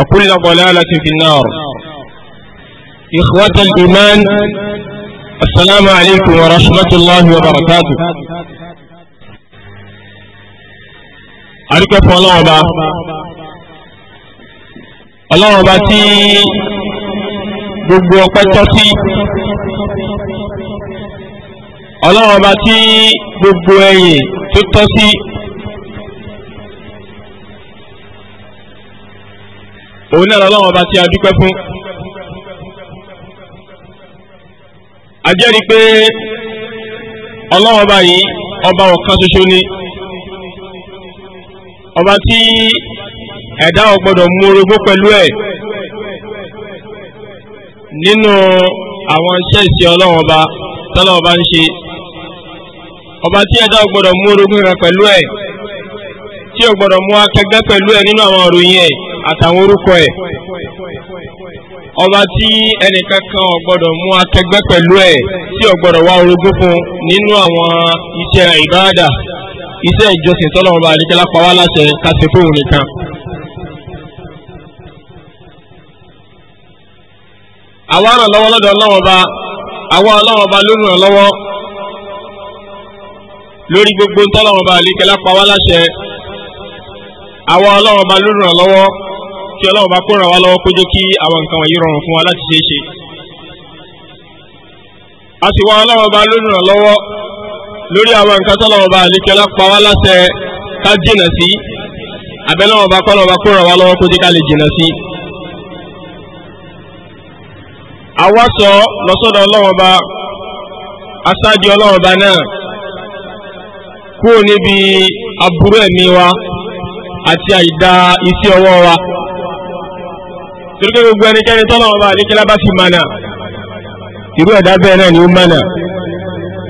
وكل ضلالة في النار إخوة الإيمان السلام عليكم ورحمة الله وبركاته أركب الله أبا الله أبا تي gbogbo ọpẹ́ tọ́ sí ọlọ́run ọba tí gbogbo ẹ̀yìn tó tọ́ òun náà lọ́wọ́ ọba tí a dúpẹ́ fún. a jẹ́rìí ọba yìí ọba ọ̀kan ṣoṣo ni ọba tí ẹ̀dá ò mú pẹ̀lú ẹ̀ nínú àwọn iṣẹ́ ìṣe ọba ọba ń ṣe ọba tí ẹ̀dá mú rẹ̀ pẹ̀lú ẹ̀ tí mú akẹgbẹ́ àtàwọn orúkọ ẹ̀ ọba tí ẹnìkankan ò gbọ́dọ̀ mú akẹgbẹ́ pẹ̀lú ẹ̀ tí ò gbọ́dọ̀ wá orogún fún nínú àwọn iṣẹ́ ìbáradà iṣẹ́ ìjọsìn tọ́lọ́run bá àdékẹ́lá pa wá láṣẹ káṣe fóun nìkan. àwa ràn lọ́wọ́ lọ́dọ̀ ọlọ́wọ́ bá àwa ọlọ́wọ́ bá ló ràn lọ́wọ́ lórí gbogbo tọ́lọ́run bá àdékẹ́lá pa wá láṣẹ àwa ọlọ́wọ́ bá ló ràn kí ọlọ́run bá kó ràn wá lọ́wọ́ kó jẹ́ kí àwọn nǹkan wọ̀nyí rọrùn fún wa láti ṣe é ṣe. a sì wá ọlọ́run bá lónìí lọ́wọ́ lórí àwọn nǹkan tọ́lọ́run bá àlékí ọlápá wá láṣẹ ká jìnà sí abẹ́lọ́run bá kọ́lọ́run bá kó ràn lọ́wọ́ kó ká lè jìnà sí. àwa sọ lọ́sọ̀dọ̀ ọlọ́run bá asáàdì ọlọ́run bá náà kúrò níbi aburú ẹ̀mí wa àti àìda iṣẹ́ ọwọ́ wa torí pé gbogbo ẹnikẹ́ni tọ́lọ̀ ọba àlékẹ́lá bá fi mànà irú ẹ̀dá bẹ́ẹ̀ náà ni ó mànà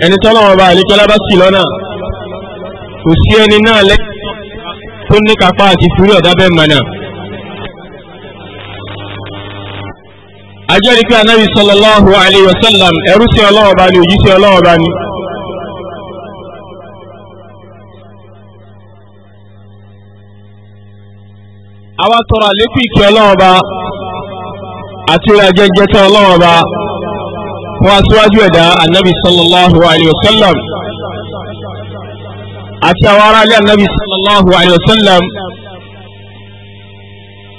ẹni tọ́lọ̀ ọba àlékẹ́lá bá sì lọ́nà kò sí ẹni náà lẹ́yìn tó ní kápá àti irú ẹ̀dá bẹ́ẹ̀ mànà. ajẹ́rìí pé anábì sallallahu alayhi wa ẹrú sí ọlọ́wọ́ bá ní òjíṣẹ́ ọlọ́wọ́ bá àwa tọrọ àlékún ìkẹ́ ọlọ́run ọba àti ìrìnàjò jẹta ọlọ́run ọba fún aṣíwájú ẹ̀dá anabi sallallahu alayhi wa sallam àti àwọn aráàlú anabi sallallahu alayhi wa sallam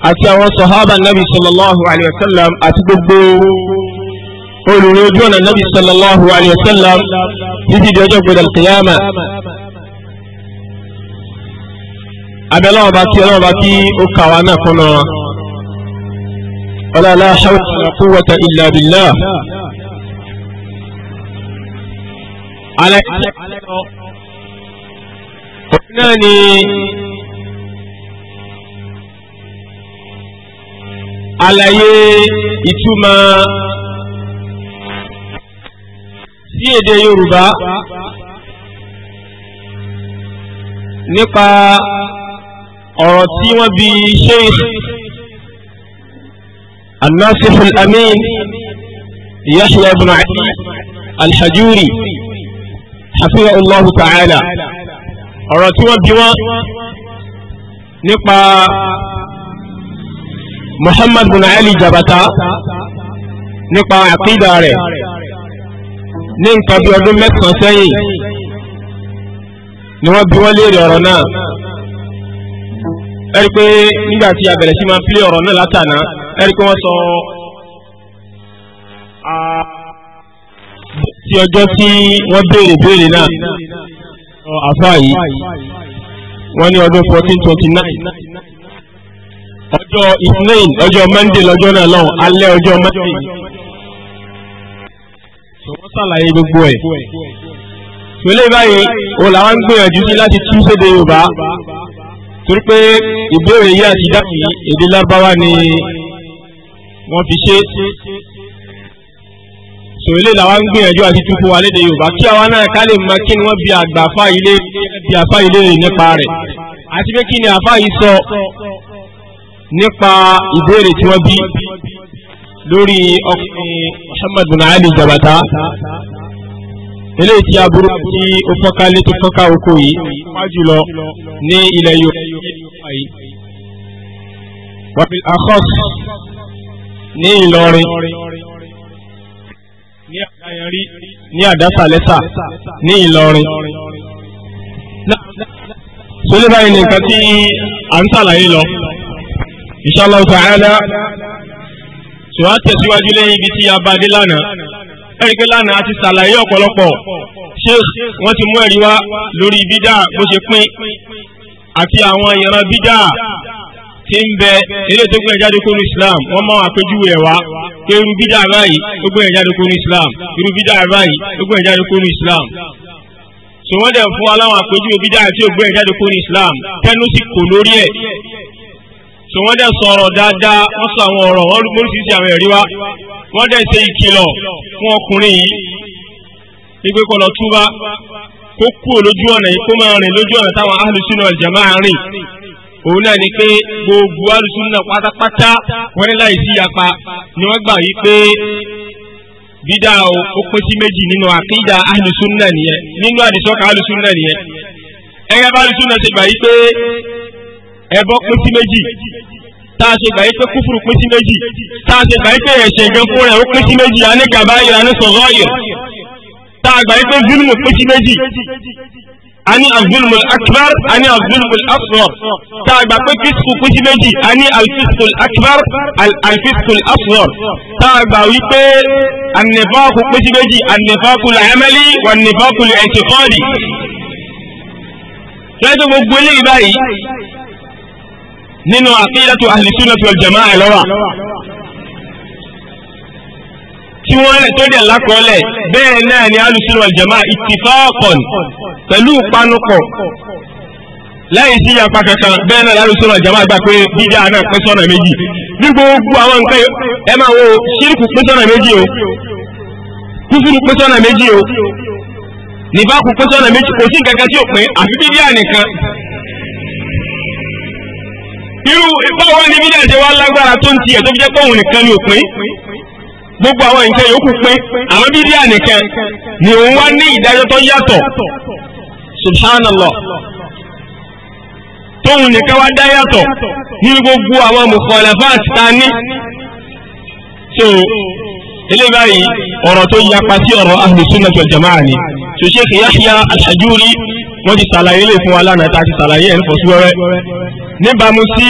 àti àwọn sọ̀hábà anabi sallallahu alayhi wa sallam àti gbogbo olùrìn ojú ọ̀nà anabi sallallahu alayhi wa sallam títí di ọjọ́ gbọdọ̀ kìyàmà abẹ́ ọlọ́run bá kí ọlọ́run bá kí ó kà wá náà kúnná wọn. ọlọ́lá ṣáwùtà quwwata illa billah. alẹ́ náà ni. àlàyé ìtumọ̀ sí èdè Yorùbá nípa ọ̀rọ̀ tí wọ́n bi sheikh الناصح الأمين يحيى بن علي الحجوري حفظه الله تعالى ọ̀rọ̀ tí wọ́n bi wọ́n nípa Muhammad bin Ali Jabata nípa àkídà rẹ̀ ní nǹkan bí ọdún mẹ́sàn-án sẹ́yìn ni wọ́n bi wọ́n léèrè ọ̀rọ̀ náà ẹ̀rí pé nígbà tí a bẹ̀rẹ̀ sí máa pílé ọ̀rọ̀ náà látànà ẹ̀rí pé wọ́n sọ ti ọjọ́ tí wọ́n béèrè béèrè náà àfa yìí wọ́n ní ọdún fourteen twenty nine ọjọ́ ìsìnlẹ̀yìn ọjọ́ mọ́ndé lọ́jọ́ náà lọ́hùn alẹ́ ọjọ́ mọ́ndé yìí wọ́n ṣàlàyé gbogbo ẹ̀ pẹ̀lú báyìí òun làwọn ń gbìyànjú sí láti tún séde Yorùbá torí pé ìbéèrè yìí àti dáhùn èdè lárúbáwá ni wọ́n fi ṣe sọ̀rọ̀ ilé làwọn ń gbìyànjú àti túkú wa léde yorùbá kí àwa náà ká lè mọ kí ni wọ́n bi àgbà àfa ilé bi àfa ilé rè nípa rẹ̀ àti pé kí ni àfa yìí sọ nípa ìbéèrè tí wọ́n bí lórí ọkùnrin Muhammad bin Ali Jabata eléyìí tí aburú tí ó fọ́nká lé tó fọ́nká oko yìí wá jùlọ ní ilẹ̀ Yorùbá yìí wàbí akọ́s ní Ìlọrin ní àdáyẹrí ní àdásàlẹ́sà ní Ìlọrin. sólé báyìí ní nǹkan tí à ń sàlàyé lọ inshallah ta'ala tí wàá tẹ̀síwájú lẹ́yìn ibi tí a bá dé lánàá ẹ̀rí pé lánàá ti ṣàlàyé ọ̀pọ̀lọpọ̀ ṣé wọ́n ti mú ẹ̀rí wá lórí bídà bó ṣe pín àti àwọn ìran bídà tí ń bẹ eré tó gbẹ̀rẹ̀ jáde kúrò Islam wọ́n máa wà péjúwe ẹ̀ wá pé irú bídà báyìí tó gbẹ̀rẹ̀ jáde kúrò Islam irú bídà báyìí tó gbẹ̀rẹ̀ jáde kúrò Islam so wọ́n dẹ̀ fún aláwọn àpéjúwe bídà tí ò gbẹ̀rẹ̀ jáde kúrò Islam tẹnu sì kò lórí ẹ̀ so wọ́n dẹ̀ sọ̀rọ̀ dáadáa wọ́n sọ àwọn ọ̀rọ̀ wọ́n lóríṣiríṣi àwọn ẹ̀rí wá wọ́n dẹ̀ ṣe ìkìlọ̀ fún ọkùnrin yìí wípé kó lọ túbá kó kúrò lójú ọ̀nà yìí kó máa rìn lójú ọ̀nà táwọn ahlùsùn náà rìn òun náà ni pé gbogbo ahlùsùn pátápátá wọ́n ní sí yapa ni wọ́n gbà yí pé ó pín sí méjì nínú àkídà nìyẹn nínú àdìsọ́kà nìyẹn ẹgbẹ́ ti gbà yí pé pín sí méjì tá a ṣe gbà yìí pé kúfùrù pín sí méjì tá a ṣe gbà yìí pé ẹ̀ṣẹ̀ gan fún rẹ̀ ó pín sí méjì a ní gàbá yìí a ní sọ̀rọ̀ yìí tá a gbà yìí pé zulmù pín sí méjì a ní azulmul akbar a ní azulmul asghar tá a gbà pé fisku pín sí méjì a ní akbar alfiskul asghar tá gbà wí pé annifaku pín sí méjì annifaku al wa annifaku al-i'tiqadi. gbogbo eléyìí báyìí nínú àkídàtu ahli sunnah wal jama'a àìlọ́wà tí wọ́n rẹ̀ tó dẹ̀ lákọọ́lẹ̀ bẹ́ẹ̀ náà ni ahli sunnah wal jama'a ittifaqan pẹ̀lú ìpanupọ̀ láì sí apá kankan bẹ́ẹ̀ náà ahli sunnah wal jama'a gbà pé dídá náà pín sọ́nà méjì ní gbogbo àwọn nǹkan ẹ máa wo ṣírìkù pín sọ́nà méjì o kúfùrù pín sọ́nà méjì o nìbá kú sọ́nà méjì kò sí nǹkan kan tí ò pín àfi dídá nìkan irú báwo ni bí dàjẹ́ wa lágbára tó ń tiẹ̀ tó fi jẹ́ pé òun nìkan ni òpin gbogbo àwọn nǹkan yòókù pé àwọn bídíà nìkan ni òun wá ní ìdájọ́ tó yàtọ̀ subhanallah tóun nìkan wá dá yàtọ̀ ní gbogbo àwọn mukhalafat ta ní so ilé báyìí ọ̀rọ̀ tó yapa sí ọ̀rọ̀ ahlu sunnah wal jamaa ni so Sheikh Yahya al-Hajuri wọ́n ti ṣàlàyé lè fún wa lánàá tá a ti ṣàlàyé ẹ̀ ń fọ́sí wẹ́wẹ́ níbàámu sí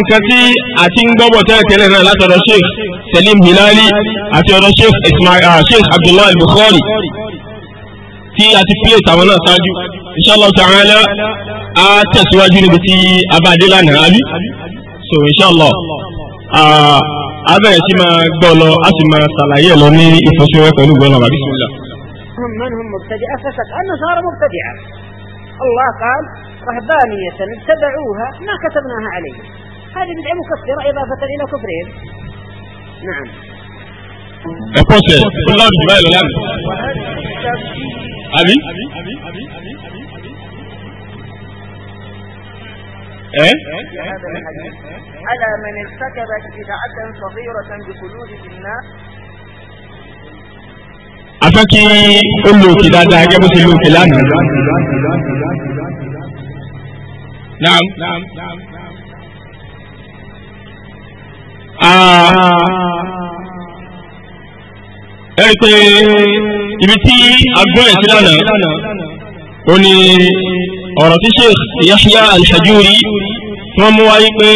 nǹkan tí a ti ń gbọ́bọ̀ tẹ́lẹ̀tẹ́lẹ̀ náà látọ̀dọ̀ sheikh Salim Hilali àti ọ̀dọ̀ sheikh Ismail Abdullahi Bukhari tí a ti pílẹ̀ tàwọn náà ṣáájú inshallah ta'ala a tẹ̀síwájú níbi tí a bá dé lánàá àbí so inshallah a bẹ̀rẹ̀ sí máa gbọ́ lọ a sì máa ṣàlàyé ẹ̀ lọ ní ìfọ́síwẹ́ pẹ̀lú gbọ́n náà bismillah. هم من هم مبتدئة فسق النصارى مبتدعة الله قال رهبانية اتبعوها ما كتبناها عليهم هذه بدعة مكفرة إضافة إلى كفرهم نعم ẹ̀kọ́ ṣe fúláwù jù báyìí lọ́la àbí على من ارتكب بدعة صغيرة بخلود في النار afẹ́ kí ó lo òkè dáadáa gẹ́gẹ́ bó ṣe lo òkè lánàá. Naam. Ah. Ẹ rí pé ibi tí agbóyè sí lánàá, ó ní ọ̀rọ̀ tí Sheikh Yahya Al-Hajuri tí wọ́n mú wáyé pé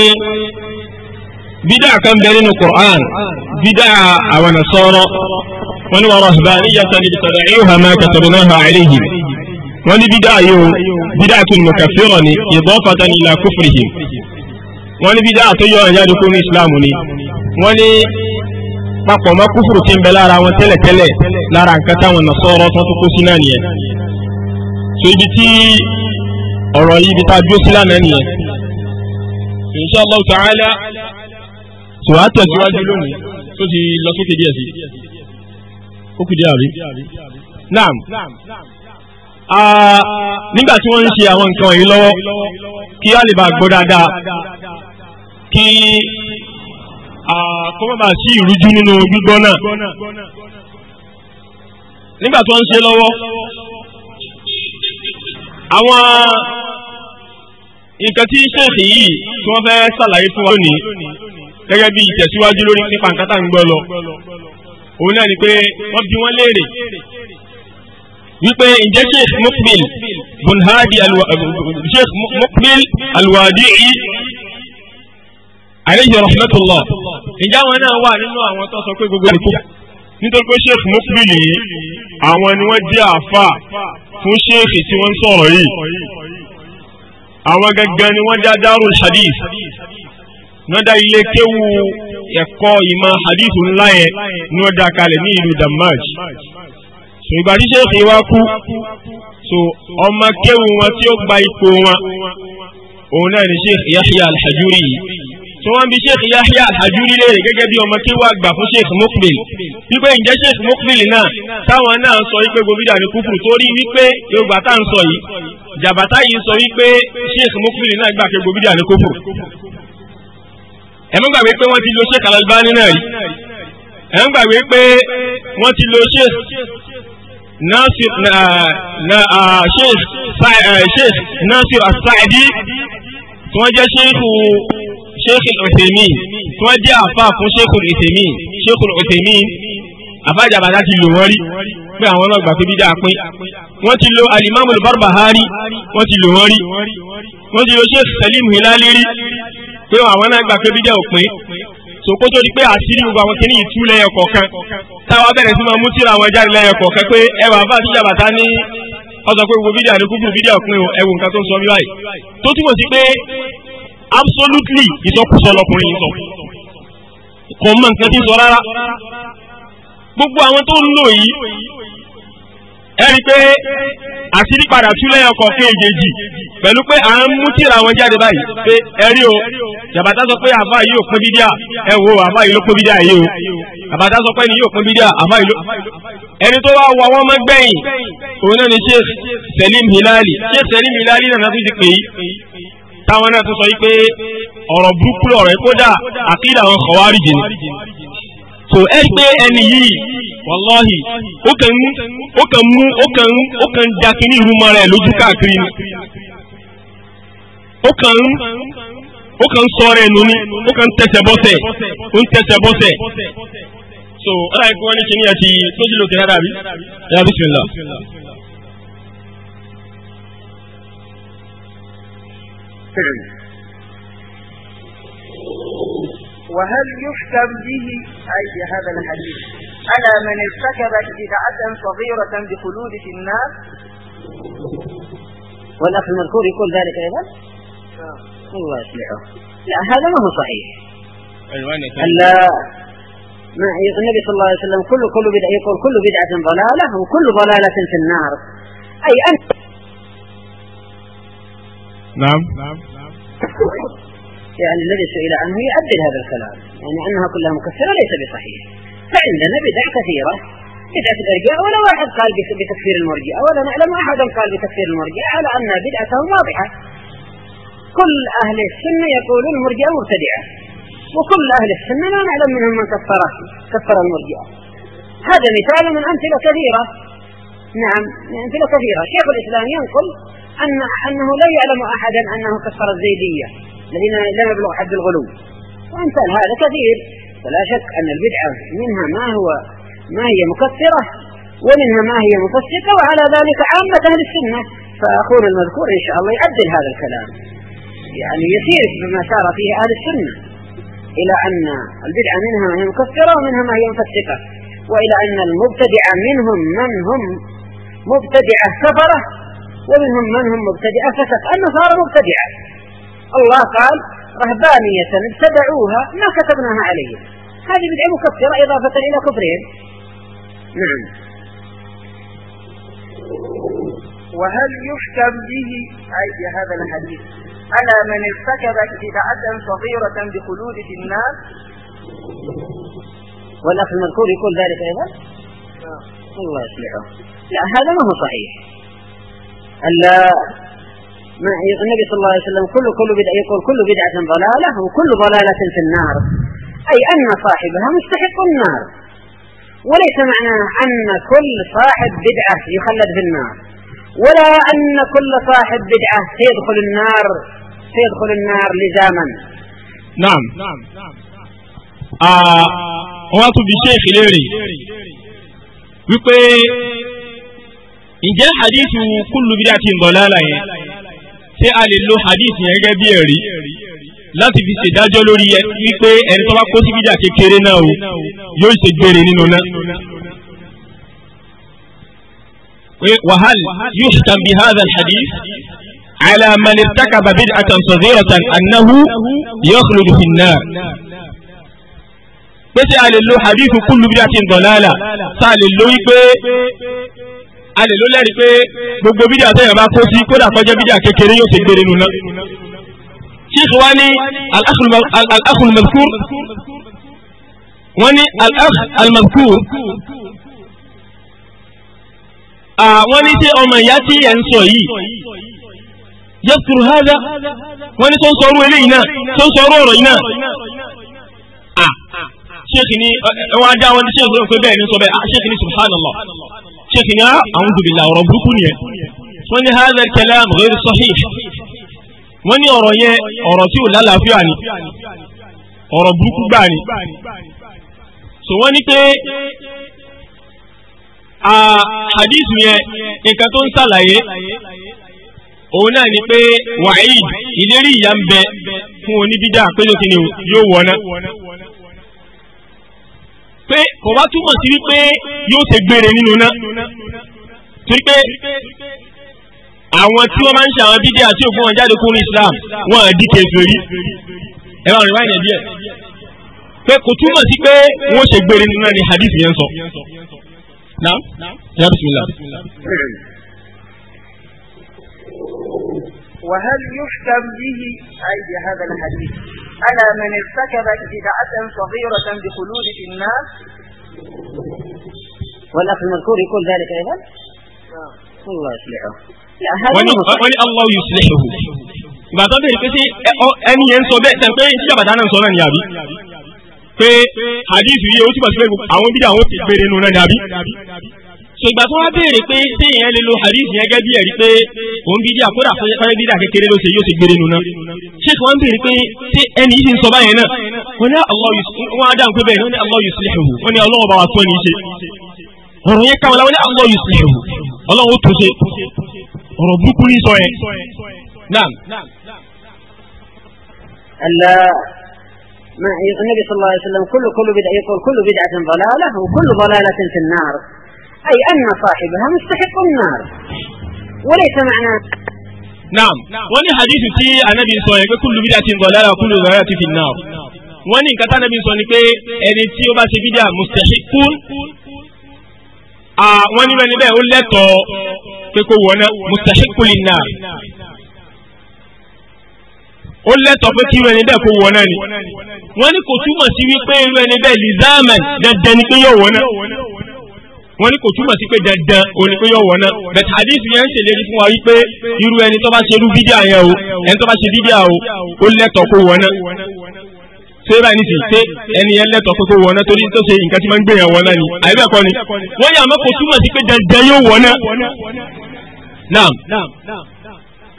bídà kan bẹ nínú Qur'an, bídà àwọn Nasara wọ́n ní wọ́n rahbaniyatan ibtada'uha ma katabnaha alayhim wọ́n ní bídá yóò bídá tún mukaffira ni idafatan ila kufrihim wọ́n ní bídá tó yọ ọ̀yá dúkú ní ìsìláàmù ni wọ́n ní papọ̀ mọ́ kúfùrù tí ń bẹ lára wọn tẹ́lẹ̀tẹ́lẹ̀ lára nǹkan táwọn nasọ́rọ́ tó tó kó sí so ibi tí ọ̀rọ̀ yìí ibi tá a dúró sí lánàá nìyẹn insha Allah ta'ala tó a tẹ̀síwájú lónìí tó ti lọ sókè díẹ̀ ó kù díẹ̀ àrí. naam nígbà tí wọ́n ń ṣe àwọn nǹkan yìí lọ́wọ́ kí a lè bá gbọ́ dáadáa kí kó má bàa sí ìrújú nínú gbígbọ́ náà nígbà tí wọ́n ń ṣe lọ́wọ́ àwọn nǹkan tí ṣèǹtì yìí tí wọ́n fẹ́ ṣàlàyé fún wa lónìí gẹ́gẹ́ bí ìtẹ̀síwájú lórí nípa nǹkan tá à ń gbọ́ lọ òun náà ni pé wọ́n bí wọ́n léèrè wípé ǹjẹ́ sheikh mukbil bun hadi sheikh mukbil alwadi'i alayhi rahmatullah ǹjẹ́ àwọn náà wà nínú àwọn tó sọ pé gbogbo ẹ̀kọ́ nítorí pé sheikh mukbil yìí àwọn ni wọ́n jẹ́ àfà fún sheikh tí wọ́n sọ̀rọ̀ yìí àwọn gangan ni wọ́n já dárul hadith nọ́dá ilé kéwu ẹ̀kọ́ ìmọ̀ hadith ńlá yẹn ní wọ́n kalẹ̀ ní ìlú Damaj so ìgbà tí sèkè wa kú so ọmọ kéwu wọn tí ó gba ipò wọn òun náà ni Sheikh Yahya Al-Hajuri yìí tí wọ́n Sheikh Yahya Al-Hajuri léèrè gẹ́gẹ́ bí ọmọ kéwu àgbà fún Sheikh Mukbil wípé ǹjẹ́ Sheikh Mukbil náà táwọn náà sọ wípé gomida ní kúkú torí wípé Yorùbá tá à ń sọ yìí jàbátá yìí sọ wípé Sheikh Mukbil náà gbà pé gomida ní kúkú ẹ má gbàgbé pé wọ́n ti lo Sheikh Al-Albani náà rí ẹ má gbàgbé pé wọ́n ti lo Sheikh Nasir na Sheikh Nasir As-Sa'di tí wọ́n jẹ́ Sheikh Sheikh Al-Uthaymeen tí wọ́n jẹ́ àfa fún Sheikh Al-Uthaymeen Sheikh Al-Uthaymeen àbájábàdá ti lò wọ́n rí pé àwọn náà gbà bí dáa pín wọ́n ti lo alimami Barbahari wọ́n ti lò wọ́n rí wọ́n ti lo Sheikh Salim Hilali rí pé àwọn náà gbà pé bídíà òpin sòkó tó di pé àṣírí gbogbo àwọn kìnìún tú lẹ́yọ kọ̀ọ̀kan táwa bẹ̀rẹ̀ sí máa mú tíra àwọn jáde lẹ́yọ kọ̀ọ̀kan pé ẹwà bá bídíà bàtà ní ọsọ pé gbogbo bídíà ní kúkú bídíà òpin o ẹwù nǹkan tó ń sọ mí báyìí tó túmọ̀ sí pé absolutely ìsọkúsọ lọkùnrin yìí sọ kò mọ nǹkan tí ń sọ rárá gbogbo àwọn tó ń lò yìí ẹ̀rí pé àṣírí padà túlẹ̀ ọkọ̀ kéèjèèjì pẹ̀lú pé à ń mú tìrà wọn jáde báyìí pé ẹ̀rí o jàbàtà sọ pé àfa yìí ò pín bídíà ẹ wo àfa yìí ló pín bídíà yìí o jàbàtà sọ pé ni yìí ò pín bídíà àfa yìí ló. ẹni tó wá wọ àwọn ọmọ gbẹ̀yìn òun náà ni Sheikh Salim Hilali Sheikh Selim Hilali náà tún ti pè é táwọn náà tún sọ yìí pé ọ̀rọ̀ burúkú lọ̀rọ̀ kódà àkídà àwọn so ẹ ẹni yìí wàláhì ó kàn ó kàn mú ó kàn da kínní ìrúmọ rẹ lójú káàkiri ni ó kàn ó kàn sọ rẹ nù ni ó kàn ó ń so ala ẹ̀kọ́ wọn ní kínní àti tójú lókè ya bismillah. Hmm. وهل يحكم به أي هذا الحديث ألا من ارتكب بدعة صغيرة بخلود في النار والأخ المذكور يقول ذلك أيضا نعم. الله يصلحه لا هذا ما هو صحيح ألا أيوة، ما النبي صلى الله عليه وسلم كل كل بدعة يقول كل بدعة ضلالة وكل ضلالة في النار أي أنت نعم نعم نعم يعني الذي سئل عنه يؤدي هذا الكلام يعني أنها كلها مكفرة ليس بصحيح فعندنا بدع كثيرة بدعة الأرجاء ولا واحد قال بتكفير المرجئة ولا نعلم أحدا قال بتكفير المرجئة على أن بدعته واضحة كل أهل السنة يقولون المرجئة مبتدعة وكل أهل السنة لا نعلم منهم من كفر كفر المرجئة هذا مثال من أمثلة كثيرة نعم من أمثلة كثيرة شيخ الإسلام ينقل أن أنه لا يعلم أحدا أنه كفر الزيدية الذين لا يبلغ حد الغلو وأمثال هذا كثير فلا شك أن البدعة منها ما هو ما هي مكفرة ومنها ما هي مفسقة وعلى ذلك عامة أهل السنة فأخونا المذكور إن شاء الله يعدل هذا الكلام يعني يسير بما سار فيه أهل السنة إلى أن البدعة منها ما هي مكفرة ومنها ما هي مفسقة وإلى أن المبتدعة منهم من هم مبتدعة كفرة ومنهم من هم مبتدعة فسق النصارى مبتدعة الله قال رهبانية اتبعوها ما كتبناها عليهم هذه بدعة مكفرة إضافة إلى كفرهم نعم وهل يحكم به أي هذا الحديث على من ارتكب بدعة صغيرة بخلود في النار والأخ المذكور يقول ذلك أيضا نعم. الله يسمعه لا هذا ما هو صحيح ما النبي صلى الله عليه وسلم كل كل بدعة يقول كل بدعة ضلالة وكل ضلالة في النار أي أن صاحبها مستحق النار وليس معناه أن كل صاحب بدعة يخلد في النار ولا أن كل صاحب بدعة سيدخل النار سيدخل النار لزاما نعم نعم آه وأنت بشيخ ليري ويقول إن جاء حديث كل بدعة ضلالة ṣé a lè lo hadith yẹn gẹ́gẹ́ bí ẹ̀rí láti fi ṣèdájọ́ lórí ẹ wípé ẹni tó bá kó sí bídà kékeré náà o yóò ṣe gbére nínú náà. وهل يحكم بهذا الحديث على من ارتكب بدعة صغيرة أنه يخلد في النار pé ṣé a lè lo hadith kullu bid'atin dalala a lè ló lẹ́rìí pé gbogbo bídíà tẹ̀yàn bá kó sí kódà kọjá bídíà kékeré yóò ṣe gbére nu náà. sheikh wa ní al-akhul mazkur wọ́n ní al-akh al-mazkur wọ́n ní ṣé ọmọ ìyá tí ẹ̀ ń sọ yìí yẹ́sùn hádá wọ́n ní tó ń sọrú eléyìí náà tó ń sọrú ọ̀rọ̀ yìí náà ṣéèkì ni wọ́n á dá wọn ní ṣéèkì pé bẹ́ẹ̀ ni sọ bẹ́ẹ̀ ṣéèkì ni subhanallah ṣéèkì ní a'udhu billahi ọ̀rọ̀ burúkú nìyẹn wọ́n ní hadha kalam ghayr sahih wọ́n ní ọ̀rọ̀ yẹn ọ̀rọ̀ tí ò lálàáfíà ni ọ̀rọ̀ burúkú gbà ni so wọ́n ní pé hadith yẹn nǹkan tó ń ṣàlàyé òun náà ni pé wa'id ìlérí ìyà ń bẹ fún oníbídà pé lókè ni yóò wọ̀ náà pé kò wá túmọ̀ sí wípé yóò ṣe gbére nínú náà torí pé àwọn tí wọ́n máa ń ṣe àwọn bídíà tí òfin wọn jáde kúrò Islam wọn à di kèfèrí ẹ bá rìn wáyé díẹ̀ pé kò túmọ̀ sí pé wọ́n ṣe gbére nínú náà ni hadith yẹn sọ. Naam, ya bismillah. وهل يحكم به أي هذا الحديث ألا من ارتكب بدعة صغيرة بخلود في النار والأخ المذكور يقول ذلك أيضا الله يصلحه لا هذا الله يصلحه bàtà bẹ̀rẹ̀ pé sí ẹni yẹn ń sọ bẹ́ẹ̀ tẹ̀ pé ìdíjà bàtà náà ń sọ náà ní àbí pé hadith yìí ó túbọ̀ sí pé àwọn bídà àwọn ti gbére nù náà ní àbí ìgbà tó wá béèrè pé téèyàn lè lo hadith yẹn gẹ́gẹ́ bí ẹ̀rí pé òun bí díà kódà fọ́jẹ́ bí díà kékeré ló ṣe yóò ṣe gbére nùnà ṣé kí wọ́n béèrè pé ṣé ẹni yìí ti ń sọ báyẹn náà wọ́n ní wọ́n á dáhùn pé bẹ́ẹ̀ ni Allah yuslihu wọ́n ní ọlọ́wọ́ bá wa tó ẹni ṣe ọ̀rọ̀ yẹn káwọn láwọn ní Allah yuslihu ọlọ́wọ́ tó ṣe ọ̀rọ̀ burúkú ní sọ yẹn náà. النبي صلى الله عليه وسلم كل كل بدعة يقول كل بدعة ضلالة وكل ضلالة في النار أي أن صاحبها مستحق النار وليس معنى نعم وني ní hadith tí anabi sọ yẹn pé kullu bid'atin dalalah wa kullu dalalatin fin nar wọ́n ní nǹkan tí anabi sọ ni pé ẹni tí ó bá ṣe bídíà mustahiqun wọ́n ní bẹ́ẹ̀ ó lẹ́tọ̀ọ́ pé kó wọná mustahiqun linnar ó lẹ́tọ̀ọ́ pé kí irú ẹni bẹ́ẹ̀ kó wọná ni wọ́n ní kò túmọ̀ sí wípé irú ẹni bẹ́ẹ̀ lizaman dandan ni pé yóò wọná. wọ́n ní kò túmọ̀ sí pé dandan òní pé yọ̀wọ̀ náà bẹ̀t hadith yẹn ń ṣèlérí fún wa wípé irú ẹni tó bá ṣe irú bídíà yẹn o ẹni tó bá ṣe bídíà o ó lẹ́tọ̀ọ́ kó wọ̀ náà ṣé báyìí ní ti ṣe ẹni yẹn lẹ́tọ̀ọ́ kó wọ̀ náà torí tó ṣe nǹkan tí máa ń gbé yẹn wọ̀ náà ni àyè bẹ́ẹ̀ kọ́ ni wọ́n yà mọ́ kò túmọ̀ sí pé dandan ni pe yo won naa bet hadith yen n seleri fun wa wipe iru eni to ba se iru bidia yen o eni to ba se bidia o o letoo ko won naa se bayii ni ti se eni yen letoo ko ko won naa tori to se nnkan ti maa n gbe yen wo naa ni aye ko ni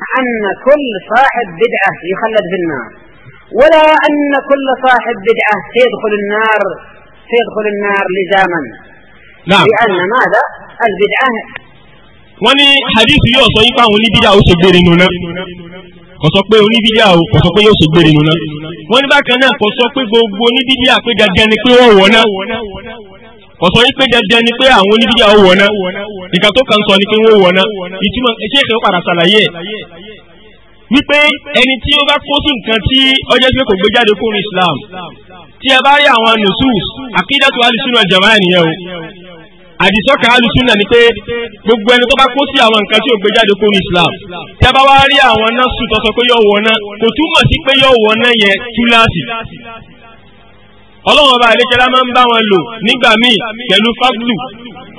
won ya mo ko tumo si pe dandan yoo wo naa ولا أن كل صاحب بدعة سيدخل النار سيدخل النار لزاما نعم لأن wọ́n ní yóò sọ yípa àwọn oníbídà ó ṣe gbére náà kò sọ pé oníbídà ó kò pé yóò gbére wọ́n ní bákan náà kò sọ pé gbogbo oníbídà pé dandan ni pé wọ́n wọ̀ náà kò sọ pé dandan ni pé àwọn oníbídà wọ̀ náà ìka tó sọ ni pé wọ̀ náà ìtumọ̀ padà ṣàlàyé wípé ẹni tí ó bá kó sí tí àdìsọ́kà alùsùnà ni pé gbogbo ẹni tó bá kó sí àwọn nǹkan tí ò gbé jáde kó ní islam tí a bá wá rí àwọn náà sùn tọ́sọ pé yọ wọ̀ náà kò túmọ̀ sí pé yọ wọ̀ náà yẹn túláàsì ọlọ́run ọba àlékẹ́lá máa ń bá wọn lò nígbà míì pẹ̀lú faglu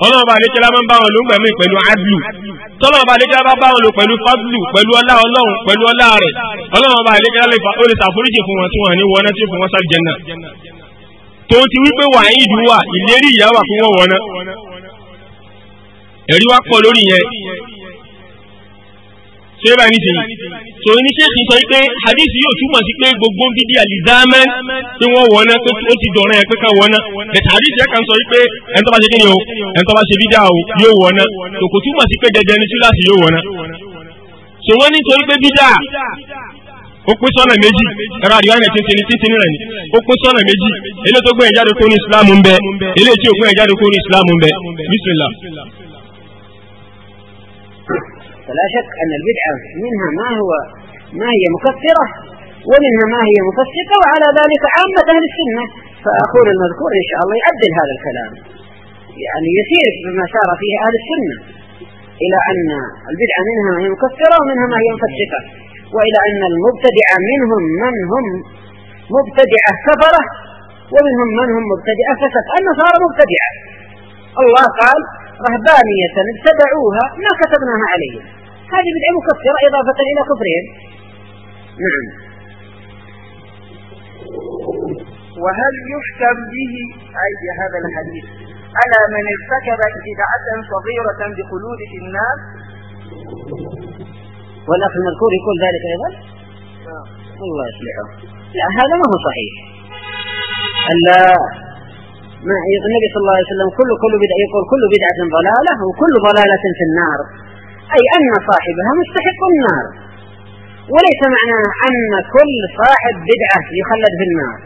ọlọ́run ọba àlékẹ́lá máa ń bá wọn lò nígbà míì pẹ̀lú adlu tọ́lọ́run ọba àlékẹ́lá bá bá wọn lò pẹ̀lú faglu pẹ̀lú ọlá ọlọ́run pẹ̀lú ọlá rẹ̀ ọlọ́run ọba àlékẹ́lá lè fa ó lè fún wọn tí wọn ní wọná tí fún wọn sáà náà tó ti wípé wàá ìdúwà ìlérí ìyá wà fún wọn wọná ẹ̀rí wá pọ̀ lórí yẹn tó yẹ bá ní sèyí tó ní sèkì sọ pé hadith yóò túmọ̀ sí pé gbogbo bídí àlìdámẹ́ tí wọ́n wọ́n náà ó ti dọ̀rọ̀ yẹn pé ká wọ́n náà ẹ̀tà hadith yẹn kan sọ pé ẹni bá ṣe kí ni o ẹni tó bá ṣe bídá o yóò wọ́n náà tó kò túmọ̀ sí pé dẹdẹ ní túláàsì yóò wọ́n náà so wọ́n ní torí pé bídá ó pín sọ́nà méjì ẹ̀rọ àdìwá ní títí ní títí ní ni ó pín sọ́nà méjì eléyìí tó gbẹ̀yìn jáde kó ní islam ń bẹ eléyìí tí ò gbẹ̀yìn jáde kó ní islam ń bẹ bísílà. فلا شك أن البدعة منها ما هو ما هي مكفرة ومنها ما هي مفسقة وعلى ذلك عامة أهل السنة فأخونا المذكور إن شاء الله يعدل هذا الكلام يعني يسير بما سار فيه أهل السنة إلى أن البدعة منها ما هي مكفرة ومنها ما هي مفسقة وإلى أن المبتدعة منهم من هم مبتدعة كفرة ومنهم من هم مبتدعة فسق النصارى مبتدعة الله قال رهبانية اتبعوها ما كتبناها عليهم هذه بدعة مكفرة إضافة إلى كفرهم نعم وهل يحكم به أي هذا الحديث على من ارتكب ابتدعة صغيرة بخلود في النار والأخ المذكور يقول ذلك أيضا نعم. الله يصلحه لا هذا ما هو صحيح ما النبي صلى الله عليه وسلم كل كل بدعة يقول كل بدعة ضلالة وكل ضلالة في النار أي أن صاحبها مستحق النار وليس معنى أن كل صاحب بدعة يخلد في النار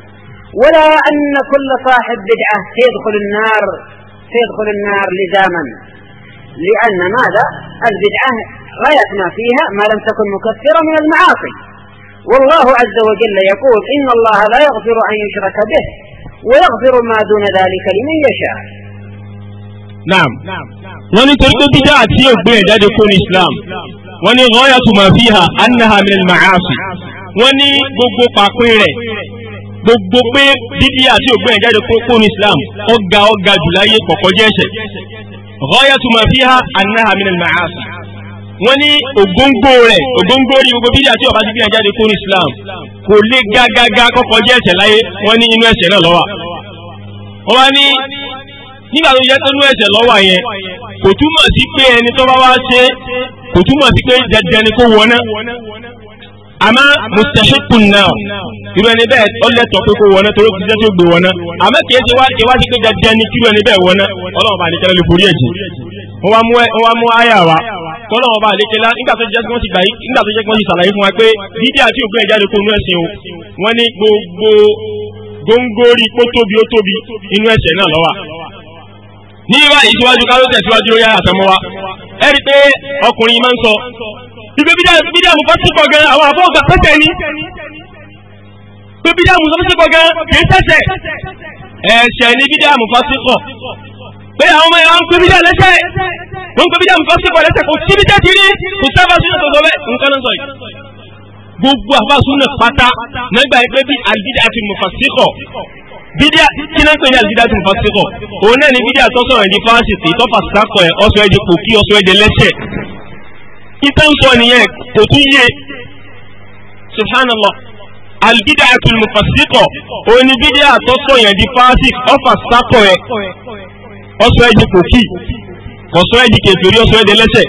ولا أن كل صاحب بدعة سيدخل النار سيدخل النار لزاما لأن ماذا البدعة غاية ما فيها ما لم تكن مكفرة من المعاصي والله عز وجل يقول إن الله لا يغفر أن يشرك به ويغفر ما دون ذلك لمن يشاء نعم wọ́n ní torí pé bídá àti ògbé ẹ̀ jáde kó ní Islam wọ́n ní rọ́yà tó máa fi hà annaha min al-ma'asi wọ́n ní gbogbo pàpín rẹ̀ gbogbo pé bídí àti ògbé ẹ̀ jáde kó ní Islam ọ̀gá ọ̀gá jùláyé kọ̀kọ́ jẹ́ ẹ̀ṣẹ̀ rọ́yà tó fi hà annaha min maasi wọ́n ní ògóńgó rẹ̀ ògóńgó rí gbogbo bídíà tí ọba ti gbìyànjú jáde kúrò Islam kò lè gágágá kọ́kọ́ jẹ́ ẹ̀ṣẹ̀ láyé wọ́n ní inú ẹ̀ṣẹ̀ náà lọ́wọ́ wọ́n wá ní nígbà tó yẹ tó nú ẹ̀ṣẹ̀ lọ́wọ́ yẹn kò túmọ̀ sí pé ẹni tó bá wá ṣe kò túmọ̀ sí pé dandan ni kó wọná àmọ́ mustahikun náà irú ẹni bẹ́ẹ̀ ó lẹ́tọ̀ọ́ pé kó wọná torí kò sí tó gbé ni kí irú ẹni bẹ́ẹ̀ wọná ọlọ́run bá lè kẹ́lẹ́ lè wọ́n wá mú àyà wa kọ́lọ̀ ọba àlékelá nígbà tó jẹ́ kí wọ́n ti gbà yí nígbà tó jẹ́ kí wọ́n ti ṣàlàyé fún wa pé bídí àti ògbẹ́ ìjáde kó inú ẹ̀sìn o wọ́n ní gbogbo góńgóri kó tóbi ó tóbi inú ẹ̀sẹ̀ náà lọ́wà. ní ìwà ìṣíwájú ká ló tẹ̀síwájú ó yá àtọmọ wa ẹ rí i pé ọkùnrin máa ń sọ ibi bídí àmúfọ́ ti pọ̀ gan àwọn àbọ̀ ọ̀gá pẹ́tẹ́ ni pé bídí àmúfọ́ ti pọ̀ gan kì í tẹ̀sẹ̀ ẹ̀ṣẹ̀ ni bídí àmúfọ́ ti pọ̀ pé àwọn ọmọ ìran pé bídà lẹ́sẹ̀ ló ń pé bídà nǹkan sí pọ̀lẹ́sẹ̀ kò síbi tẹ́ ti rí kò sábà súnà tó sọ bẹ́ẹ̀ nǹkan náà sọ yìí. gbogbo àbá súnà pátá nígbà yìí pé bí àlùbídà ti mọ̀ fàṣíkọ̀ bídíà kí ló ń pè ní àlùbídà tó ń fa síkọ òun náà ni bídíà tó sọ̀rọ̀ di fásitì tó fa sákọ ẹ ọsọ ẹdí kò kí ọsọ di fásitì ọfà sákọ ẹ ọsọ ẹ̀dì kòkì ọsọ ẹ̀dì kẹfìrí ọsọ ẹ̀dì ẹlẹ́sẹ̀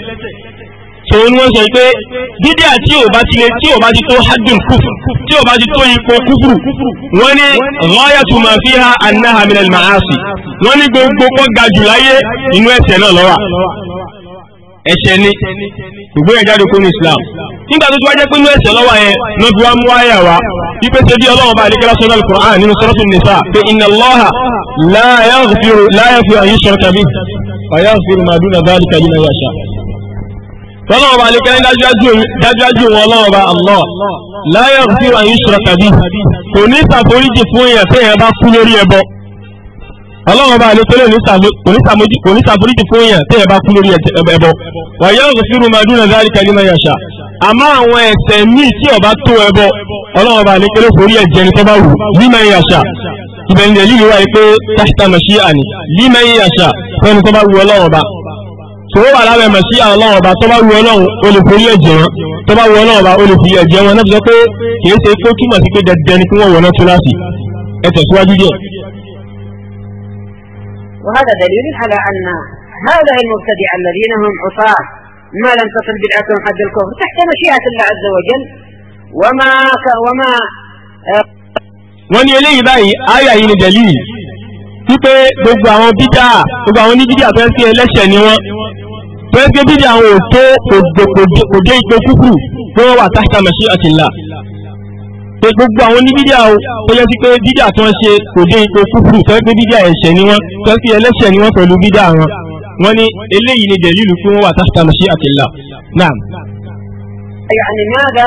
tó ní wọ́n sọ pé dídí àti òbá ti lè tí òbá ti tó haddun kúfù tí òbá ti tó ipò kúfù wọ́n ní ghayatu ma fiha annaha min al-ma'asi wọ́n ní gbogbo kọ́ ga jù láyé inú ẹ̀ṣẹ̀ náà ló ẹ̀ṣẹ̀ ni ṣùgbọ́n ẹ̀ jáde kúrò ní Islam nígbà tó ti wá jẹ́ pé inú ẹ̀ṣẹ̀ lọ́wọ́ yẹn ló fi wá mú àyà wá wípé ṣe bí ọlọ́run bá àlékẹ́lá sọ́nà al-Qur'an nínú Suratul Nisa pé inna Allaha la yaghfiru an yushraka bihi wa yaghfiru ma duna dhalika liman yasha. ọlọ́run bá àlékẹ́lá dájúdájú wọn ọlọ́run bá Allah la yaghfiru an yushraka kò ní ṣàforíjì fún èèyàn tẹ́yàn bá kú lórí ẹbọ ọlọ́run ọba àlejò lè oníṣàbóríjì fún èèyàn tí ẹ bá kú lórí ẹbọ wàyẹ òṣìṣẹ́ rúmadú náà dárí kẹlí náà yàṣà àmọ́ àwọn ẹ̀ṣẹ̀ míì tí ọba tó ẹbọ ọlọ́run ọba àlejò lè forí ẹ̀jẹ̀ ní tọ́ba wù límẹ̀ yàṣà ìbẹ̀rẹ̀ lílu wáyé pé tásítà màṣí àní límẹ̀ yàṣà fẹ́ni tọ́ba wù ọlọ́run ọba tó wà lábẹ́ màṣí ọlọ́run ọba tọ́ba wù ọlọ́run ó lè forí ẹ̀jẹ̀ wọn tọ́ba wù ọlọ́run ọba ó lè fi ẹ̀jẹ̀ wọn náà fi sọ pé kì í ṣe pé túmọ̀ sí pé dandan ni kí wọ́n wọ̀ náà tó láti ẹ̀ tẹ̀síwájú díẹ̀. وهذا دليل على أن هؤلاء المبتدعة الذين هم عصاة ما لم تصل بدعتهم حد الكفر تحت مشيئة الله عز وجل وما ك... وما wọ́n ní eléyìí báyìí àyà yìí ni dẹ̀líì wípé gbogbo àwọn bídà gbogbo àwọn oníbídà tó ń pè ẹlẹ́ṣẹ̀ ni wọ́n tó ń pè bídà àwọn òtó òdòkòdé ìgbókùkù tó wọ́n wà táṣà mẹ́ṣí àtìlá pé gbogbo àwọn oníbídíà o tó yẹ sí pé bídíà tó ń ṣe kò dé ipò kúkúrú tó yẹ pé bídíà ẹ̀ṣẹ̀ ni wọ́n tó yẹ ẹlẹ́ṣẹ̀ ni wọ́n pẹ̀lú bídíà wọn wọ́n ní eléyìí ni dẹ̀lílù fún wọn wà tahta mashi'ati Allah náà. يعني ماذا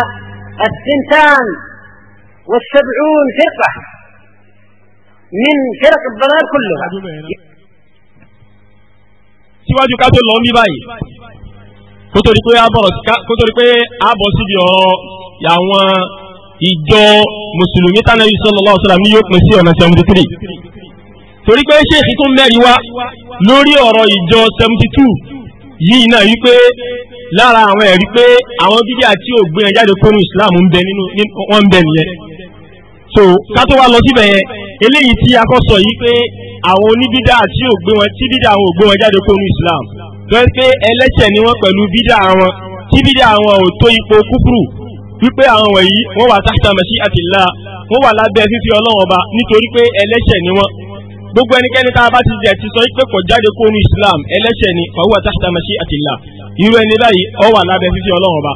الثنتان والسبعون فرقة من فرق الضلال كلها síwájú ká tó lọ ń báyìí kó tó di pé a bọ̀ síbi ọ̀rọ̀ àwọn ìjọ mùsùlùmí tánàbí sallallahu alaihi wasallam ní yóò pín sí ọ̀nà seventy three torí pé ṣéèkì tó mẹ́rin wá lórí ọ̀rọ̀ ìjọ seventy two yìí náà wípé lára àwọn ẹ̀rí pé àwọn bíbí àti ògbìn ẹ̀jáde kónú Islam ń bẹ nínú wọn ń bẹ nìyẹn so kátó wá lọ síbẹ̀ yẹn eléyìí tí a kọ́ sọ yìí pé àwọn oníbídà àti ògbìn wọn tí bídà àwọn ògbìn wọn jáde kónú Islam tó ń pé ẹlẹ́ṣẹ̀ ni wọ́n pẹ̀lú bídà àwọn tí bídà àwọn ò tó ipò kúkúrú wípé àwọn wọ̀nyí wọ́n wà tahta mashi'atillah wọ́n wà lábẹ́ fífi ọlọ́run ọba nítorí pé ẹlẹ́ṣẹ̀ ni wọ́n gbogbo ẹnikẹ́ni tá a bá ti jẹ́ ti sọ pé kò jáde kó islam ẹlẹ́ṣẹ̀ ni fa huwa tahta mashi'atillah irú ẹni báyìí ó wà lábẹ́ fífi ọlọ́run ọba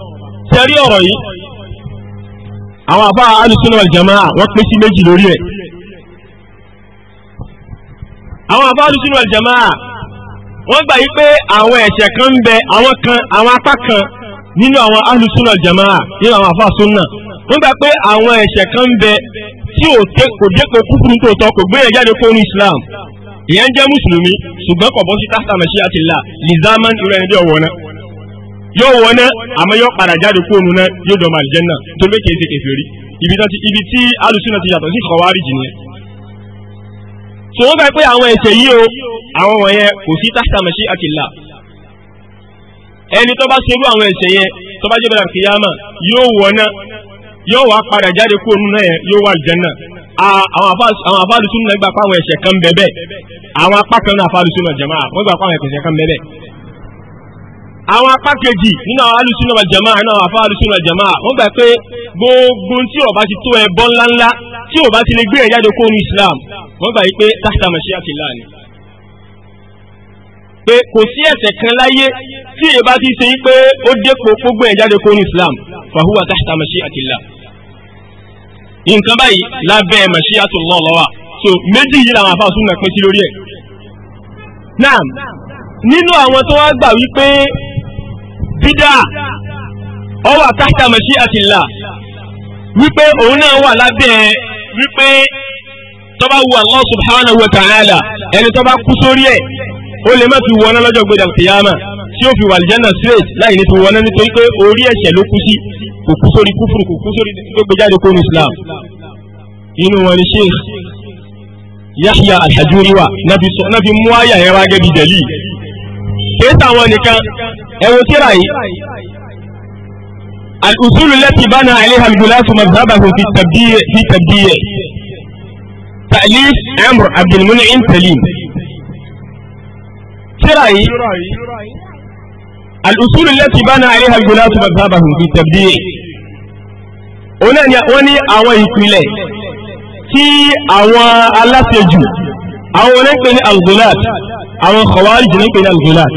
sẹ́rí ọ̀rọ̀ yìí àwọn àbá alùsùnà jama'a wọ́n pín sí méjì lórí ẹ̀ àwọn àbá alùsùnà jama'a wọ́n gbà yí nínú àwọn alùsùnà jamaa nínú àwọn àfàsùnà wọ́n gbà pé àwọn ẹ̀ṣẹ̀ kan ń bẹ tí ò tẹ́ kò dépò kúkúrú tó tọ́ kò gbé ẹ̀jáde fóònù Islam ìyẹn jẹ́ mùsùlùmí ṣùgbọ́n kò bọ́ sí tahta mashiatillah lizaman irú ẹni bí ọ̀wọ́ náà yóò wọ náà àmọ́ yóò padà jáde fóònù náà yóò dọ̀mọ̀ àlìjẹ́nà tó lé kèése kèfèrí ibi tí alùsùnà ti yàtọ̀ sí kọ̀wárì jì nìyẹn so wọ́n gbà pé àwọn ẹ̀ṣẹ̀ yìí o àwọn wọ̀nyẹn kò sí tahta mashiatillah ẹni tó bá ṣerú àwọn ẹ̀ṣẹ̀ yẹn tó bá jẹ́ bẹ̀rẹ̀ kìyàmà yóò wọ̀nà yóò wá padà jáde kó nínú ẹ̀ yóò wà àlùjánnà àwọn afáàlùsùn náà gbà pàwọn ẹ̀ṣẹ̀ kan bẹ̀ bẹ́ẹ̀ àwọn apá kan náà afáàlùsùn náà jẹ̀mọ́ àwọn gbà pàwọn ẹ̀ṣẹ̀ kan bẹ̀ bẹ́ẹ̀ àwọn apá kejì nínú àwọn alùsùn náà jẹ̀mọ́ àwọn afáàlùsùn náà jẹ̀mọ́ wọ́n gbà pé gbogbo tí ó bá ti tó ẹbọ ńláńlá tí ó bá ti lè gbé ẹ̀ jáde kó ní Islam wọ́n gbà yí pé tahta mashiatillah ni pé kò sí ẹ̀ṣẹ̀ kan láyé tí èyí bá ti ṣe yí pé ó dépò gbogbo ẹ̀ jáde kó ní Islam fahuwa tahta mashi'atillah nǹkan báyìí lábẹ́ mashi'atullah ló wà so méjì yìí làwọn àfáà súnmọ́ pín sí lórí ẹ̀ náà nínú àwọn tó wá gbà wípé bídà ó wà tahta mashi'atillah wípé òun náà wà lábẹ́ wípé tó bá wu Allah wa ta'ala ẹni tó kú sórí ẹ̀ ó lè má fi wọná lọ́jọ́ gbé dàgbéyàmà tí ó fi wà lìjánà straight láì ní fi wọná nítorí pé orí ẹ̀ṣẹ̀ ló kú sí kò kú sórí kúfùrù kò kú sórí tó gbé jáde kó ní Islam inú wọn ni Sheikh Yahya Al-Hajuri wa náà fi mú àyà yẹn wá gẹ́gẹ́ dẹ̀lì kìí sàwọn nìkan ẹ̀wọ̀n tíra yìí al-usul allati bana alayha al-julasu madhhabahu fi tabdiye fi tabdiye ta'lif Amr Abdul Mun'im Salim tíra yìí alùsùlù lẹ́tì bá náà àríhà gbọ́dá tó bá bá hùn bíi tẹ̀bí yìí òun náà ni wọ́n ní àwọn ìpìlẹ̀ tí àwọn aláṣejù àwọn onípe ní alghulat àwọn khawarij nípe ní alghulat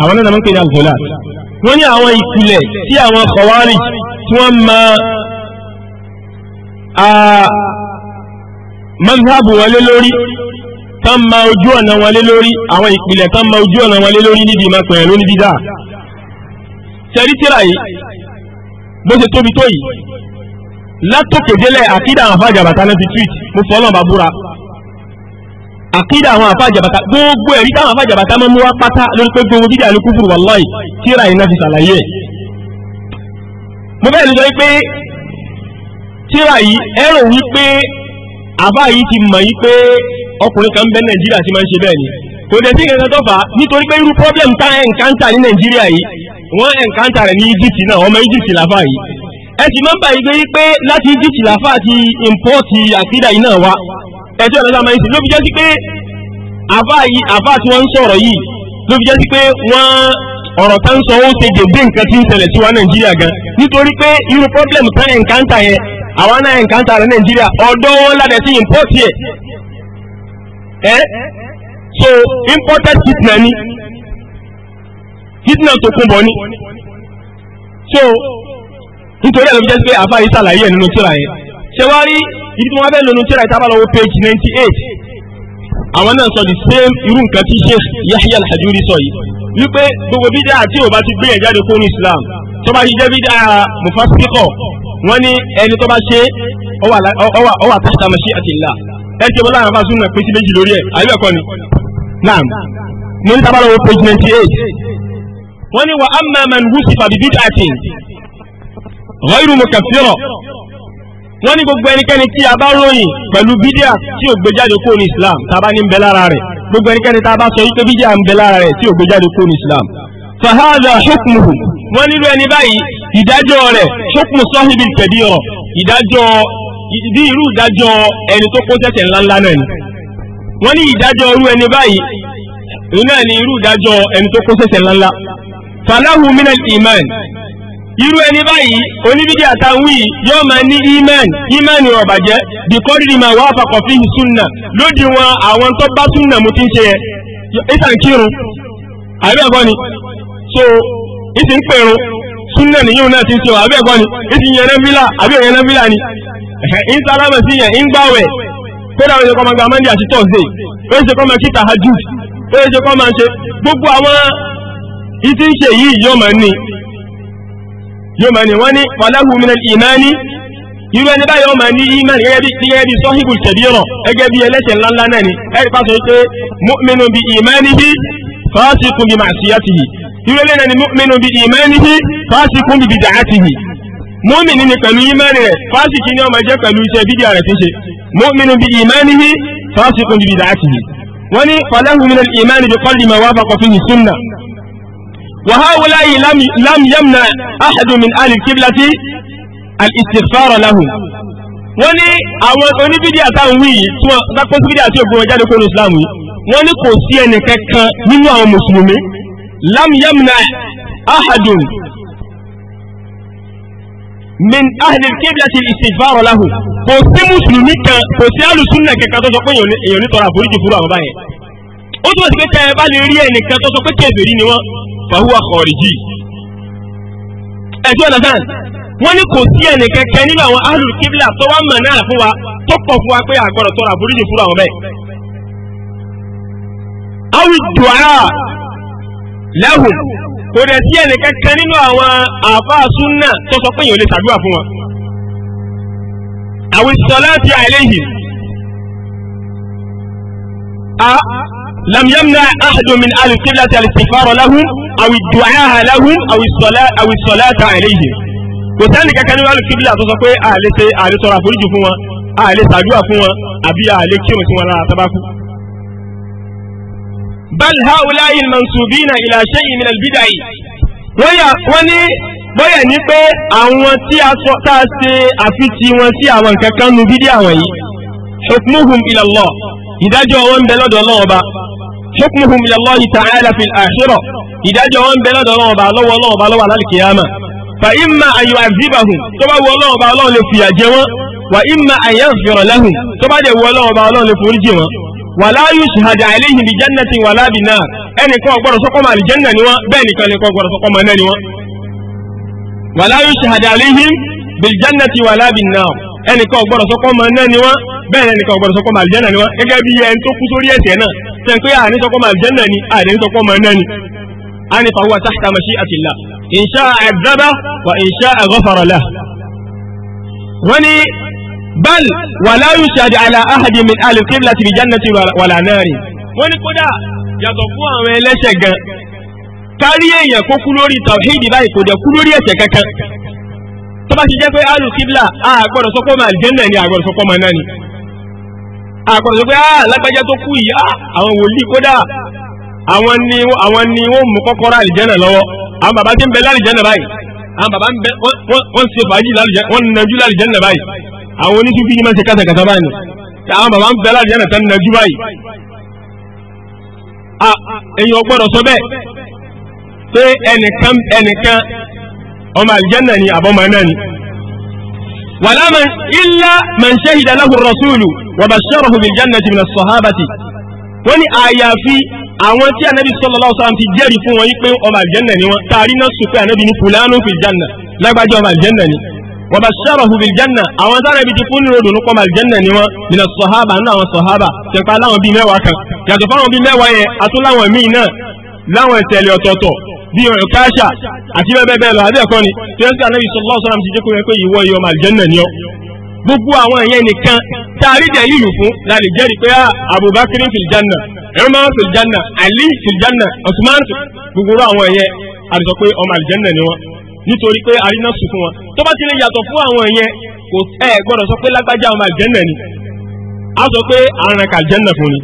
àwọn náà nípe ní alghulat wọ́n ní àwọn ìpìlẹ̀ tí àwọn khawarij tí wọ́n máa manhabu wọlé lórí tán ma ojú ọ̀nà wọn lé lórí àwọn ìpìlẹ̀ tán ma ojú ọ̀nà wọn lé lórí nídìí máa pẹ̀rẹ̀ lóní dídá tẹ̀rí tíra yìí bó ṣe tóbi tó yìí látòkè délẹ̀ àkídà àwọn afájàbàtà náà ti tweet mo fọ́ ọlọ́ọ̀bá búra àkídà àwọn afájàbàtà gbogbo ẹ̀rí táwọn afájàbàtà máa mú wá pátá lórí pé gbogbo dídá ló kúfùrù wàláì tíra yìí náà ti ṣàlàyé mo bẹ́ẹ̀ lè pé tíra yìí ẹ̀rọ wípé àbá yìí ti mọ̀ yìí pé ọkùnrin kan bẹ nàìjíríà tí máa ń ṣe bẹ́ẹ̀ ni kò dẹ̀ sí ìrìnàjò tọ́fà nítorí pé irú problem tá ẹ̀ǹkántà ní nàìjíríà yìí wọ́n ẹ̀ǹkántà rẹ̀ ní egypt náà ọmọ egypt làfà yìí ẹ sì máa ń bàyí pé pé láti egypt làfà ti import àkídà yìí náà wá ẹjọ́ ìrìnàjò àmọ́ ìsìn ló fi jẹ́ sí pé àfà yìí àfà tí wọ́n ń sọ̀rọ̀ yìí ló fi jẹ́ sí pé wọ́n ọ̀rọ̀ tá ń sọ ó ṣe dèbè nǹkan tí ń ṣẹlẹ̀ sí wa nàìjíríà gan nítorí pé irú problem tá ẹ̀ǹkántà yẹn àwọn náà ẹ̀ǹkántà rẹ̀ nàìjíríà ọ̀dọ́ wọn ládẹ̀ sí import yẹn ẹ́ eh? so imported fitna ni fitna tó kún bọ̀ ni so nítorí ẹ̀ ló jẹ́ pé àbá yìí ṣàlàyé ẹ̀ nínú tíra yẹn ṣé wá rí ìdí tí wọ́n fẹ́ lónú tíra yìí tá a bá page ninety eight àwọn náà sọ the same irú nǹkan tí Sheikh Yahya al-Hajuri sọ yìí wípé gbogbo bídà àti òbá ti gbé yẹn jáde kó ní Islam tó bá ti jẹ́ bídà mufasikọ̀ wọ́n ní ẹni tó bá ṣe ọwà tàṣà mashi'atillah ẹ ṣe wọn láàrin fásún náà pèsè méjì lórí ẹ̀ àyẹ̀wò ẹ̀kọ́ ni. naam mo ní tábàlọ́ wo page ninety eight wọ́n ní wa amma man wusifa bi bid'atin ghayru mukaffira wọ́n ní gbogbo ẹnikẹ́ni tí a bá ròyìn pẹ̀lú bídíà tí ò gbéjáde kó ní islam tá a bá ní ń bẹ lára rẹ̀ gbogbo ẹnikẹ́ni tá a bá sọ wípé bídíà ń bẹ lára rẹ̀ tí ò gbéjáde kó ní islam. fahadà hukmuhu wọ́n nílò ẹni báyìí ìdájọ́ rẹ̀ hukmu sahibil kabira ìdájọ́ bí irú ìdájọ́ ẹni tó kó tẹ̀tẹ̀ ńláńlá náà ni wọ́n ní ìdájọ́ irú ẹni báyìí òun náà ni irú ìdájọ́ ẹni tó kó tẹ̀tẹ̀ ńláńlá falahu minal iman irú ẹni báyìí oníbídí àtàwí yóò máa ní iman iman ò bàjẹ́ bíkọ́rìrì máa wá fàkọ̀ fi sunna lódì wọn àwọn tó bá sunna mo ti ń ṣe yẹ ìtàn kírun àbẹ́ ẹ̀kọ́ ni so ìsìn pẹ̀rún sunna nìyí òun náà ti ń ṣe àbẹ́ ẹ̀kọ́ ni ìsìn yẹn náà fílà àbẹ́ yẹn náà fílà ni In sálámà sí yẹn ń gbáwẹ̀ kódà ó ṣe kọ́ máa gba monday àti thursday ó ṣe kọ́ máa kí tahajud ó ṣe kọ́ máa ṣe gbogbo àwọn ìtí ṣe yìí yóò máa ní yóò máa ní wọ́n ní falahu minal imani irú ẹni báyìí ó máa ní imani gẹ́gẹ́ bí gẹ́gẹ́ bí sọ́hìbù kẹ̀bíọ̀rọ̀ gẹ́gẹ́ bí ẹlẹ́ṣẹ̀ ńláńlá náà ni ẹ̀rí pàṣẹ pé mu'minu bi imanihi fasiqun bi ma'siyatihi irú ẹlẹ́ni mu'minu bi imanihi fasiqun bi bid'atihi mọ́mìnì ni pẹ̀lú ìmánì rẹ̀ fásitì ni ọmọ jẹ́ pẹ̀lú iṣẹ́ bídíà rẹ̀ ti ṣe mọ́mìnì bí ìmánì yìí fásitì bí bídíà ti yìí wọ́n ní falahu minal ìmánì bí kọ́lì ma wafaqa fihi sunna wa haula'i lam yamna ahadu min ahli wọ́n ní àwọn oníbídíà táwọn wí yìí tí wọ́n min ahli al-qiblati al-istighfar lahu kò sí mùsùlùmí kan kò sí alùsùnà kankan tó sọ pé èèyàn ní tọrọ àforíjì fúru àwọn báyẹn ó túmọ̀ sí pé tẹ́ ẹ bá lè rí ẹnìkan tó sọ pé kèfèrí ni wọ́n fahuwa khariji ẹ̀jọ́ nàdán wọ́n ní kò sí ẹnìkan kan nínú àwọn ahli al-qibla tó wá mọ̀ náà fún wa tó kọ̀ fún wa pé àgbọ̀rọ̀ tọrọ àforíjì fúru àwọn bẹ́ẹ̀ awi du'a lahum kò dẹ̀ sí ẹnì kankan nínú àwọn àáfàá súnà tó sọ pé èèyàn lè ṣàdúrà fún wọn. àwọn ìṣọ̀lá ti àìlèyìn لم يمنع أحد من أهل القبلة الاستغفار لهم أو الدعاء لهم أو الصلاة أو الصلاة عليهم kò sẹ́ni kankan nínú alùpùpù àti sọ pé àlè ṣe àforíjì fún wọn àlè fún wọn àbí àlè sí wọn lára tábàkù bal haula'i mansubina ila shay'in min al-bid'ah wọ́n ní bóyá ní pé àwọn tí a sọ tá a ṣe àfitì wọn sí àwọn nǹkan kan nu bídí àwọn yìí hukmuhum ila Allah ìdájọ́ wọn ń bẹ lọ́dọ̀ Ọlọ́run ọba hukmuhum ila Allah ta'ala fil akhirah ìdájọ́ wọn bẹ lọ́dọ̀ Ọlọ́run ọba lọ́wọ́ Ọlọ́run ọba lọ́wọ́ alálìkèyàmà fa imma an yu'adhibahum tó bá wọ Ọlọ́run ọba Ọlọ́run lè fìyà jẹ wọn wà ìmà àyàn fìràn lẹ́hùn tó bá dẹ̀ wọ ọlọ́run ọba ọlọ́run lè forí jì wọn wà láyù ṣàdà àìlẹ́yìn bí jẹ́nẹ̀tì wà lábì náà ẹnìkan ọgbọ́dọ̀ sọ́kọ́ máa lè jẹ́nẹ̀ ni wọ́n bẹ́ẹ̀ nìkan nìkan ọgbọ́dọ̀ sọ́kọ́ máa náà ni wọ́n. wà láyù ṣàdà àìlẹ́yìn bí jẹ́nẹ̀tì wà lábì náà ẹnìkan ọgbọ́dọ̀ sọ́kọ́ máa náà ni wọ́n bẹ́ẹ̀ nìkan ọgbọ́dọ̀ sọ́kọ́ máa lè jẹ́nẹ̀ ni wọ́n gẹ́gẹ́ bí ẹni tó kú sórí bal wàlá yushad ala ahadi min ahli qiblati bi jannati wàlá nari wọ́n ní kódà yàtọ̀ fún àwọn ẹlẹ́ṣẹ̀ gan kárí èèyàn kó kú lórí tàwíìdì báyìí kò dẹ̀ kú lórí ẹ̀ṣẹ̀ kankan tó bá ti jẹ́ pé ahli qibla àgbọ̀dọ̀ sọ́kọ́ máa jẹ́ náà ni àgbọ̀dọ̀ sọ́kọ́ máa náà ni àgbọ̀dọ̀ sọ́kọ́ alágbájá ah, tó kú yìí ah, àwọn wòlíì kódà àwọn ni àwọn ni wọ́n mú kọ́kọ́rọ́ àlìjẹ́nà lọ́wọ́ àwọn bàbá ti ń bẹ lálìjẹ́nà báyìí àwọn bàbá ń bẹ wọ́n ṣe fàájì lálìjẹ́nà wọ́n báyìí àwọn oníṣúfì yìí máa ṣe kásàkásà báyìí àwọn bàbá ń bẹ láti yànnà tán nàjú báyìí a èyàn ọgbọ́dọ̀ sọ bẹ́ẹ̀ pé ẹnìkan ẹnìkan ọmọ àlìjẹ́nà ni àbọ̀mọ̀ náà ni wàlá man illa man shahida lahu rasulu wa basharahu bil jannati min as-sahabati wọ́n ní àyàfi àwọn tí anabi sallallahu alaihi wasallam ti jẹ́rìí fún wọn yí pé ọmọ àlìjẹ́nà ni wọn taari náà sùn pé anabi ní fulanu fil janna lágbájá ọmọ àlìjẹ́nà ni wa basharahu bil janna àwọn sára ibi ti fún nínú ìdùnnú pọ̀ màlì janna ni wọ́n nínú sọ̀hábà nínú àwọn sọ̀hábà tẹ̀pá láwọn bíi mẹ́wàá kan yàtọ̀ fáwọn bíi mẹ́wàá yẹn atúláwọn míì náà láwọn ìṣẹ̀lẹ̀ ọ̀tọ̀ọ̀tọ̀ bí ọ̀rọ̀ káṣà àti bẹ́ẹ̀ bẹ́ẹ̀ lọ abẹ́ẹ̀kọ́ ni tí wọ́n gbogbo àwọn èèyàn nìkan tá a rí dẹ̀lílù fún la lè jẹ́rìí pé ah, Abubakar fìlìjánà Umar fìlìjánà Ali fìlìjánà Usman gbogbo àwọn èèyàn àdìsọ pé ọmọ àlìjẹ́nà ni wọ́n nítorí pé àríná sùn fún wọn tó bá ti lè yàtọ̀ fún àwọn yẹn kò ẹ gbọ́dọ̀ sọ pé lágbájá ọmọ àlùjẹ́nà ni a sọ pé àrùn ẹ̀ka àlùjẹ́nà fún ni.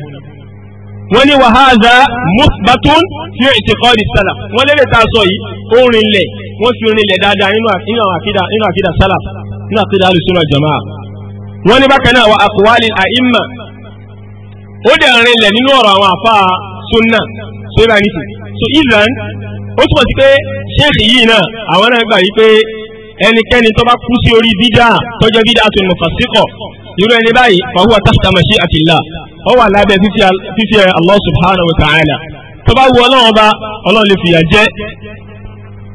wọ́n ní wàhálà musbatun fi ìtìkọ́ọ̀dì sálà wọ́n lè lè ta sọ yìí ó rinlẹ̀ wọ́n fi rinlẹ̀ dáadáa nínú àkídà nínú àkídà sálà nínú àkídà alùsùnà jamaa. wọ́n ní bákan náà wà àkùwálì àìmà ó dẹ̀ rinlẹ̀ nínú ọ̀rọ̀ àwọn àfáà sunna ṣe báyìí nìsín so iran ó túbọ̀ sí pé ṣéèkì yìí náà àwọn náà gbà yí pé ẹnikẹ́ni tó bá kú sí orí bídà tọ́jọ́ bídà tó ní mọ̀fàsíkọ̀ irú ẹni báyìí fahuwa tahta mashi'atillah ó wà lábẹ́ fífi Allah subhanahu wa ta'ala tó bá wù ọlọ́run ọba ọlọ́run lè fìyà jẹ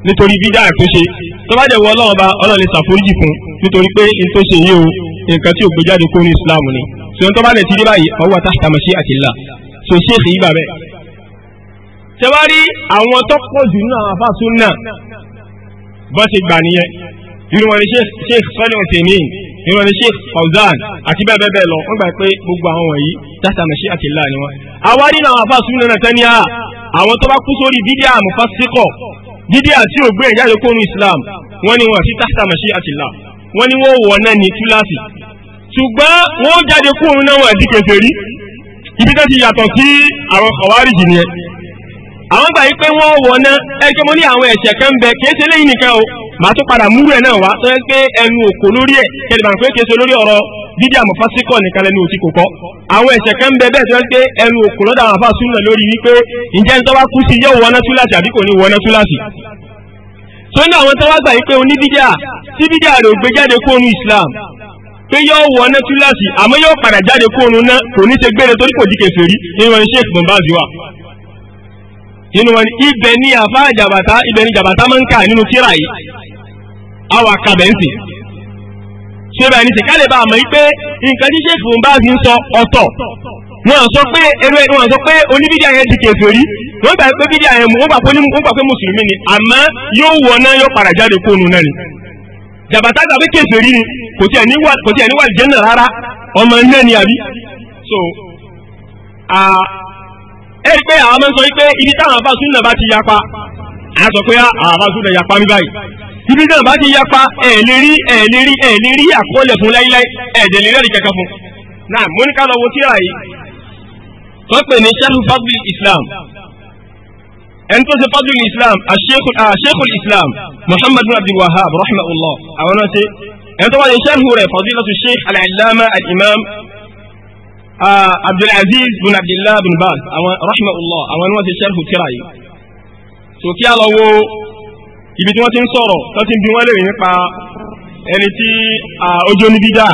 nítorí bídà tó ṣe tó bá dẹ̀ wù ọlọ́run ọba ọlọ́run lè ṣàforíjì fún nítorí pé n tó ṣe yìí o nǹkan tí ò gbé jáde kó ní Islam ni sọ̀rọ̀ tó bá dẹ̀ ti dé báyìí fahuwa tahta mashi'atillah so ṣéèkì ṣẹwárí àwọn tó pọ̀ jù nínú àwọn afáàsù náà bọ́ ti gbà nìyẹn irun wọn ni sheikh sọ́lẹ̀ ọ̀sẹ̀mí irun wọn ni sheikh fauzan àti bẹ́ẹ̀ bẹ́ẹ̀ bẹ́ẹ̀ lọ wọ́n gbà pé gbogbo àwọn wọ̀nyí dáta mẹ́ṣí àti ìlà ni wọ́n. àwa nínú àwọn afáàsù náà tẹ́ ní à àwọn tó bá kú sórí dídí àmúfásíkọ̀ dídí àti ògbé ìjáde kónú islam wọ́n ni wọ́n sí dáta mẹ́ṣí àti ìlà wọ́n ni wọ́n wọ̀ náà ní túláàsì ibi tó ti yàtọ̀ sí àwọn gbà yí pé wọ́n wọ̀nà ẹgbẹ́ mo ní àwọn ẹ̀ṣẹ̀ kan ń bẹ kìí ṣe léyìn nìkan o màá tún padà múrú ẹ̀ náà wá tó yẹ pé ẹnu òkò lórí ẹ̀ kẹlẹ̀ bàá pé kìí ṣe lórí ọ̀rọ̀ dídí àmọ̀fásíkọ̀ nìkan lẹ́nu òtí kò kọ́ àwọn ẹ̀ṣẹ̀ kan ń bẹ bẹ́ẹ̀ tó yẹ pé ẹnu òkò lọ́dọ̀ àwọn afáàsùn náà lórí wípé ǹjẹ́ ní tó bá kú sí yóò wọná túláàsì àbí kò ní wọná túláàsì tó ní àwọn tó wá gbà yí pé onídídíà tí dídíà rẹ̀ ò gbé jáde kóònù Islam pé yóò wọ ọ́nà túláàsì àmọ́ yóò padà jáde kóònù náà kò ní ṣe gbére torí kò di kèfèrí ní wọn ṣe ìfọ̀nbáàzì wa nínú wọn ibẹ̀ ní àfa jabata ibẹ̀ ni jàbàtà máa ń kà nínú kíra yìí àwa kàbẹ̀ ń sì ṣé báyìí ní sì ká lè bá a mọ̀ pé nǹkan tí ṣe fún báàsì ń sọ ọ̀tọ̀ wọn sọ pé ẹnu ẹni wọn sọ pé oníbídíà yẹn di kèfèrí wọn gbà pé bídíà yẹn wọn gbà pé wọn gbà pé mùsùlùmí ni àmọ́ yóò wọ náà yóò padà jáde kóònù náà ni jàbàtà gbà pé kèfèrí ni kò tí ẹni wà lìjẹ́ náà rárá ọmọ náà ni àbí so ẹ rí pé àwọn máa ń sọ pé ibi táwọn àfa súnà bá ti yapa a sọ pé àwọn àfa súnà yapa mi báyìí ibi táwọn bá ti yapa ẹ lè rí ẹ lè rí ẹ lè rí àkọọ́lẹ̀ fún láíláí ẹ dẹ̀ lè rẹ́ẹ̀dì kankan fún náà mo ní ká lọ wo tíra yìí tó pè ní sharhu fadli islam ẹni tó ṣe fadli islam asheikhul islam muhammad bin abdul wahab àwọn náà ṣe ẹni tó wà ní rẹ̀ fadilatu sheikh al-allama Ah, abdulaziz bin abdullah bin baz àwọn rahmaullah àwọn ni wọ́n ti sẹ́rù tíra yìí so kí a lọ wo ibi tí wọ́n ti ń sọ̀rọ̀ tó ti ń bi wọ́n lè nípa ẹni tí ọjọ́ ní bídà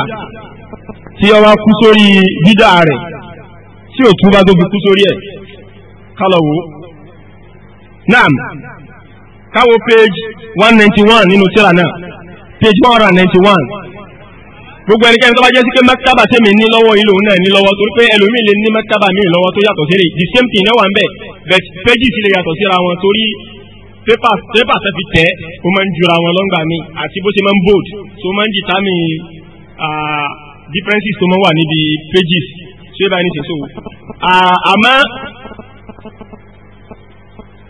tí ó wá kú sórí bídà rẹ̀ tí ò túbá tó kú sórí ẹ̀ ká lọ wo naam ká wo page one ninety one nínú tíra náà page one hundred ninety one gbogbo ẹnikẹ́ni tó bá jẹ́ sí pé mẹ́tàbà tẹ̀mí ní lọ́wọ́ yìí lòun náà ní lọ́wọ́ torí pé ẹlòmíì lè ní mẹ́tàbà míì lọ́wọ́ tó yàtọ̀ sí rẹ̀ the same thing náà wà ń bẹ̀ but pages lè yàtọ̀ síra wọn torí papers papers fi tẹ̀ ó máa ń jura wọn lọ́ngbà míì àti bó ṣe máa ń bold so ó máa ń jìtá mi differences tó máa wà níbi pages ṣé báyìí ní ṣe so àmọ́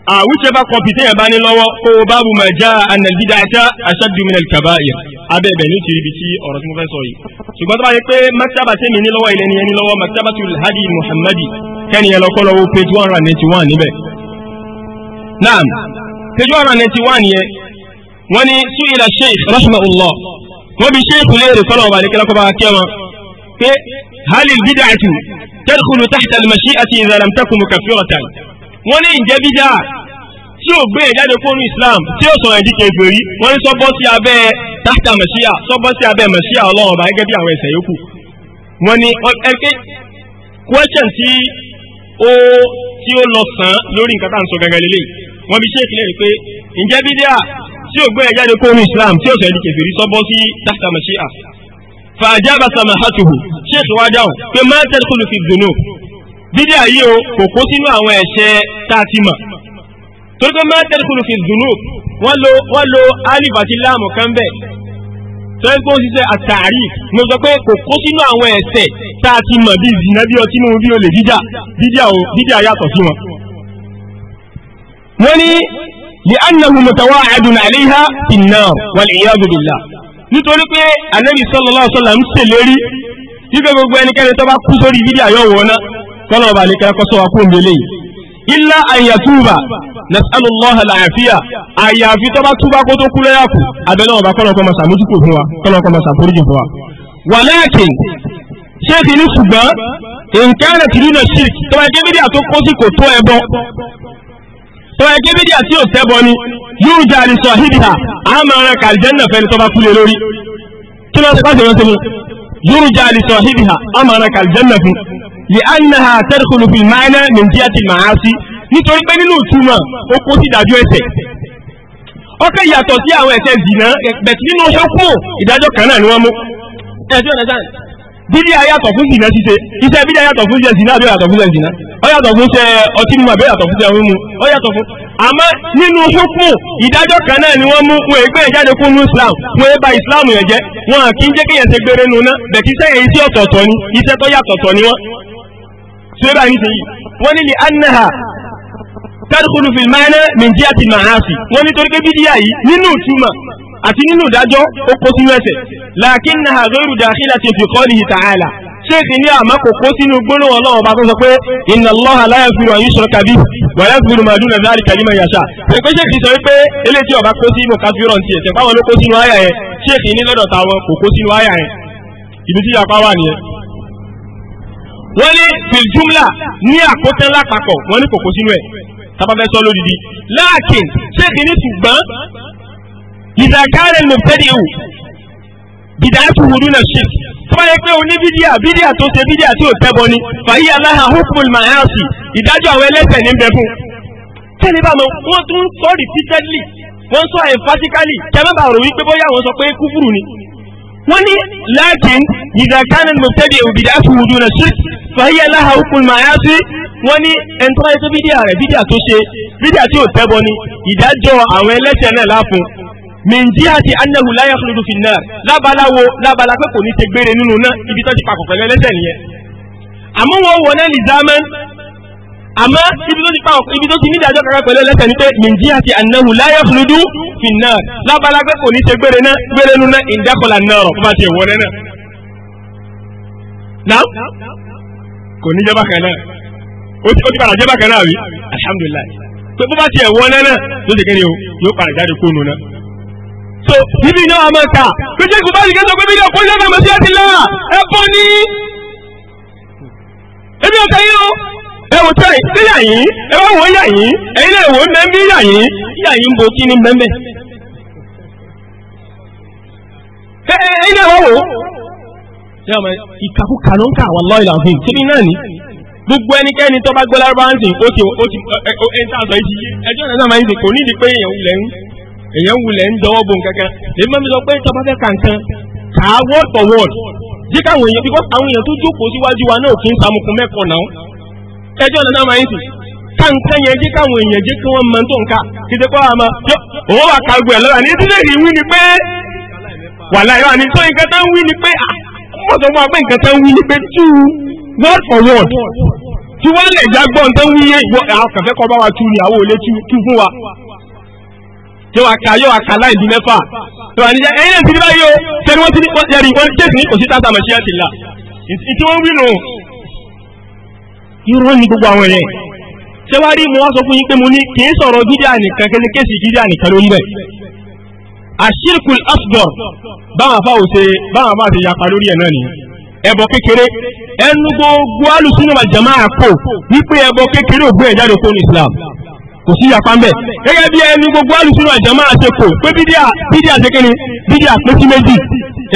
Ah, whichever copy téèyàn bá ní lọ́wọ́ kó o báàbù mà já ànàlbídà àjá ashaddu minal kaba'ir abẹ́ẹ̀bẹ̀ ní ti ibi tí ọ̀rọ̀ tí mo fẹ́ sọ yìí ṣùgbọ́n tó bá yẹ pé maktaba tèmi ní lọ́wọ́ ilẹ̀ nìyẹn ní lọ́wọ́ maktabatul hadi muhammadi kẹ́ni yẹn lọ́kọ́ lọ́wọ́ page one hundred ninety one níbẹ̀. naam page one hundred ninety one yẹn wọ́n ní su'ila sheikh rahmaullah wọ́n bi sheikh léèrè kọ́lọ̀ ọba àdékẹ́lá wọ́n ní ìjẹ́ bídà tí ò gbé ìjáde fóònù Islam tí ó sọ̀rọ̀ ìdíje ìgbèrí wọ́n ní sọ́bọ́ sí abẹ́ tàtà mẹ̀síà sọ́bọ́ sí abẹ́ mẹ̀síà ọlọ́run ọba gẹ́gẹ́ bí àwọn ẹ̀sẹ̀ yòókù wọ́n ní ẹ̀kẹ́ question tí ó tí ó lọ sàn lórí nǹkan tá à ń sọ gẹ́gẹ́ lélẹ̀ wọ́n fi ṣe ìkìlẹ̀ pé ǹjẹ́ tí ò gbé ìjáde fóònù Islam tí ó sọ̀rọ̀ ìdíje ìgbèrí sọ́bọ́ sí tàtà mẹ̀síà fàájà bàtà màhàtùhù ṣé ìṣòwádà pé má tẹ́lifù bídíà yìí o kò kó sínú àwọn ẹ̀ṣẹ̀ tá a ti mọ̀ torí pé máa tẹ́lifùlù fi dùnú wọ́n lo wọ́n lo alif àti láàmù kan bẹ́ẹ̀ torí pé ó ń ṣiṣẹ́ àtàrí mo sọ pé kò kó sínú àwọn ẹ̀ṣẹ̀ tá a ti mọ̀ bíi zina bí ọtí mímu bí olè jíjà bídíà o bídíà yàtọ̀ sí wọn. wọ́n ní li annahu mutawa'adun 'alayha fin-nar wal-'iyadhu billah nítorí pé Ànábì sallallahu alaihi ń ṣèlérí wípé gbogbo ẹnikẹ́ni tó bá kú sórí bídíà yóò wọ̀ náà kọ́lọ̀ bá lè kẹ́rẹ́ kọ́sọ́ wa kó mele yìí illa an yatuba nas'alu allah al'afiya àyàfi tó bá túbá kó tó kú lẹ́yà kù abẹ́lẹ́ ọba kọ́lọ̀ kọ́ masa mójúkò fún wa kọ́lọ̀ kọ́ masa foríjì fún wa. walakin ṣé ti ní ṣùgbọ́n nǹkan rẹ̀ ti ní lọ ṣírk tó kó sí kò tó ẹbọ tó bá yẹ kébídì àti òtẹ́bọ ni yóò jẹ́ àlìsọ àhídìhà àmọ́ ara kàlìjẹ́nà fẹ́ni tó kú lé lórí kí ló ń sọ لأنها تدخل في المعنى من جهة المعاصي nítorí pé nínú ìtumọ̀ ó kó sí ìdájọ́ ẹ̀ṣẹ̀ ọkẹ́ yàtọ̀ sí àwọn si zìnà bẹ̀tì nínú ṣọ́kù ìdájọ́ kan náà ni wọ́n mú dídí ayàtọ̀ fún ṣíṣe iṣẹ́ ayàtọ̀ fún fún fún ọtí ni wọ́n mú wọn ègbé ìjáde kún Islam wọn èbá Islam yẹn jẹ́ wọn kì í jẹ́ ya ṣe gbére nu ná bẹ̀kí sẹ́yìn iṣẹ́ ọ̀tọ̀ọ̀tọ̀ ni iṣẹ́ tó yàtọ̀ọ̀tọ̀ ni wọ́n tí ó bá yìí sèyí wọ́n ní lè anaha tadkhulu fil ma'na min jihati ma'asi wọ́n ní torí pé bídíà yìí nínú ìtumọ̀ àti nínú ìdájọ́ ó kó sínú ẹsẹ̀ lakinnaha ghayru dakhilatin fi qawlihi ta'ala ṣéèkì ní àmọ́ kò kó sínú gbólóhùn ọlọ́run bá tó sọ pé inna Allaha la yaghfiru an yushraka bihi wa yaghfiru ma duna dhalika liman yasha. pèpè ṣéèkì sọ wípé eléyìí ọba kó sí ibò káfíńrọ̀ ẹ̀sẹ̀ fáwọn ló kó sínú àyà yẹn ṣéèkì ní lọ́dọ̀ táwọn kò kó sínú àyà yẹn ibi tí wà nìyẹn. wọ́n ní filjumla ní àkótán lápapọ̀ wọ́n ní kòkó sínú ẹ̀ tábàfẹ́ sọ lódìdí láàkìn ṣéèkì ní ṣùgbọ́n ìdàkárẹ̀ mọ̀tẹ́dìhù bìdáàtù wùdú náà ṣe tó bá yẹ pé o ní bídíà bídíà tó ṣe bídíà tí ò tẹ́bọ ni fàyí aláha hókùnmùn màáyàsì ìdájọ́ àwọn ẹlẹ́sẹ̀ ní bẹ fún. tẹ́lẹ̀ bá mọ wọ́n tún sọ repeatedly wọ́n sọ emphatically kẹ́mẹ́ bá rò wípé bóyá wọ́n sọ pé kúfùrù ni. wọ́n ní láàkín ìdàkárẹ̀ mọ̀tẹ́dìhù bìdáàtù wùdú náà ṣe fàáyé aláha òkun màá sí wọ́n ní ẹni tó bá yẹ tó bídíà rẹ̀ bídíà tó ṣe bídíà tí ò tẹ́bọ ni ìdájọ́ àwọn ẹlẹ́ṣẹ̀ náà láfun mìǹdí àti annahu láyà fúlùdù fi náà lábaláwo lábala pé kò ní ṣe gbére nínú náà ibi tó ti papọ̀ pẹ̀lú ẹlẹ́ṣẹ̀ nìyẹn àmọ́ wọn wọ náà lìzámẹ́ àmọ́ ibi tó ti papọ̀ ibi tó ti ní ìdájọ́ kankan pẹ̀lú ẹlẹ́ṣẹ̀ ni pé mìǹdí àti annahu láyà fúlùdù fi náà lábala pé kò ní ṣe gbére náà gbére nínú náà ìdákọ̀lá náà rọ̀ fún bá ti wọlé náà kò ní jẹ́ bákan náà ó ti padà jẹ́ bákan náà rí alhamdulilayi tó bó bá tiẹ̀ wọlé náà ló ti kéde o yóò padà jáde kó náà. so níbi iná àmọ́ ta pété kò bá nìkan sọ pé bílíọ̀ kọ́lé náà màsí àti lára ẹ bọ́ ní. ebi ọ̀tá yín o ẹ wò tẹ́ ẹ yà yín ẹ bá wọ́n yà yín ẹ̀yin náà wò ó mẹ́mbí yà yín yà bo kí mẹ́mbẹ́. ẹ ẹ ẹ̀yin ìkàkùkà ló ń kà wà lọ́ọ̀lá ọ̀hún síbi náà ni gbogbo ẹnikẹ́ni tó bá gbọ́ lárúbáwá ń sìn ó ti ó ti ẹni tá a sọ yìí ẹjọ́ náà máa ń sìn kò ní ìdí pé èèyàn wulẹ̀ ń èèyàn wulẹ̀ ń dọwọ́ bo nǹkan kan èyí máa ń sọ pé tó bá fẹ́ ka nǹkan kà á word for word jẹ́ káwọn èèyàn bíkọ́ àwọn èèyàn tó jókòó síwájú wa náà kì í samukun mẹ́kọ̀ọ́ náà ẹjọ́ náà máa ń sìn ká nǹkan yẹn jẹ́ káwọn èèyàn jẹ́ kí wọ́n máa ń tó nǹka títí pé wàá máa òun wà ká gbẹ̀ lọ́la ní ìdílé yìí wí ni pé wàlá ìwà ní tó nǹkan tó ń wí ni pé ah wọ́n sọ fún wa pé nǹkan tán wí ni pé two word for word tí wọ́n lè já gbọ́ nǹkan wí yé ìwọ àkàfẹ́ kọ́ bá wa tu ni àwọn ò lè tu fún wa. yóò wá ka yóò wá ka láì di mẹ́fà yóò wá ní ẹ̀yìn náà ti di báyìí o sẹ́ni wọ́n ti ní yẹ́rì wọ́n jẹ́sì ní òsì tàtà màṣíyà ti là ìtí wọ́n wí nù. irọ́ ni gbogbo àwọn yẹn ṣé wàá rí mo wá sọ fún yín pé mo ní kì í sọ̀rọ̀ dídí ànìkan kéṣe kéṣì dídí ànìkan lórí bẹ́ẹ̀ àṣírkù asgọr báwọn afá ò ṣe báwọn afá ṣe yapa lórí ẹ̀ náà ni ẹbọ kékeré ẹnu gbogbo alùsùnú àjàmá àpò wípé ẹbọ kékeré ògbé ẹ̀ jáde fún Islam kò sí yapa mbẹ gẹ́gẹ́ bí ẹnu gbogbo alùsùnú àjàmá àṣepò pé bídíà bídíà ṣe kéde bídíà pé sí méjì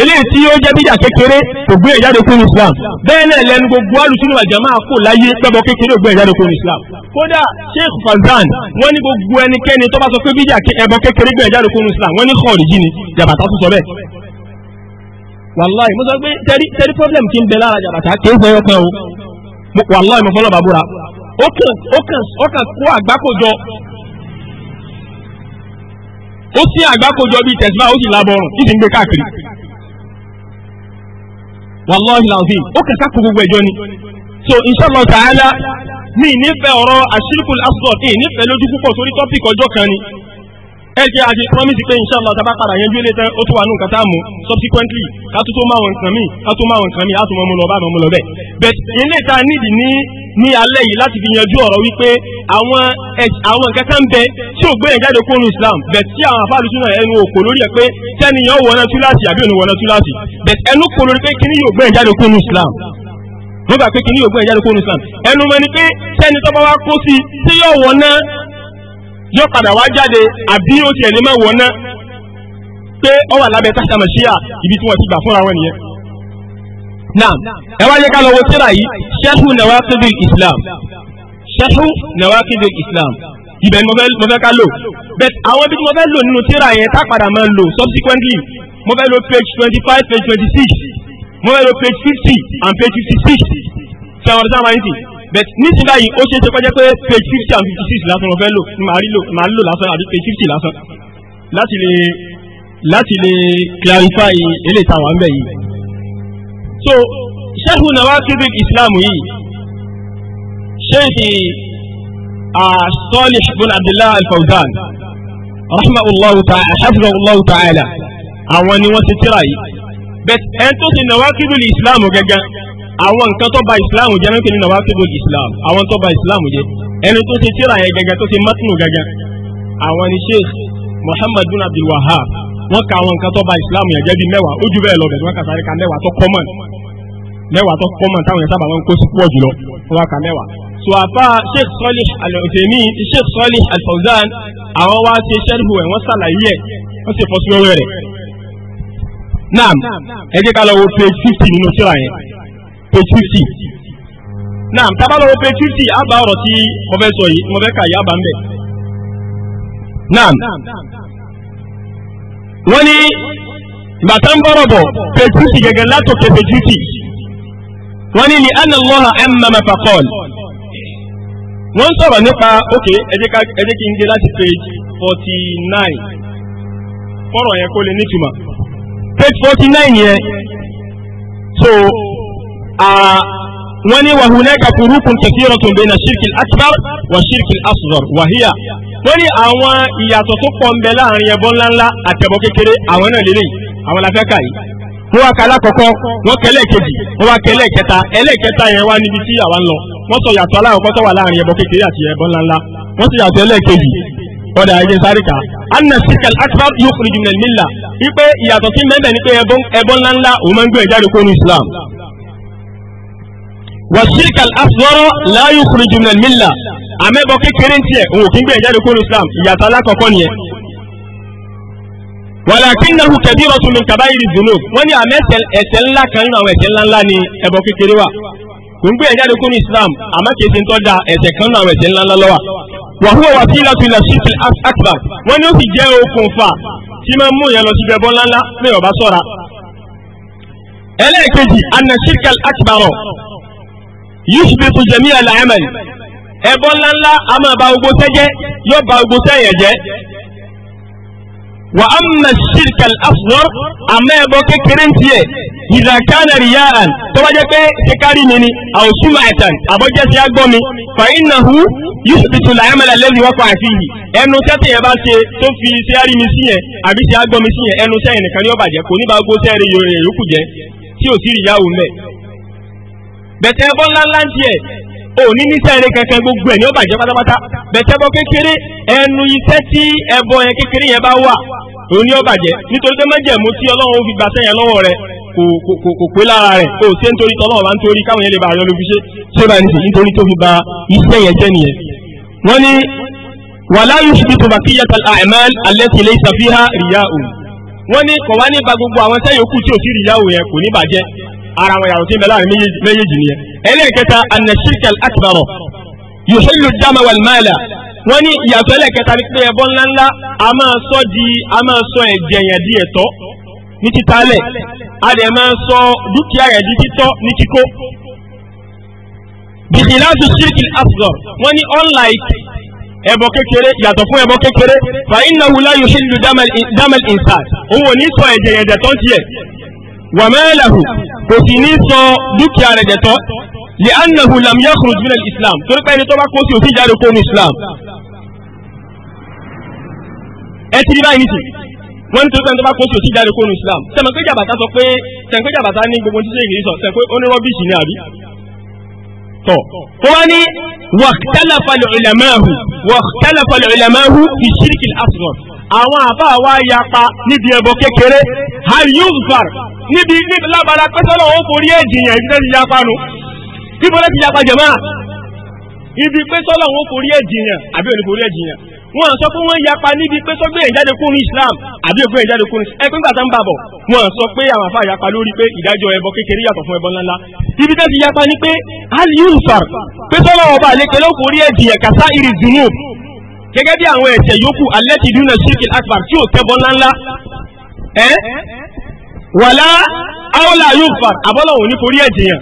eléyìí tí ó jẹ́ bídà kékeré kò gbé ìjáde e kúrò islam bẹ́ẹ̀ náà lẹ́nu gbogbo alùsùn ní àjàmá kò láyé pẹ́bọ kékeré ò gbé ìjáde e kúrò islam kódà sheikh fazan wọ́n ní gbogbo ẹnikẹ́ni tó bá sọ pé bídà ẹbọ kékeré gbé ìjáde e kúrò islam wọ́n ní kọ́ọ̀rìjì ni jàbàtà tó sọ bẹ́ẹ̀. wàláì mo sọ pé tẹ́rí tẹ́rí problem ti ń bẹ lára jàbàtà kì í fọyọ́ kan o wàláì mo fọlọ́ bàbúrà ó kàn kó àgbákòjọ ó sí àgbákòjọ bíi tẹ̀síwá ó sì lábọ̀rùn títí ń gbé káàkiri wàláhi làwọn ó kẹta kó gbogbo ẹjọ́ ni so inshallah ta'ala mi nífẹ̀ẹ́ ọ̀rọ̀ àṣírìkù asgọ́t ní nífẹ̀ẹ́ lójú púpọ̀ torí tọ́pìkì ọjọ́ kan ni ẹ jẹ́ àti promise pé inshallah tá a bá padà yanjú ilé tán ó tún wà ní nǹkan tá subsequently ká tó tó máa wọn nǹkan míì ká tó máa wọn nǹkan míì á tún mọ́ mu lọ bá mu lọ bẹ́ẹ̀. but ilé tá a nídìí ní ní alẹ́ yìí láti fi yanjú ọ̀rọ̀ wípé àwọn àwọn nǹkan kan bẹ tí ò gbé yẹn jáde kónú Islam but tí àwọn afáàlù sínú ẹnu òkò lórí ẹ pé tẹ́niyàn wọná túláàsì àbí òní wọná túláàsì but ẹnu kò lórí pé kíní yóò gbé yẹn jáde kónú Islam wọ́n gbà pé kíní yóò gbé yẹn jáde kónú Islam ẹnu mọ́ ni pé tẹ́ni tọ́ba wa kó sí tí yóò wọná yóò padà wá jáde àbí ó tiẹ̀ lè má wọ̀ ná pé ọ wà lábẹ́ tásà màṣíà ibi tí wọ́n ti gbà fúnra wọn nìyẹn. naam ẹ wá yẹ ká lọ wo tírà yìí sharhu nawaqidil islam sharhu nawaqidil islam ibẹ̀ ni mo fẹ́ ká lò but àwọn ibi tí mo fẹ́ lò nínú tírà yẹn ká padà máa lò subsequently mo fẹ́ lò page twenty five page twenty six mo fẹ́ lò page fifty and page fifty six ṣé àwọn ọ̀dọ́ sábà ń sìn bẹ́ẹ̀ nísìnyí báyìí ó ṣeé ṣe kọjá pé page fifty and fifty six lásán mo fẹ́ lò màá rí lò màá lò lásán àbí page fifty lásán láti lè láti lè clarify eléyìí táwọn ń bẹ̀ yìí. so sheikh nawakid islam yìí sheikh Salih bin Abdullah al-Fawzan rahmatulahu ta'ala hafizahullahu ta'ala àwọn ni wọ́n ti tírà yìí bẹ́ẹ̀ ẹni tó ti nawakid islam gẹ́gẹ́ àwọn nǹkan tó ba islam jẹ́ lókè nínú àwọn akébò islam àwọn tó ba islam jẹ́ ẹni tó ṣe tíra yẹn gẹ́gẹ́ tó ṣe mátínù gẹ́gẹ́ àwọn ni sheikh muhammad bin abdul wahab wọ́n ka àwọn nǹkan tó ba islam yẹn jẹ́ bíi mẹ́wàá ó ju bẹ́ẹ̀ lọ bẹ́ẹ̀ wọ́n kà sáré ka mẹ́wàá tó common mẹ́wàá tó common táwọn yẹn sábà máa kó sí púpọ̀ jùlọ wọ́n ka mẹ́wàá. so àfa sheikh salih al-uthaymi sheikh salih al-fawzan àwọn wá ṣe sẹ́rìhù ẹ̀ wọ́n ṣàlàyé ẹ̀ wọ́n sì fọ́ sí ọwọ́ rẹ̀. page fifty náà tábàlọ́wọ́ page fifty á bá ọ̀rọ̀ tí mo fẹ́ sọ yìí mo fẹ́ bàtà ń bọ̀rọ̀ bọ̀ page fifty gẹ́gẹ́ látòkè page fifty wọ́n ní nípa láti page forty nine kọ́rọ̀ yẹn kó lè page forty nine yẹn so wọ́n ní wa hunaka furukun kathiratun bayna shirkil akbar wa shirkil asghar wa hiya wọ́n ní àwọn ìyàtọ̀ tó pọ̀ ń bẹ láàrin ẹbọ ńláńlá àtẹ̀bọ kékeré àwọn náà lélẹ̀ àwọn la fẹ́ kà yìí wọ́n wá kálá kọ̀kọ́ wọ́n kẹlẹ̀ kejì wọ́n wá kẹlẹ̀ kẹta ẹlẹ́kẹta yẹn wá níbi tí àwa ń lọ wọ́n sọ yàtọ̀ aláwọ̀kọ́ tó wà láàrin ẹbọ kékeré àti ẹbọ ńláńlá wọ́n sọ yàtọ̀ ẹlẹ́kejì ọ̀dà ayé sáríkà anna sikal akbar yóò kúrò jùmọ̀ nílà wípé ìyàtọ̀ sí mẹ́bẹ̀ ni pé ẹbọ ńláńlá òun máa ń gbé ẹ̀jáde kó ní Islam wàṣíkà asghar la yukhriju min al-milla àmẹ́bọ kékeré tiẹ̀ òun kì í gbé ìjáde kúrò islam ìyàtọ̀ alákọ̀ọ́kọ́ nìyẹn. walakinnahu kabiratun min kabairi dhunub wọ́n ní àmẹ́ ẹ̀ṣẹ̀ ńlá kan nínú àwọn ẹ̀ṣẹ̀ ńláńlá ni ẹbọ kékeré wà kò ń gbé ìjáde kúrò islam àmọ́ kì í ṣe ń tọ́ da ẹ̀ṣẹ̀ kan nínú àwọn ẹ̀ṣẹ̀ ńláńlá lọ́wà. wa huwa wasilatu ila shirk al-akbar wọ́n ní ó sì jẹ́ okùnfà tí máa mú yẹn lọ sí ẹbọ ńláńlá ní ọ̀bá sọ́ra. ẹlẹ́ẹ̀kejì anna shirk yusufu jẹ̀mí àlàyémẹ̀ ẹ̀bọ ńláńlá a máa ba gbogbo sẹ́ jẹ́ yóò ba gbogbo sẹ́ yẹn jẹ́ wa amma shirka al-asghar amma ẹbọ kékeré tiẹ̀ idha kana riya'an tó bá jẹ́ pé sekari mi ni aw sum'atan abọjẹ ti agbọ mi fa innahu yuthbitu al-'amala alladhi ẹnu tẹtẹ yẹn bá ṣe tó fi sekari mi sí yẹn àbí ti agbọ sí yẹn ẹnu sẹyìn nìkan ni ó kò ní bá gbó sẹyìn yòókù jẹ tí ò sí ìyáwó bẹ̀tẹ̀ ẹbọ ńláńlá ń tiẹ̀ òní níṣẹ́ eré kankan gbogbo ẹ̀ ní ó bàjẹ́ pátápátá bẹ̀tẹ̀ ẹbọ kékeré ẹnu iṣẹ́ tí ẹbọ yẹn kékeré yẹn bá wà òní ó bàjẹ́ nítorí pé mẹ́jẹ̀mú tí ọlọ́run fi gbàṣẹ́ yẹn lọ́wọ́ rẹ kò pé lára rẹ̀ kò ṣe nítorí tọ́lọ́wọ́ bá ń torí káwọn yẹn lè bá yọ lóbi ṣé bá nìṣe nítorí tó fi ba iṣẹ́ yẹn jẹ́ nìyẹn. wọ́n ní wàlá yusufu tó bá kí yàtọ̀ àmàl alẹ́ ti lè ṣàfihàn rìyá òun. wọ́n ní kọ̀wá ní ba gbogbo àwọn sẹ́yìn òkú tí ò sí rìyá òun yẹn kò ní bàjẹ́ ara wọn yàtọ̀ sí mẹ́lá méjèèjì nìyẹn ẹlẹ́ẹ̀kẹta anashirikal akbaro yuhillu dama wal mala wọ́n ní ìyàtọ̀ ẹlẹ́ẹ̀kẹta ni pé ẹbọ ńláńlá a máa sọ di a máa sọ ẹ̀jẹ̀ yẹn di ẹ̀tọ́ ní títàlẹ̀ a dẹ̀ máa sọ dúkìá yẹn di títọ́ ní kíkó bìkìláàtù ṣírkìl asghar wọ́n ní unlike ẹbọ kékeré yàtọ̀ fún ẹbọ kékeré fa innahu la yuhillu damal insan òun ò ní sọ ẹ̀jẹ̀ yẹn dẹ̀tọ́ wàmẹ́lẹ̀hù kò sì ní sọ dúkìá rẹ̀ jẹ̀tọ́ lè anahu lam yakhruj min al-islam torí pé ẹni tó bá kó sí òfin jáde kó ní islam. ẹ ti rí báyìí nìsí wọ́n ní torí pé ẹni tó bá kó sí òfin jáde kó ní islam. sẹ̀mọ̀pé jàbàtà sọ pé sẹ̀mọ̀pé jàbàtà ní gbogbo títí ìrírí sọ sẹ̀mọ̀pé onírọ́bìsì ni àbí. tọ́ ó wá ní wàhtalafa al-ulamahu wàhtalafa hayuzfar níbi níbi lábala pẹ́sọ́lọ́ ó forí ẹ̀jìyàn ibi tẹ́ ti yapa nu kí mo lè ti yapa jẹ̀mọ́ ibi pẹ́sọ́lọ́ ó forí ẹ̀jìyàn àbí òní forí ẹ̀jìyàn wọn sọ pé wọn yapa níbi pé sọgbẹ ìjáde kún ní Islam àbí ògbẹ ìjáde kún ní ẹgbẹ gbàtà ń bàbọ wọn sọ pé àwọn afa yapa lórí pé ìdájọ́ ẹbọ kékeré yàtọ̀ fún ẹbọ ńláńlá ibi tẹ́ ti yapa ni pé al-yusar pé sọ́lọ́ ọba àlékelé ó forí ẹ̀jìyàn kàtá irizunu gẹ́gẹ́ bí àwọn ẹ́ eh? wàlá áwòlà yóò fà àbọ́lọ̀ òun ní forí ẹ̀jẹ̀ yàn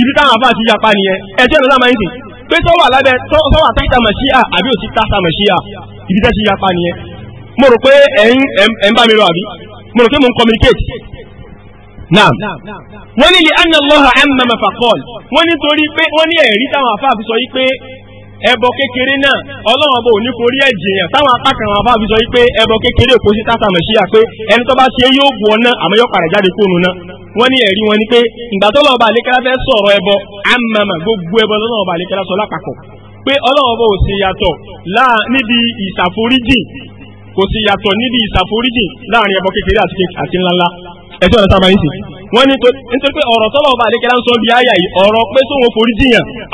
ibi táwọn àbá àti yapa nìyẹn ẹjẹ́ ló sáà máa ń sìn pé sọ́wọ́ alábẹ́ sọ́wọ́ àtàkìtà màṣíà àbí òsì tàkìtà màṣíà ibi tẹ́ sí yapa nìyẹn mo rò pé ẹ̀ ń bá mi lọ àbí mo rò pé mo ń communicate naam wọ́n ní li anna Allah amma mafaqal wọ́n ní torí pé wọ́n ní ẹ̀rí táwọn àfáà fi sọ yí pé ẹbọ kékeré náà ọlọ́run ọba ò ní forí ẹ̀jẹ̀ yẹn táwọn apákan àwọn afáàbí sọ wípé ẹbọ kékeré kò sí tásà mẹ́ṣíà pé ẹni tó bá ṣe yóò bu ọ náà àmọ́ yóò padà jáde kóònù náà wọ́n ní ẹ̀rí wọn ni pé ìgbà tó lọ́wọ́ ọba àlékẹ́lá fẹ́ sọ̀rọ̀ ẹbọ àmàmà gbogbo ẹbọ lọ́wọ́ sọ lápapọ̀ pé ọba yàtọ̀ láàrin wọ́n ní nítorí pé ọ̀rọ̀ tọ́lọ̀ ọba àdékẹ́lá ń sọ bí àyà yìí ọ̀rọ̀ pé sóhun forí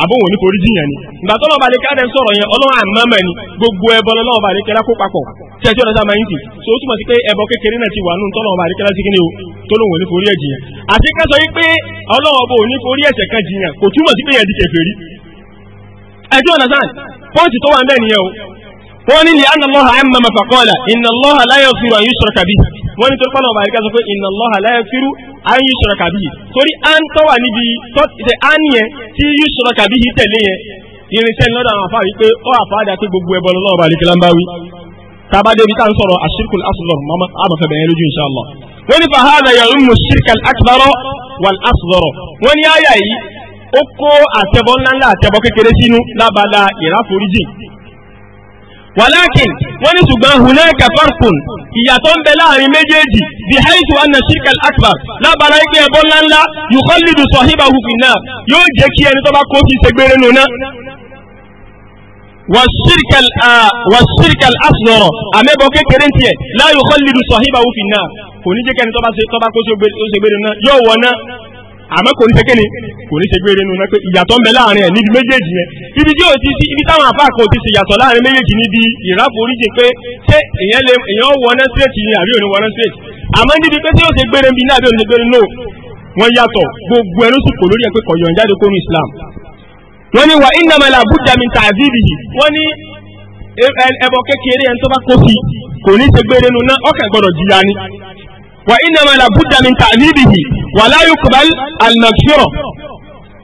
àbóhun ní forí ni ìgbà tọ́lọ̀ ọba àdékẹ́lá ń sọ̀rọ̀ yẹn ọlọ́run gbogbo ẹbọ ọba àdékẹ́lá kó papọ̀ so ó túmọ̀ sí pé ẹbọ kékeré náà ti wà nù tọ́lọ̀ o forí ẹ̀ àti ká sọ yí pé ọlọ́run ọba wọ́n ní li'anna Allaha amma faqala inna Allaha la yaghfiru an yushraka bihi wọ́n ní torí pọ́nà ọba àríkà sọ pé inna Allaha la yaghfiru an yushraka bihi torí à ń tọ́wà níbi ṣe à ń yẹn tí yushraka bihi tẹ̀lé yẹn irinṣẹ́ lọ́dọ̀ àwọn afáà wípé ó àfáàdà pé gbogbo ẹbọ lọ́wọ́ ọba àríkà ń bá wí tába débi tá à ń sọ̀rọ̀ ashirkul asghar àmọ̀fẹ́ bẹ̀rẹ̀ lójú insha Allah wọ́n ní fahadà yarummu shirkal akbar wal asghar wọ́n ní àyà yìí ó kó àtẹ̀bọ ńláńlá àtẹ̀bọ kékeré sínú lábala ìráforíjì walakin wọ́n ní ṣùgbọ́n hunaka farqun ìyàtọ̀ ń bẹ láàrin méjèèjì bí haitu anna shirka al-akbar lábàrá ike ẹbọ ńláńlá yukhallidu sahibahu finnar yóò jẹ́ kí ẹni tó bá kó sí ṣègbére nùnà wàṣírkàl asọ̀rọ̀ àmẹ́bọ̀ kékeré ń tiẹ̀ la yukhallidu sahibahu finnar kò ní jẹ́ kí ẹni tó bá kó sí ṣègbére nùnà yóò wọ̀ náà àmọ́ kò ní ṣe kéde kò ní ṣe gbére nu náà pé ìyàtọ̀ ń bẹ láàrin ẹ̀ níbi méjèèjì yẹn ibi tí òtí sí ibi táwọn àfáà kan ti ṣe ìyàtọ̀ láàrin méjèèjì níbi ìráforíjì pé ṣé èèyàn lè èèyàn wọ náà síréètì ni àbí òní wọ náà síréètì àmọ́ níbi pé tí yóò ṣe gbére bí náà àbí òní ṣe gbére no wọ́n yàtọ̀ gbogbo ẹnu sì kò lórí ẹ pé kọ̀yọ̀ jáde kó Islam wọ́n ní wa iná mẹ́la abuja mi ta àbíbì yìí wọ́n ní ẹbọ kékeré ẹni tó bá kó sí kò ní ṣe gbére nu náà ọkàn gbọ́dọ̀ jìyà ni وإنما لابد من تعذيبه ولا يقبل المغفرة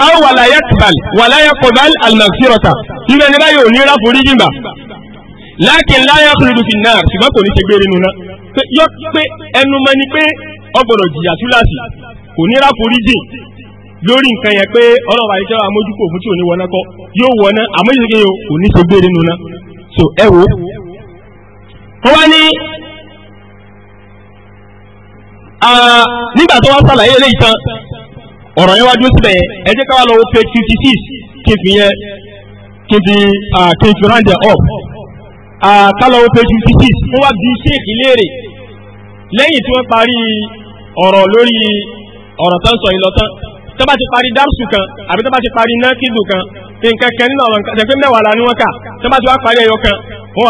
أو ولا يقبل ولا يقبل المغفرة إذا لا يولي فريجما لكن لا يخلد في النار ṣùgbọ́n kò ní ṣe gbére nuna yọ pé ẹnu mọ ni pé ọgbọ̀dọ̀ jìyà túláàsì kò ní ráforíjì lórí nǹkan yẹn pé ọlọ́run àyíkẹ́ àmójúkò fún tí ò ní wọná kọ́ yóò wọná àmójúkò kò ní ṣe gbére nuna so ẹ wo. wọ́n wá ní Ah, nígbà tó wá sàlàyé eléyìí tán ọ̀rọ̀ yẹn wá dúró síbẹ̀ yẹn ẹ jẹ́ ká wá lọ wo page fifty six kí n fi yẹn kí n fi kí n fi round it up ká lọ wo page fifty six wọ́n wá bí sheik léèrè lẹ́yìn tí wọ́n parí ọ̀rọ̀ lórí ọ̀rọ̀ tán sọ ìlọ́tán tó bá ti parí dárùsù kan àbí tó bá ti parí nákìdù kan nǹkan kan nínú àwọn nǹkan tẹ̀pẹ́ mẹ́wàá la ni wọ́n kà tó bá ti wá parí ẹyọ kan wọ́n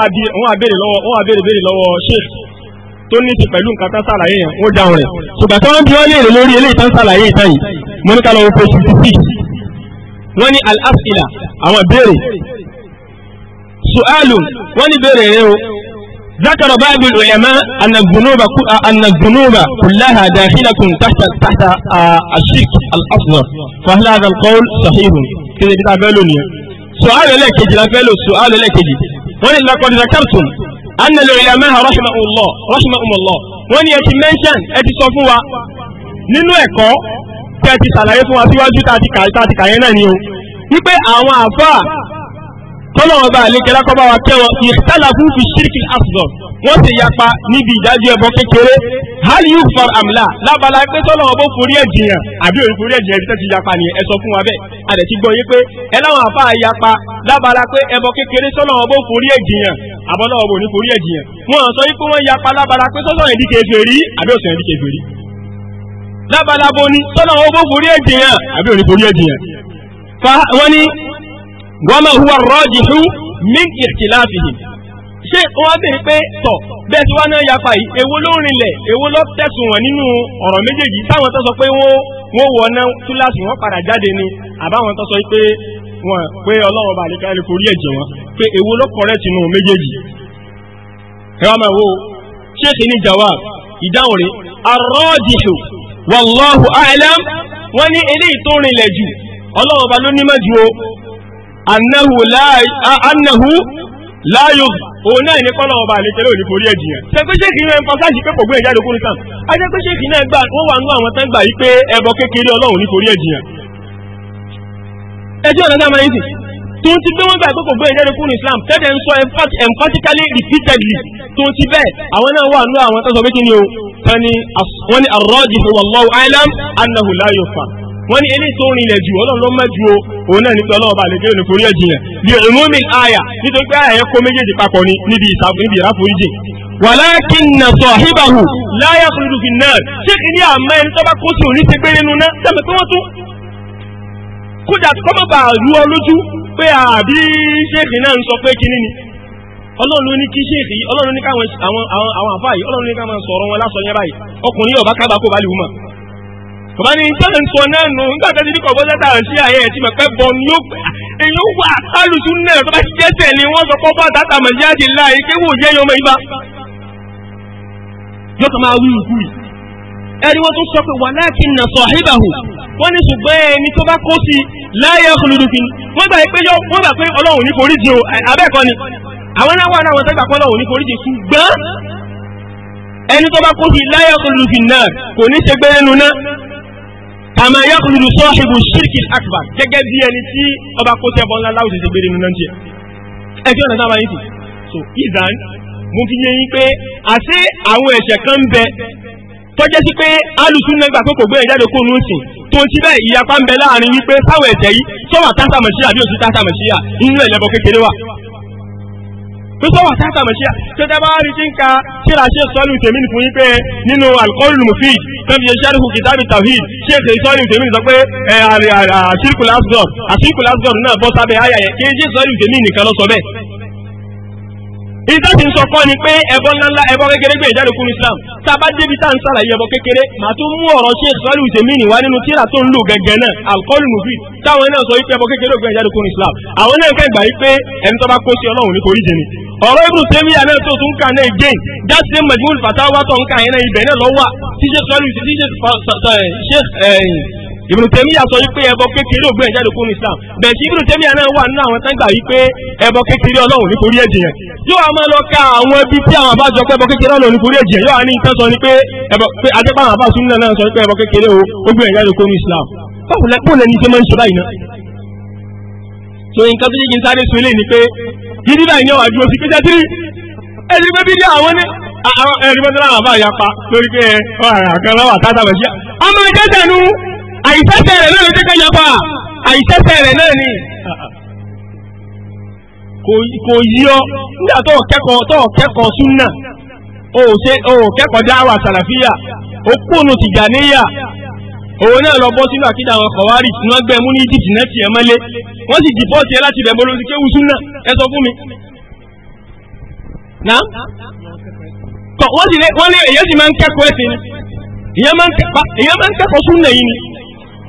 wá béèrè lọ́wọ́ sheik tó ní ti pẹ̀lú nǹkan tán ṣàlàyé yẹn wọ́n dáhùn rẹ̀ ṣùgbọ́n tí wọ́n bí wọ́n léèrè lórí eléyìí tán ṣàlàyé ìtàn yìí mo ní ká lọ wo page fifty wọ́n ní al àwọn ìbéèrè su'alu wọ́n ní ìbéèrè rẹ o ذكر بعض العلماء أن الذنوب أن الذنوب كلها داخلة تحت تحت الشرك الأصغر فهل هذا القول صحيح؟ كذا بتعبالوني سؤال لك سؤال لك وإن لقد ذكرتم anna al-ulama rahimahumullah rahimahumullah wọ́n ní ẹ ti mention ẹ ti sọ fún wa nínú ẹ̀kọ́ tí ẹ ti ṣàlàyé fún wa síwájú tá a ti kàyé tá a ti kàyé náà ni o wípé àwọn àfáà tọ́lọ́wọ́n bá àlékelá kọ́ bá wa kẹ́wọ́ ìtàlàfún fi ṣírkì asghar wọ́n sì yapa níbi ìdájọ́ ẹbọ kékeré hali yóò fọ àmìlà lábala pé tọ́lọ́ ọbọ̀ forí ẹ̀jìyàn àbí òní forí ẹ̀jìyàn ibi tó ti yapa nìyẹn ẹ sọ fún wa bẹ́ẹ̀ àdẹ̀ ti gbọ́ yé pé ẹ láwọn àfa yapa lábala pé ẹbọ kékeré tọ́lọ́ ọbọ̀ forí ẹ̀jìyàn àbọ̀lọ́ ọbọ̀ òní forí ẹ̀jìyàn wọ́n sọ pé wọ́n yapa lábala pé tọ́lọ́ ẹ̀dí ṣé wọ́n bèèrè pé tọ̀ bẹ́ẹ̀ tí wọ́n náà yapa yìí èwo ló rinlẹ̀ èwo ló tẹ̀sùn wọn nínú ọ̀rọ̀ méjèèjì táwọn tó sọ pé wọ́n wọ ná túláàsì wọ́n padà jáde ni àbáwọn tó sọ pé wọ́n pé ọlọ́run bá àlekà ẹ̀lẹ́kọ̀ orí ẹ̀jẹ̀ wọn pé èwo ló kọ̀rẹ́ tinú méjèèjì. ẹ wá máa wo ṣé kì ní jawab ìdáhùn rẹ̀ arọ́ọ̀dìṣò wallahu a'lam wọ́n ní eléyìí tó rinlẹ̀ jù ọlọ́run bá ló ní mẹ́jù o annahu láàyò òun náà ní kọ́lọ̀ ọba àlejẹ́lẹ́ òní forí ẹ̀dì yẹn. ṣe pé ṣéèkì náà ń pàṣájì pé kò gbé ìjáde okùnrin kan a jẹ́ pé ṣéèkì náà gbà wọ́n wà nú àwọn tán gbà yìí pé ẹbọ kékeré ọlọ́run ní forí ẹ̀dì ẹjọ́ ọ̀nà dáhùn ayé sì tó ti gbé wọn gbà pé kò gbé ìjáde okùnrin Islam tẹ́tẹ̀ ń sọ emphatically repeatedly tó ń ti bẹ́ẹ̀ àwọn náà wà nú àwọn tán sọ pé kí ni o tani wọ́n ni wọ́n ní eléyìí tó rinlẹ̀ jù ọlọ́run ló mọ̀ ju o òun náà nípa ọlọ́run bá lè gbé olùkórí ẹ̀jìn yẹn bí ìmúmi àyà nítorí pé àyà yẹn kó méjèèjì papọ̀ ní níbi ìráforíjì wàlákin na sọ̀híbàhù láyà kúrúdù fi náà ṣé kìíní àmọ́ ẹni tó bá kó sí òní nínú náà sẹ́mi pé wọ́n tún kódà kọ́mọ́ bá rú ọ lójú pé àbí ṣéèkì náà ń sọ pé kinní ọlọ́run ní kí ṣéèkì yìí ọlọ́run ní káwọn àwọn àbá yìí ọlọ́run ní káwọn sọ̀rọ̀ wọn lásọ̀ yẹn báyìí ọkùnrin yóò bá kábàá bá lè wú mọ́ bàbá ní tẹ́lẹ̀ ń sọ náà nù nígbà tẹ́lẹ̀ ní kọ̀ọ̀bọ́ sẹ́ta ń ṣe àyẹ̀ ẹ̀sìn mọ̀pẹ́ bọ̀ ní ó pẹ́ èyí ó wà kálùsù náà tó bá ti jẹ́sẹ̀ ni wọ́n sọ pọ́pọ́ àtàtà mọ̀jáde láàyè kéwù jẹ́ yọmọ ibà yóò tó máa wí ìkú yìí ẹni wọ́n tún sọ pé wà láti nà sọ àhíbàhù wọ́n ní ṣùgbọ́n ẹni tó bá kó sí láyé ọkùnrin wọ́n gbà pé wọ́n gbà pé ọlọ́run ní forí ni àwọn náà wà náà wọ́n tẹ́gbà pé ọlọ́run ní forí jìn ṣùgbọ́n ẹni tó bá kó sí láyé ọkùnrin náà kò ní ṣe gbé ẹnu náà kàmá yaqulu sahibu shirki akbar gẹ́gẹ́ bí ẹni tí ọba kó tẹ bọ́ ńlá láwùjọ ti gbére nínú náà tiẹ̀ ẹ fi ọ̀nà sábà yín tì so ìzàn mo fi yé yín pé àti àwọn ẹ̀ṣẹ̀ kan ń bẹ tọ́jẹ́ sí pé alùsùn náà gbà pé kò gbé ìjáde kó nù sìn tó ti bẹ́ẹ̀ ìyapa ń bẹ láàrin wípé sáwọn ẹ̀ṣẹ̀ yìí sọ́wọ́ tásàmọ̀síyà bí òsì tásàmọ̀síyà inú ẹ̀lẹ́bọ kékeré wà tó sọ wà táàtà mọ̀ṣíà tó tẹ́ bá rí tí ń ka síra ṣe sọ́lù tèmi fún yín pé nínú alqaulul mufid tó fi ṣẹ́rìfù kìtàbí tawhid ṣe èsè sọ́lù tèmi sọ pé àṣírkù lásdọ̀r àṣírkù lásdọ̀r náà bọ́ sábẹ́ àyà yẹn kí ṣe sọ́lù tèmi nìkan lọ sọ bẹ́ẹ̀ ìta ti ń sọ kọ́ ni pé ẹbọ ńláńlá ẹbọ kékeré gbé ìjáde kún Islam tá a bá débi tá à ń sàlàyé ẹbọ kékeré màá tún mú ọ̀rọ̀ ṣe ìsọ́lù ìsèmínì wá nínú tíra tó ń lò gẹ́gẹ́ náà alkọ́lù nùfì táwọn náà sọ wípé ẹbọ kékeré gbé ìjáde kún Islam àwọn náà kẹgbà yìí pé ẹni tó bá kó sí Ọlọ́run ní kò rí jẹni ọ̀rọ̀ Ibn Taymiyyah náà tó tún kà náà again that same Majmu'ul Fatawa tó ń kà yẹn náà ibẹ̀ náà lọ́wọ́ tí ṣe sọ́lù ṣe Ibn Taymiyyah sọ wípé ẹbọ kékeré ògbẹ́ ìjáde kúrò Islam bẹ̀ẹ̀ sí Ibn Taymiyyah náà wà nínú àwọn tán gbà wípé ẹbọ kékeré ọlọ́run nítorí ẹ̀jẹ̀ yẹn yóò wá máa lọ ka àwọn ibi tí àwọn àbájọ pé ẹbọ kékeré ọlọ́run nítorí ẹ̀jẹ̀ yóò wá ní ìtàn sọ ni pé ẹbọ pé ajẹ́pá àwọn àbáṣu ńlá náà sọ pé ẹbọ kékeré ògbẹ́ ìjáde kúrò Islam báwo lẹ bóun lẹni ṣe máa ń ṣe báyìí náà so nǹkan tó yẹ sáré sọ ni pé yídí báyìí náà wà dúró sí pé jẹ́tírì ẹ̀rí pé bíi àwọn ní ẹ̀rí pé tí wọ́n bá àìsẹ́sẹ́ rẹ̀ náà ló jẹ́ kẹ́yàn fà àìsẹ́sẹ́ náà ni kò yí ọ nígbà tó kẹ́kọ̀ọ́ kẹ́kọ̀ọ́ súnà o ṣe o kẹ́kọ̀ọ́ dáwà sàlàfíà o kúnnù tìjàníyà òun náà lọ bọ́ sínú àkídà àwọn kọ̀wárì tí wọ́n gbẹ̀mú ní egypt náà tiẹ̀ mọ́lé wọ́n sì dìbọ́ tiẹ̀ láti bẹ̀ bọ́lọ́ sí kéwù súnà ẹ sọ fún mi. na wọ́n sì lé èyí sì máa ń kẹ́kọ̀ọ́ ẹ̀sìn ni èyí máa ń kẹ́kọ̀ọ́ súnà yìí ni.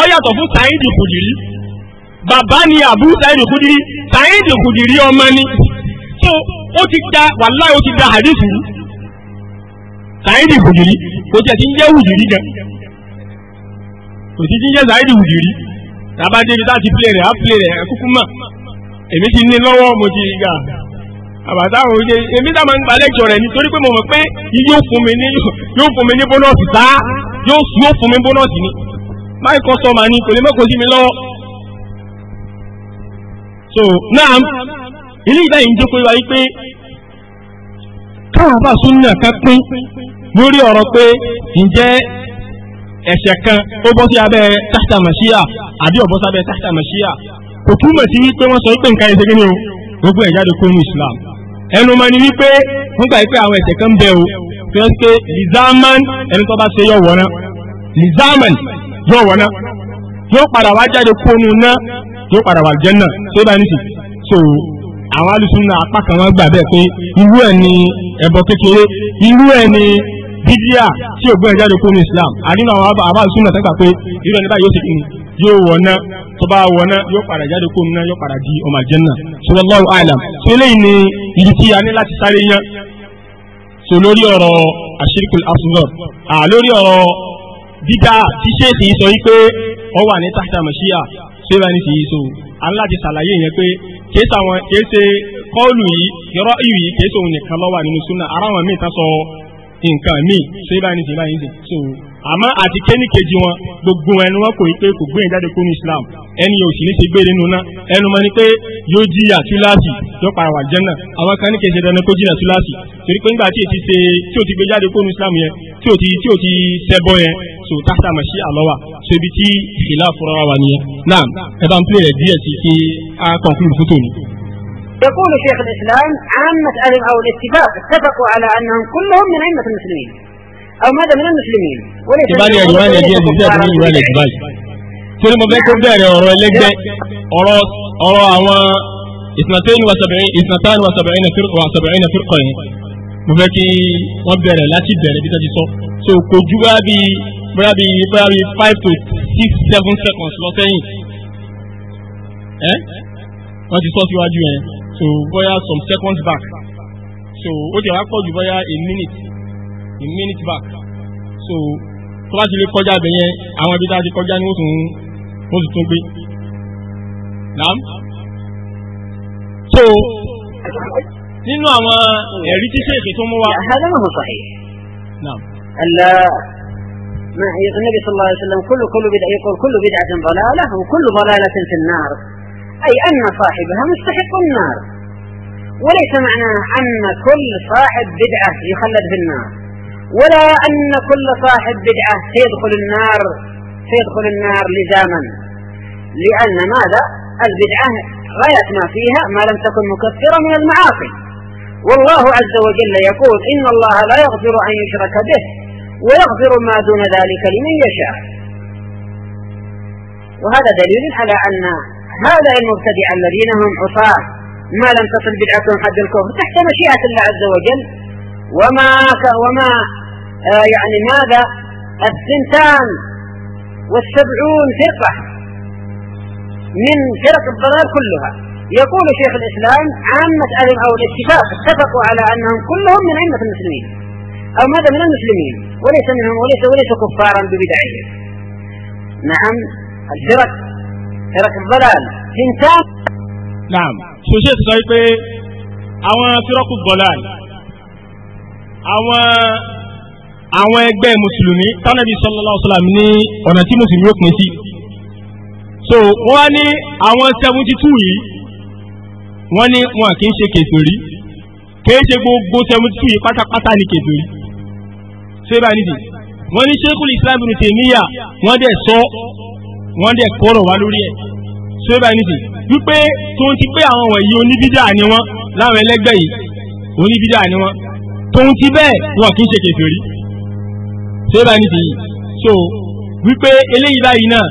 ọ yàtọ̀ fún Saidi Kùdìrí bàbá ni Abu Saidi Kùdìrí Saidi Kùdìrí ọmọ ni so ó ti da wàláì ó ti da hadith rú Saidi Kùdìrí kò tiẹ̀ ti ń jẹ́ wùdìrí gan kò ti ti ń jẹ́ Saidi Kùdìrí tàbá débi tá a ti plé rẹ̀ á plé rẹ̀ kúkú mọ̀ èmi ti ní lọ́wọ́ mo ti gà àbàtà àwọn èmi tá máa ń gba lẹ́jọ́ rẹ̀ nítorí pé mo mọ̀ pé yóò fún mi ní bónọ́ọ̀sì sáá yóò fún mi bónọ́ọ̀sì ni my customer ni kò lè mẹ́kọ̀ọ́ sí mi lọ́wọ́ so náà ilé ìdáyìí ń jókòó wáyé pé káwọn bá súnmọ́ ká pín lórí ọ̀rọ̀ pé ǹjẹ́ ẹ̀ṣẹ̀ kan ó bọ́ sí abẹ́ tásítà màṣíà àbí ọ̀bọ́ sí abẹ́ tásítà màṣíà kò túmọ̀ sí wípé wọ́n sọ wípé nǹkan ẹ̀ṣẹ̀ kí ni o gbogbo ẹ̀ jáde kó Islam ẹnu mọ́ ni wípé wọ́n gbà pé àwọn ẹ̀ṣẹ̀ kan ń bẹ o fi hàn pé lizaman ẹni tó bá ṣe yọ wọ̀nà lizaman yóò wọ́n náà yóò padà wá jáde kónú náà yóò padà wà jẹ́nà tó bá ní sí so àwọn alùsùnà apá kan wọn gbà bẹ́ẹ̀ pé irú ẹ̀ ni ẹ̀bọ kékeré irú ẹ̀ ni bídíà tí ò gbọ́n jáde kónú Islam àdínà àwọn alùsùnà sẹ́gbà pé irú ẹni báyìí yóò sì kí ni yóò wọ̀ náà tó bá wọ̀ náà yóò padà jáde kónú náà yóò padà di ọmọ àjẹ́nà so wallahu a'lam so eléyìí ni ìdí tí a ní so lórí ọ̀rọ̀ àṣírkù asghar à lórí ọ̀rọ̀ dídá tí ṣéèkì sọ yí pé ọ wà ní tàṣà mọ̀ṣíà ṣé bá ní ti yí so aláàjì ṣàlàyé yẹn pé kìí sàwọn kìí ṣe kọ́ọ̀lù yìí yọrọ ìwì yìí kìí sòun nìkan ló wà nínú súnà ara wọn míì tán sọ nǹkan míì ṣé bá ní ti bá yín sè so àmọ́ àti kéníkejì wọn gbogbo ẹnu wọn kò yí pé kò gbóyìn jáde kúrò ní Islam ẹni yóò sì ní ṣe gbére nínú náà ẹnu mọ́ ni pé yóò jìyà túláàsì yóò para wà jẹ́nà àwọn kan ní kejì dandan kó jìyà túláàsì torí pé nígbà tí o ti ṣe tí o ti gbé jáde kúrò ní Islam yẹn tí o ti tí o ti ṣẹbọ yẹn so tahta mashi'a Allah wa so ibi tí ìlà fúnra wa nìyẹn náà ẹ bá ń pè é díẹ̀ sí kí a conclude fún tòní. يقول شيخ الاسلام عامة اهل او الاتفاق اتفقوا على انهم كلهم من ائمة المسلمين او ماذا من المسلمين وليس torí mo fẹ́ kó bẹ̀rẹ̀ ọ̀rọ̀ ẹlẹ́gbẹ́ ọ̀rọ̀ ọ̀rọ̀ àwọn ìsìnàtẹ́yìn wa sàbẹ̀rẹ̀ ìsìnàtẹ́yìn wa sàbẹ̀rẹ̀ wa sàbẹ̀rẹ̀ fírkọ̀ yẹn mo fẹ́ kí wọ́n bẹ̀rẹ̀ láti bẹ̀rẹ̀ bí tàbí sọ so kò ju wá bíi bóyá bíi bóyá bíi five to six seven seconds lọ sẹ́yìn ẹ́ wọ́n ti sọ síwájú yẹn so bóyá some seconds back so ó jẹ́ wá pọ̀ ju bóyá a minute a minute back so tó bá ti lè kọjá ibẹ̀ yẹn àwọn ibi tá a ti kọjá ni ó tún ó sì tún gbé naam so nínú àwọn ẹ̀rí tí ṣèṣe tó mú wa. naam. ما النبي صلى الله عليه وسلم كل كل بدعة يقول كل بدعة ضلالة وكل ضلالة في النار أي أن صاحبها مستحق النار وليس معناه أن كل صاحب بدعة يخلد في النار ولا أن كل صاحب بدعة سيدخل النار سيدخل النار لزاما لأن ماذا البدعة غاية ما فيها ما لم تكن مكفرة من المعاصي والله عز وجل يقول إن الله لا يغفر أن يشرك به ويغفر ما دون ذلك لمن يشاء وهذا دليل على أن هؤلاء المبتدع الذين هم عصاة ما لم تصل بدعتهم حد الكفر تحت مشيئة الله عز وجل وما وما آه، يعني ماذا الثنتان والسبعون فرقة من فرق الضلال كلها يقول شيخ الإسلام عامة أهل الأول اتفاق اتفقوا على أنهم كلهم من أئمة المسلمين أو هذا من المسلمين وليس منهم وليس وليس كفارا ببدعهم نعم الفرق فرق الضلال تنتاب نعم سوشيت سايبي àwọn fírọ́kù gọ́lán àwọn àwọn ẹgbẹ́ mùsùlùmí tánàbí sallallahu alaihi wasallam ní ọ̀nà tí mùsùlùmí ó pín sí so wọ́n wá ní àwọn 72 yìí wọ́n ní wọn kì í ṣe kèfèrí kì í ṣe gbogbo 72 yìí pátápátá ní kèfèrí ṣé bá nídìí wọ́n ní Sheikhul Islam Ibn Taymiyyah wọ́n dẹ̀ sọ wọ́n dẹ̀ kọ́rọ̀ wá lórí ẹ̀ ṣé bá nídìí wípé tó ń ti pé àwọn wọ̀nyí oníbídà ni wọ́n láwọn ẹlẹ́gbẹ́ yìí oníbídà ni wọ́n tó ń ti bẹ́ẹ̀ wọn kì í ṣe kèfèrí ṣé bá nídìí so wípé eléyìí báyìí náà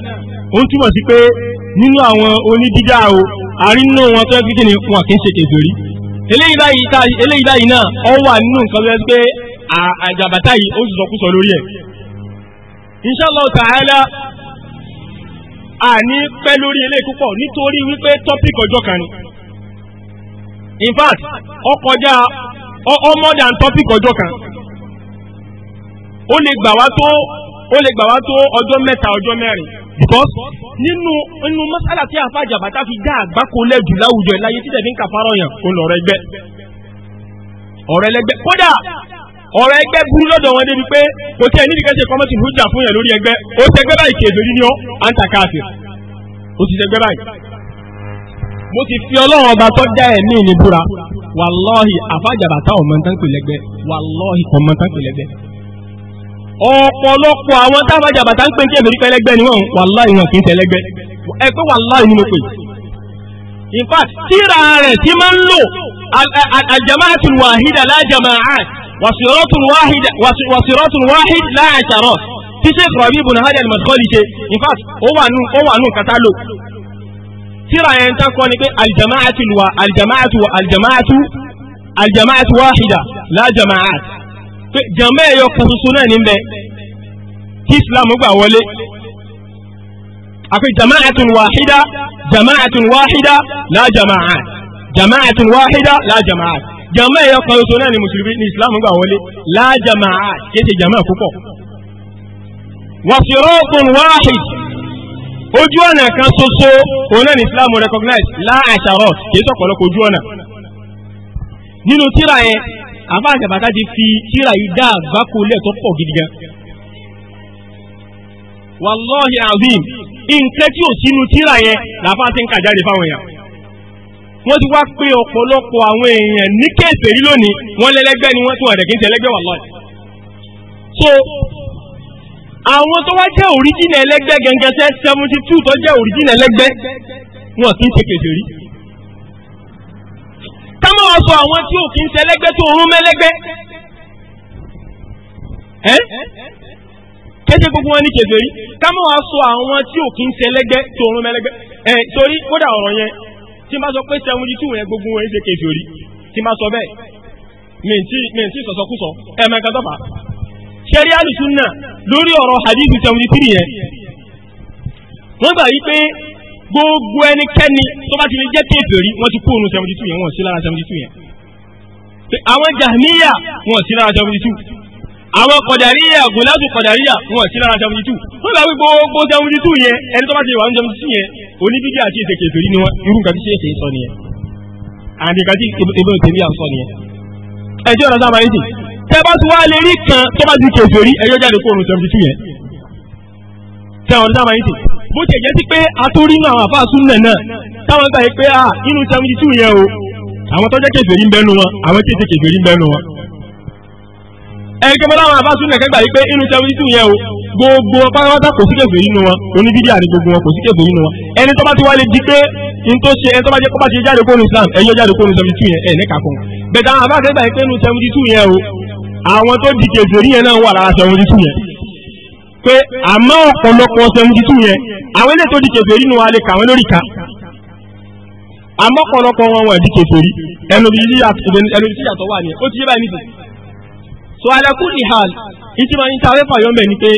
ó ń túmọ̀ sí pé nínú àwọn oníbídà o àrínú wọn tó ń fi kí ni wọn kì í ṣe kèfèrí eléyìí báyìí náà ó wà nínú nǹkan tó pé àjàbàtà yìí ó sì sọ kúsọ lórí ẹ̀ inshallah ta'ala a ní pẹ́ lórí ilé púpọ̀ nítorí topic ọjọ́ kan ni in fact ọ kọjá more than topic ọjọ́ kan ó lè gbà wá tó ó lè gbà wá tó ọjọ́ mẹ́ta ọjọ́ mẹ́rin because nínú nínú masala tí àfa fi dá àgbákò lẹ́jù láwùjọ ìláyé títẹ̀ fi ń kàfárọ̀ yàn kó lọ́rọ̀ ọ̀rọ̀ ẹgbẹ́ burú lọ́dọ̀ wọn débi pé kò tí ẹ níbi kẹsẹ̀ kọ́mọ́tì fún yẹn lórí ẹgbẹ́ ó ti ẹgbẹ́ báyìí kejì orí ni ó à ó ti ẹgbẹ́ báyìí. mo fi ọlọ́run ọba tó mi búra wàlọ́ọ̀hì àfàjàbà táwọn ọmọ nǹkan ọmọ ọ̀pọ̀lọpọ̀ àwọn táfàjàbà tá wàsírọ́tún wáhid láàṣàrọ̀ tí sheikh rabi ibn hadi al-madkhali ṣe in fact ó wà nù ó wà nù kátà lò tíra yẹn tán kọ́ ni pé aljama'atu wa aljama'atu wa aljama'atu aljama'atu wahida la jama'at pé jama ẹ̀yọ kan ṣoṣo náà ní bẹ kí islam gbà wọlé àpé jama'atun wahida jama'atun wahida la jama'at jama'atun wahida la jama'at jama ẹ̀yọ kan oṣù náà ni mùsùlùmí ní islam gbà wọlé lájàmà kéde jama púpọ̀ wàfíọ́kùn wáhid ojú ọ̀nà kan ṣoṣo òun náà ni islam recognize láàṣàrọ̀ kìí sọ̀pọ̀lọpọ̀ ojú ọ̀nà nínú tíra yẹn àbáṣàbàtà ti fi tíra yìí dá àgbákòólẹ̀ tó pọ̀ gidi wàlọ́ọ̀hì azim nǹkan ò sínú tíra yẹn làbá ti ń kà jáde fáwọn wọ́n ti wá pé ọ̀pọ̀lọpọ̀ àwọn èèyàn ní kèfèrí lónìí wọ́n lẹ́lẹ́gbẹ́ ni wọ́n tún ọ̀dẹ̀ kí n ti ẹlẹ́gbẹ́ wà lọ́ọ̀ so àwọn tó wá jẹ́ òríjìnà ẹlẹ́gbẹ́ gẹ́gẹ́sẹ́ seventy two tó jẹ́ òríjìnà ẹlẹ́gbẹ́ wọn kì í ṣe kèfèrí ká má wá sọ àwọn tí ò kì í ṣe ẹlẹ́gbẹ́ tó rún mẹ́lẹ́gbẹ́ ẹ́ kéṣe gbogbo wọn ní kèfèrí ká má wá sọ àwọn tí ò ṣe ẹlẹ́gbẹ́ tó rún mẹ́lẹ́gbẹ́ ẹ̀ torí kódà ọ̀rọ̀ yẹn tí n bá sọ pé seventy two yẹn gbogbo wọn ṣe kèfèrí tí n bá sọ bẹ́ẹ̀ mi ti sọ̀sọ̀kúsọ ẹ̀ mẹ́ka tọ́fà ṣẹ́rí àlùsùnà lórí ọ̀rọ̀ hadith seventy three yẹn wọ́n gbà yí pé gbogbo ẹnikẹ́ni tó bá ti lè jẹ́ kèfèrí wọ́n ti kó òun seventy two yẹn wọ́n sí lára seventy two yẹn àwọn jahmiya wọ́n sí lára seventy two àwọn kọ̀dàríyà gùnlátù kọ̀dàríyà wọn sí lára seventy two wọn làwọn gbogbo seventy two yẹn ẹni tó bá ti wà ní seventy two yẹn oníbíbí àti ìṣèkè ìtòrí ni wọn irú nǹkan tí ṣe é ṣe sọ nìyẹn àti nǹkan tí ìbọn tèmi à ń sọ nìyẹn. ẹjọ́ ọ̀rọ̀ sábà yìí tẹ bá ti wá lè rí kan tó bá ti kèfèrí ẹjọ́ jáde kó oòrùn seventy two yẹn. tẹ ọ̀rọ̀ sábà yìí bó ti jẹ́ sí pé atórí inú àwọn àfáà súnmọ̀ náà táwọn gbà yìí pé inú ah, seventy two yẹn o àwọn tó jẹ́ kèfèrí ń bẹ́nu wọn àwọn tí ì ẹni tó bọ́lá àwọn àbáṣú nìkan gbà yìí pé inú seventy two yẹn o gbogbo wọn pátápátá kò sí kèfèrí nínú wọn oníbídíà ni gbogbo wọn kò sí kèfèrí nínú wọn ẹni tó bá ti wá lè di pé n tó ṣe ẹni tó bá jẹ́ kó bá ṣe jáde kó nu Islam ẹ̀yọ́ jáde kó nu seventy two yẹn ẹ̀ ní kàkún bẹ̀tẹ̀ àwọn àbáṣe gbà yìí pé inú seventy two yẹn o àwọn tó di kèfèrí yẹn náà wà lára seventy two yẹn pé àmọ́ ọ̀pọ̀lọpọ̀ seventy wa lè kà wọ́n lórí ka àmọ́ ọ̀pọ̀lọpọ̀ wọn wọ̀ di kèfèrí ẹnu bí yíyàtọ̀ wà ní ó ti yé báyìí nìyí so ala kulli hal ìtì máa ń ta afẹ́fà yọ mẹ́ ni pé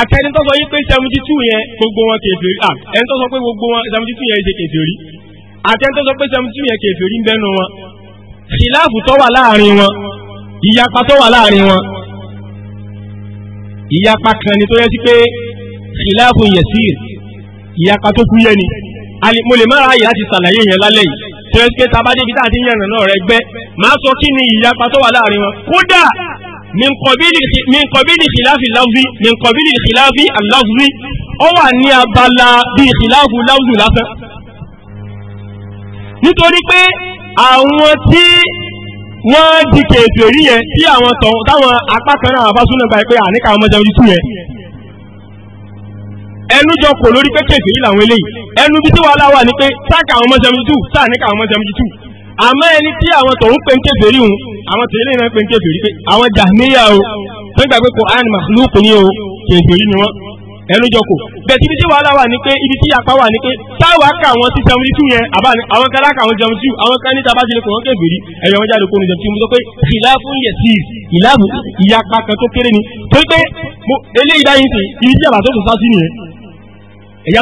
àtẹni tó sọ yí pé seventy two yẹn gbogbo wọn kèfèrí à ẹni tó sọ pé gbogbo wọn seventy two yẹn ṣe kèfèrí àtẹni tó sọ pé seventy two yẹn kèfèrí ń bẹ́nu wọn ṣìláàfù tó wà láàrin wọn ìyapa tó wà láàrin wọn ìyapa kan ni tó yẹ sí pé ṣìláàfù yẹsìr ìyapa tó kú yẹ ni mo lè má ráàyè láti ṣàlàyé yẹn lálẹ́ yìí tẹ́lẹ̀sìkẹ́ tá a bá débi tá a ti ń yànnà náà rẹ gbẹ́ máa sọ kí ni ìyapa tó wà láàrin wọn kódà min kọ̀bílì ìṣìláfì láwùí min kọ̀bílì ìṣìláfì aláwùí ó wà ní abala bí ìṣìláfù láwùí lásán nítorí pé àwọn tí wọ́n di kèfèrí yẹn tí àwọn táwọn apá kan náà àbásúnà gbà pé àníkà ọmọ jẹun yìí tú yẹn ẹnu jọ kò lórí pé kèfèrí làwọn eléyìí ẹnu bí tí wàhálà wà ní pé sáàkà àwọn ọmọ seventy two sáà ní ká àwọn ọmọ seventy two àmọ́ ẹni tí àwọn tòun pè ń kèfèrí òun àwọn tòun eléyìí náà pè ń kèfèrí pé àwọn jàmíyà o tó ń gbàgbé Kùránì màlúùkù ni o kèfèrí ni wọ́n ẹnu jọ kò bẹ̀tí ibi tí wàhálà wà ní pé ibi tí yàpá wà ní pé táwa ká àwọn sí seventy two yẹn àwọn àwọn seventy two wọ́n mo sọ pé ìlàfún yẹ̀ sí ìlàfún ìyapa kan ni ẹ̀yà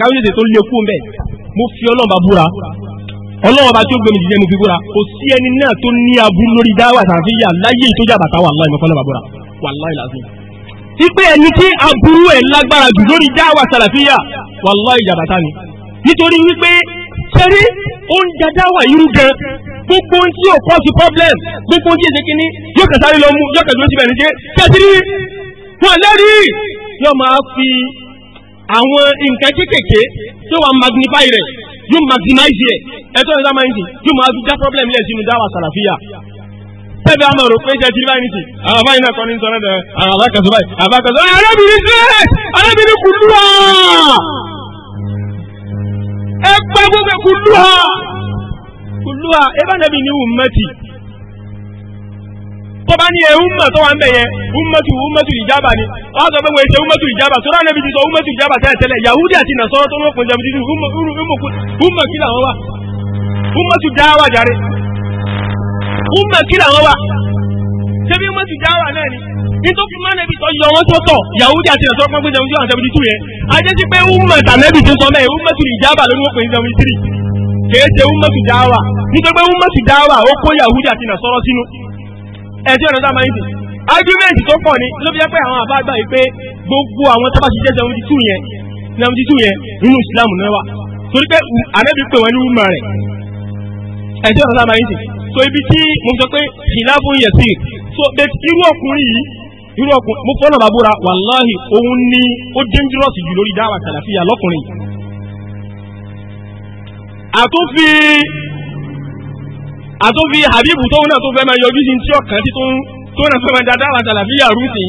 káwéjèdè tó lé kú mbẹ́ mo fi ọlọ́ọ̀bá búra ọlọ́ọ̀bá tó gbẹmí jíjẹ́ mo fi búra kò sí ẹni náà tó ní aburú lórí dáwà sàfihàn láyé tó jà bàtà wàláì mo fọlọ́ọ̀bá búra wàláì làásì. ipe ẹni tí aburú ẹ̀ lágbára jù lórí dáwà sàlàfíà wàláì jà bàtà ni nítorí wípé sẹ́rí oúnjẹ dáwà irú gan gbogbo ohun tí ò kọ́ sí problem gbogbo ohun tí èsì kínní yóò kẹsàrí lọ mú yóò kẹsàrí lọ síbẹ̀ níṣẹ́ àwọn nǹkan kéékèèké tó wà magnify rẹ̀ yóò maximize ẹ̀ ẹ̀tọ́ ìdá máa ń sìn yóò máa dá problem lẹ̀ sínú dáwà sàlàfíà tẹ́bí àmọ́ rò pé jẹ́ ti báyìí nìsí àwọn báyìí náà kọ́ ní sọ́nà dẹ̀ àwọn alákàtọ́ báyìí àbákàtọ́ arábìnrin sílẹ̀ arábìnrin kù lù ọ́ ẹ gbàgbọ́ pé kù lù ọ́ kù lù ọ́ ẹ bá nàbí wù mẹ́tì tó bá ní ẹ umma tó wà ń bẹ̀ yẹn ummatu ummatu ìjábà ni wọ́n sọ pé wọ́n ṣe ummatu ìjábà tó ránà bíi sọ ummatu ìjábà tẹ́lẹ̀ tẹ́lẹ̀ yahudi àti nasọ́rọ́ tó mọ̀kùn jẹun títí umma kí làwọn wà ummatu dáwà jàre umma kí làwọn wà ṣé bí ummatu dáwà náà ni nítorí má nẹbi sọ yọ wọn tó tọ yahudi àti nasọ́rọ́ pọ́n gbẹ́jẹun tó àjẹbí títú yẹn ajé sí pé ummata nẹbi tó sọ mẹ́ẹ̀ ummatu ìjábà ló ní wọ́n pè ní seventy three kèé ṣe ummatu dáwà nítorí pé ummatu dáwà ó kó yahudi àti nasọ́rọ́ sínú ẹ̀jẹ̀ ọ̀nà táwọn ìdè argument tó pọ̀ ni ló fi jẹ́ pé àwọn àbá gbà yìí pé gbogbo àwọn tó bá ti jẹ́ seventy two yẹn seventy two yẹn nínú Islam náà wà torí pé àrẹ́bí pè wọ́n ní wúmọ̀ rẹ̀ ẹ̀jẹ̀ ọ̀nà táwọn ìdè so ibi tí mo sọ pé ìlàbù yẹ̀ sí so irú ọkùnrin yìí irú ọkùnrin mo fọ́nà bàbúra wàláhì òun ni ó dangerous jù lórí dáwà sàlàfíà lọ́kùnrin àtúnfi àtúnfi habibu tóun náà tó fẹ́ máa yọjú sí ní tí ọ̀kan tí tóun náà fẹ́ máa dáadáa wà sàlàfíà rúùtì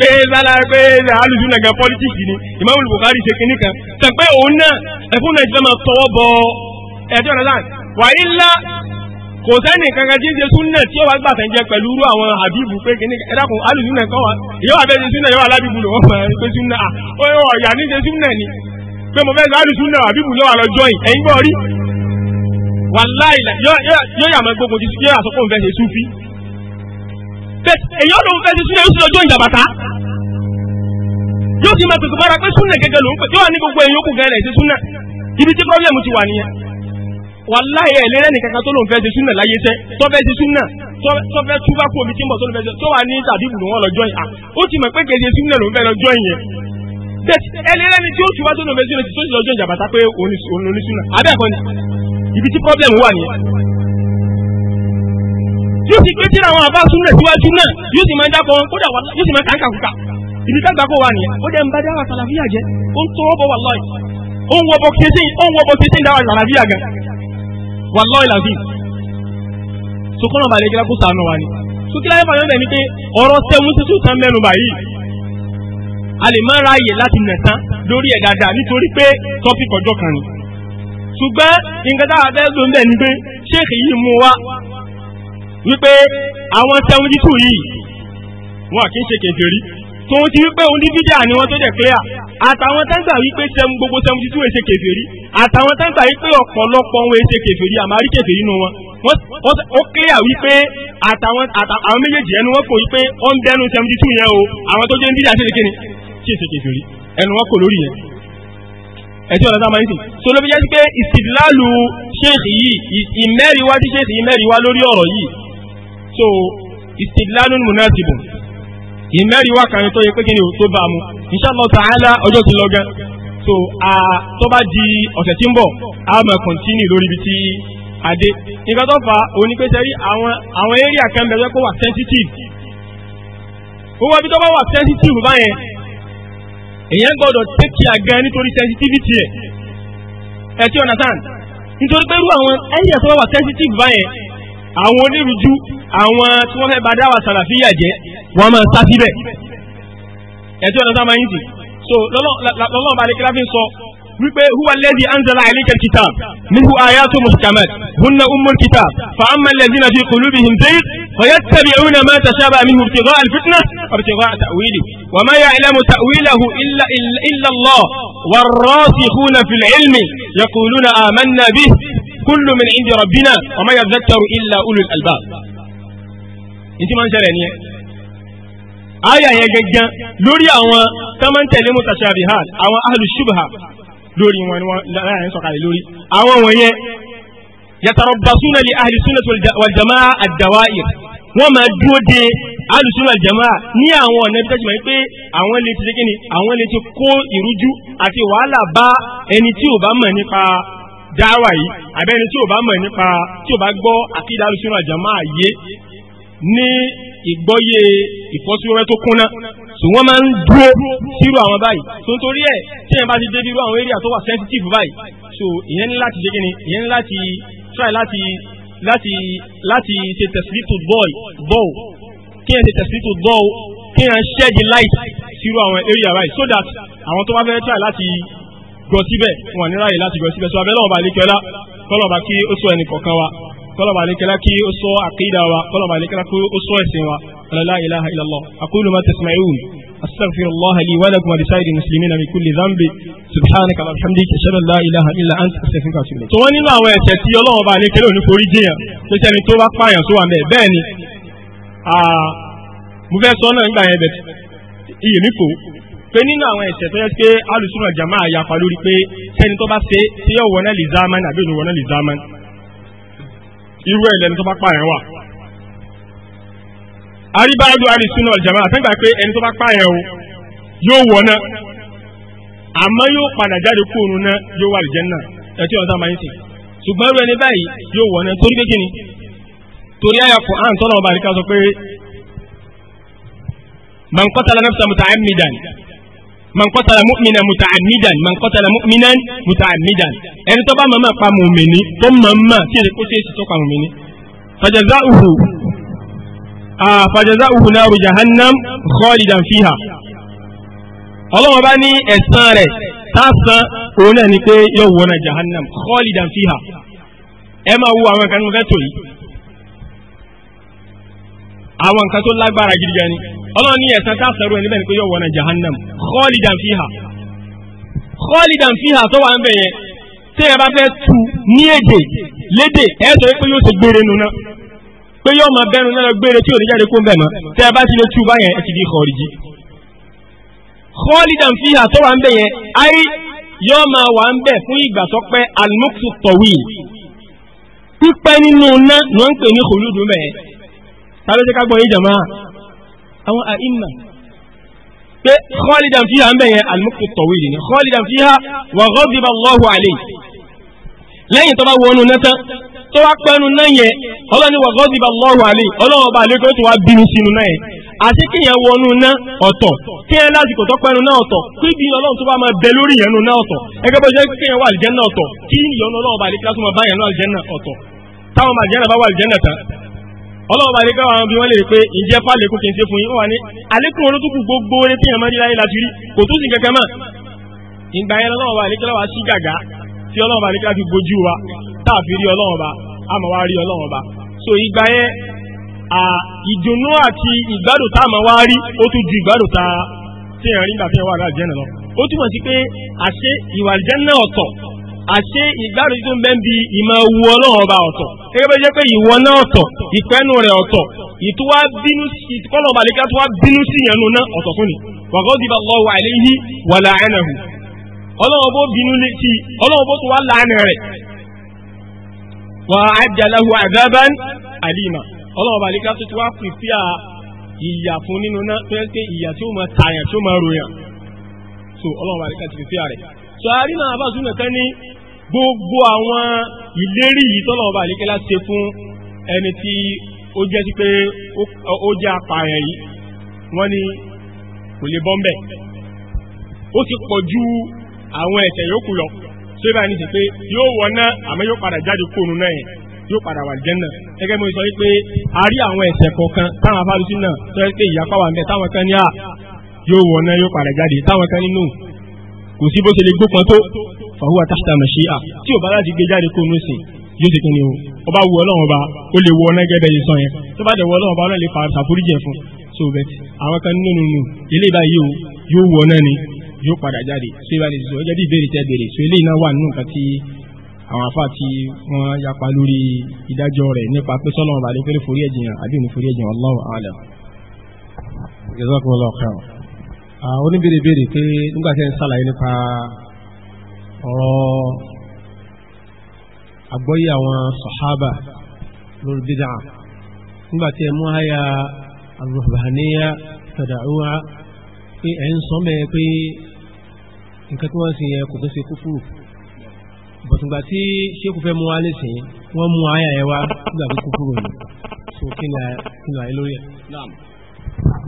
pé sálá pé alùsùn nàgà pọ́lítíìkì ni Imam Bukhari ṣe kínní kan tàn pé òun náà ẹ̀fún náà ìjọba máa tọwọ́ bọ ẹ̀jọ́ rẹ̀ láì wà á ńlá kò sẹ́ni kankan tí ń ṣe súnà tí ó wá gbà tẹ̀jẹ̀ pẹ̀lú irú àwọn habibu pé kínní ẹ̀dá kan alùsùn nàgà wà yóò wá bẹ́ẹ̀ ṣe súnà yóò wá lábìbù lọ́wọ́ pé súnà ó yà ní ṣe súnà ni pé mo fẹ́ sọ alùsùn nàgà habibu lọ́wọ́ àlọ́jọ́ yìí ẹ̀yin gbọ́ rí wàláì yóò yà máa gbógun ti yóò yà sọ pé òun fẹ́ ṣe súfì èyí ọ̀dọ̀ òun fẹ́ ṣe súnà yóò sì lọ́jọ́ ìjàbàtà yóò sì máa pèsè bára pé súnà gẹ́gẹ́ ló ń pè yóò wà ní gbogbo èyí òkú gẹ́rẹ́ ṣe súnà ibi tí pọ́blẹ́mù ti wà nìyẹn wàláì ẹ̀ lérẹ́ nìkankan tó lòun fẹ́ ṣe súnà láyé sẹ́ tó fẹ́ ṣe súnà tó fẹ́ túbá kú omi tí ń bọ̀ tó lòun fẹ́ ṣe tó wà ní tàbí bùrù wọn lọ́jọ́ yìí ó ti mọ̀ pé kèje súnà lòun fẹ́ tó lòun fẹ́ ṣe tó ti pé òun ní súnà abẹ́ ẹ̀kọ́ ni ibi tí problem wà nìyẹn yóò sì pé tíra àwọn àbá súnlẹ̀ síwájú náà yóò sì máa dákọ̀ kódà wà yóò sì máa kàńkà kúkà ibi ká gbàgbọ́ wà nìyẹn ó jẹ́ ń bá dáwà sàlàfíà jẹ́ ó ń tọwọ́ bọ̀ wàláì ó ń wọ́bọ̀ kété ó ń wọ́bọ̀ kété dáwà sàlàfíà gan wàláì làbí sokọ́nà balẹ̀ kíláàkú sànù wa ni sókè láyé fàyọ́ bẹ̀ ni pé ọ̀rọ̀ sẹ́wọ́n ti tún tán mẹ́nu báyìí a lè má ráàyè láti nẹ̀sán lórí ẹ̀ dáadáa nítorí pé tọ́pì kọjọ́ kan ni ṣùgbọ́n nǹkan táwọn abẹ́ ló ń bẹ̀ ni pé ṣéèkì yìí mú wa wípé àwọn seventy two yìí wọn à ń ṣe kèfèrí tòun ti wípé òun ní fídíà ni wọ́n tó jẹ́ clear àtàwọn tẹ́ńtà wípé gbogbo seventy two èsè kèfèrí àtàwọn tẹ́ńtà wípé ọ̀pọ̀lọpọ̀ wọn èsè kèfèrí àmàrí kèfèrí nù wọn ó clear wípé àtàwọn méjèèjì ẹnu wọn kò wípé ó ń dẹnu seventy two yẹn o àwọn tó jẹ́ ń fídíà ṣe kí ni kí èsè kèfèrí ẹnu wọn kò lórí yẹn ẹ̀jẹ̀ ọ̀nà sáà mẹ́sìn so ló fi jẹ́ sí pé ìsìláàlù ṣéèkì yìí ìmẹ́rìíwá tí ṣéèkì yìí mẹ́rìíwá lórí ọ̀rọ̀ yìí so ìsìláàlù múnátìbù ìmẹ́rìíwá kan tó yẹ pé kí ni ò tó bá mu insha Allah ta'ala ọjọ́ ti lọ gan so tó bá di ọ̀sẹ̀ tí ń bọ̀ a máa kọ̀ntínì lórí ibi tí a dé nǹkan tó fà á òun ni pé sẹ́rí àwọn àwọn area kan bẹ̀rẹ̀ kó sensitive gbogbo ibi èyàn gbọ́dọ̀ tẹ́kì àgán nítorí sensitivity ẹ̀ ẹ̀ tí understand nítorí pé irú àwọn ẹ̀yà tó wà sensitive báyẹn àwọn onírújú àwọn tí wọ́n fẹ́ bá dáwà sàlàfíyà jẹ́ wọ́n máa ń sá síbẹ̀ ẹ̀ tí understand my So, máa ń yìí so lọ́lọ́ wípé huwa alladhi anzala alayka alkitab minhu ayatu muhkamat hunna ummul kitab fa amma alladhina fi qulubihim zayg fayattabi'una ma tashabaha minhu ibtigha'a alfitna wa ibtigha'a ta'wili wa ma ya'lamu ta'wilahu illa illa Allah والراسخون في العلم يقولون آمنا به كل من عند ربنا وما يذكر إلا أولو الألباب انت ما انشاء يعني آية يا جدا لوري أوان تمن تلمو تشابهات أوان أهل الشبهة lórí wọn ni wọn láàrin sọ̀kalẹ̀ lórí àwọn wọ̀nyẹn yatarabasuna li ahli sunnati wal jamaa ad-dawa'ir wọ́n máa dúró de ahli sunnati wal jamaa ní àwọn ọ̀nà bí tẹ́jú máa ń pé àwọn lè ti ṣe kíni àwọn lè ti kó ìrújú àti wàhálà bá ẹni tí ò bá mọ̀ nípa dáwà yìí àbẹ́ni tí ò bá mọ̀ nípa tí ò bá gbọ́ àkídà ahli sunnati yé ní ìgbọ́yé ìfọ́síwẹ́wẹ́ tó kúnná so wọ́n máa ń dúró sírú àwọn báyìí so nítorí ẹ̀ tí ẹ̀ bá ti dé bírú àwọn area tó wà sensitive báyìí so ìyẹn ní láti ṣe kíni ìyẹn ní láti try láti láti láti ṣe tẹ̀sílítò bọ́ọ̀ bọ́ọ̀ kí ẹ̀ ṣe tẹ̀sílítò bọ́ọ̀ kí ẹ̀ ṣẹ́ di light sírú àwọn area báyìí so that àwọn tó bá fẹ́ try láti gọ síbẹ̀ wọn ní ráyè láti gọ síbẹ̀ so abẹ́lẹ́ ọba àlékẹ́lá kọ́lọ̀ ọba kí ó sọ ẹnì kọ̀ọ̀kan wa kọlọ̀bà alékẹ́lá kí ó sọ àkídà wa kọlọ̀bà alékẹ́lá kí ó sọ ẹ̀sìn wa la ilaha illallah aqulu ma tasma'un astaghfirullah li wa lakum wa lisa'iri muslimina min kulli dhanbi subhanaka wa bihamdika ashhadu an la ilaha illa anta astaghfiruka wa atubu ilayk. tó wọ́n nínú àwọn ẹ̀ṣẹ̀ tí ọlọ́wọ́ bá alékẹ́lá òní forí jiyàn tó sẹ́ni tó bá pààyàn tó wà mẹ́ bẹ́ẹ̀ ni mo fẹ́ sọ náà nígbà yẹn bẹ̀ iye mi kò pé nínú àwọn ẹ̀ṣẹ̀ tó yẹ pé alùsùnà jàmáà yapa lórí pé sẹ́ni tó bá ṣe tí yóò wọ́n náà lè zámánì àbí òní wọ́n náà lè zámánì irú ẹ̀ lẹ́nu tó bá pààyàn wà. àríbáàdù àrísúná ọ̀jàmá àtẹ́gbà pé ẹni tó bá pààyàn o yóò wọ̀ náà àmọ́ yóò padà jáde kú òun náà yóò wà lìjẹ́ náà ẹtí ọ̀sá máa ń sìn ṣùgbọ́n irú ẹni báyìí yóò wọ̀ náà torí pé kíni torí àyà kò àǹtọ́nà ọba àríkà sọ pé man qatala nafsan muta'ammidan man qatala mu'minan muta'ammidan man qatala mu'minan muta'ammidan ẹni tó bá màmá pa mùmìnì tó màmá tí èdè kó ṣe é sì tó pa mùmìnì. fajaza'uhu fajaza'uhu naru jahannam khalidan fiha ọlọ́wọ́n bá ní ẹ̀san rẹ̀ tásán òun náà ni pé yóò wọ́n náà jahannam khalidan fiha ẹ máa wo àwọn nǹkan tó fẹ́ tó yìí àwọn nǹkan tó lágbára gidi gan ni ọlọ́run ní ẹ̀sán tá sẹ́rù ẹni bẹ́ẹ̀ ni pé yóò wọnà jahannam khalidan fiha khalidan fiha tó wà ń bẹ̀ yẹn tẹ́ ẹ bá fẹ́ tu ní èdè lédè ẹ sọ pé yóò ṣe gbére nu ná pé yóò máa bẹ́nu náà gbére tí ò ní jáde kó ń bẹ̀ mọ́ tẹ́ ẹ bá ti lè tu báyẹn ẹ ti di khariji khalidan fiha tó wà ń bẹ̀ yẹn ayé yóò máa wà ń bẹ̀ fún ìgbà tó pẹ́ almuktu tawil pípẹ́ nínú ná ni wọ́n ń pè ní khuludu mẹ́ẹ̀ tá àwọn àìmà pé khalidan fiha ń bẹ̀yẹn al-mulku at-tawil ni khalidan fiha wa ghadiba Allahu alayhi lẹ́yìn tó bá wọnú náà tán tó wá pẹ́nu náà yẹn ọlọ́ni wa ghadiba Allahu alayhi ọlọ́wọ́ bá lóko tó wá bínú sínú náà yẹn àti kí yẹn wọnú náà ọ̀tọ̀ kí yẹn lásìkò tó pẹ́nu náà ọ̀tọ̀ kí bí ọlọ́run tó bá máa bẹ lórí yẹn náà náà ọ̀tọ̀ ọlọ́run bá lè gbá àwọn bí wọ́n lè pé ìjẹ́ pàlékún kí n ṣe fún yín wọ́n wà ní àlékún olótùkù gbogbo orí tí ìyàmọ́ níláyé láti rí kò tó sì kankan mọ́ ìgbà yẹn ọlọ́run bá lè sí gàgá tí ọlọ́run lè kí gbojú wa táàfi rí ọlọ́run àmọ́ wá rí ọlọ́run so ìgbà yẹn ìdùnnú àti ìgbádùn tá àmọ́ wá rí ó tún ju ìgbádùn tá tí ìyàn rí nígbà tí ìyàn wà àṣé ìgbádùn tó ń bẹ́ ń bi ìmọ̀ wu ọlọ́run ọba ọ̀tọ̀ gẹ́gẹ́ bẹ́ẹ̀ jẹ́ pé ìwọ náà ọ̀tọ̀ ìpẹ́nu rẹ̀ ọ̀tọ̀ ìtúwá bínú ìtúkọ́lọ̀ ọba àlejò tó wá bínú sí ìyẹn nu náà ọ̀tọ̀ fún ni wàgọ́dìbà lọ́wọ́ àìlèyí wà láàánàhù ọlọ́run bó bínú létí ọlọ́run bó tó wá láàánà rẹ̀ wà ájàláhù àdábán àlìmà ọlọ́run ọba àlejò tó wá pìpìà ìyà fún nínú náà tó yẹ pé ìyà tí ó máa tààyàn tí ó máa ròyàn so ọlọ́run ọba àlejò tó pìpìà rẹ̀ so àrínà àbáṣúnà tán ní gbogbo àwọn ìlérí yìí tọ́lọ̀ ọba àlékẹ́lá ṣe fún ẹni tí ó jẹ́ sí pé ó jẹ́ apààyàn yìí wọ́n ní kò lè bọ́m̀bẹ̀ ó ti pọ̀ ju àwọn ẹ̀ṣẹ̀ yòókù lọ ṣé báyìí ní sí pé yóò wọná àmọ́ yóò padà jáde kóònù náà yẹn yóò padà wà jẹ́nà gẹ́gẹ́ bí mo sọ wípé a rí àwọn ẹ̀ṣẹ̀ kọ̀ọ̀kan táwọn afárúsí náà tó yẹ ìyapa wà ń bẹ táwọn kan ní à yóò wọná yóò padà jáde táwọn kan nínú kò sí bó ṣe lè gbókan tó fàhùwà tahta mashia tí ò bá láti gbé jáde kó nù sìn yóò ṣe kíni o ọba wù ọlọ́run ọba ó lè wọ ọlọ́gẹ́dẹ́ yìí sàn yẹn tó bá dẹ̀ wọ ọlọ́run ọba ọlọ́run lè fa àforíjì fún so bẹ́ẹ̀ àwọn kan nínú nù ilé ìbáyìí o yóò wọ náà ni yóò padà jáde so ìbá lè sọ ọjọ́ bí ìbéèrè tẹ́ béèrè so eléyìí náà wà nínú nǹkan tí àwọn afá tí wọ́n yapa lórí ìdájọ́ rẹ̀ nípa pé sọ́nà ọba lè fẹ́rẹ̀ forí ẹ̀jìn àbí òní forí ẹ̀jìn Allahu a'lam. ìgbésọ́kùnrin lọ́kàn oníbèrè béèrè pé nígbà tí ẹ ń sàlàyé ọ̀rọ̀ àgbọ́yé àwọn sọ̀hábà lórí bídà nígbàtí ẹmú àyà àrùbàníyà tàdàúwà pé ẹ̀ ń sọ mẹ́ pé nǹkan tí wọ́n sì yẹ kò tó ṣe kúkú bọ̀tùgbà tí ṣékù fẹ́ mú wá nísìn wọ́n mú àyà ẹ̀ wá nígbà tó kúkú rẹ̀ so kí ni àyè lórí ẹ̀.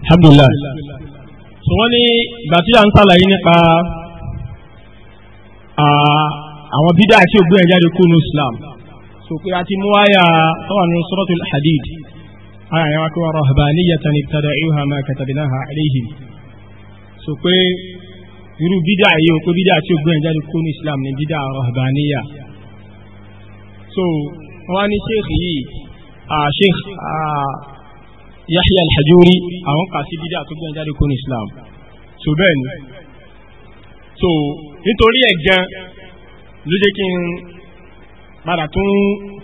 alhamdulillah so wọ́n ní ìgbà tí à ń sàlàyé nípa àwọn bídà àti ògbìn ẹ̀jáde kúrò ní Islam so pé a ti mú àyà tọ́wà nínú suratul Hadid àyà yẹn wá pé wa rahbaniyatan ibtada'uha ma katabnaha alayhim so pé irú bídà yìí o pé bídà àti ògbìn ẹ̀jáde kúrò ní Islam ní bídà rahbaniyya so wọ́n ní sheikh yìí sheikh Yahya al àwọn kà sí bídà tó gbẹ̀jáde kúrò ní Islam so bẹ́ẹ̀ ni so nítorí ẹ̀ gan ló jẹ́ kí n padà tún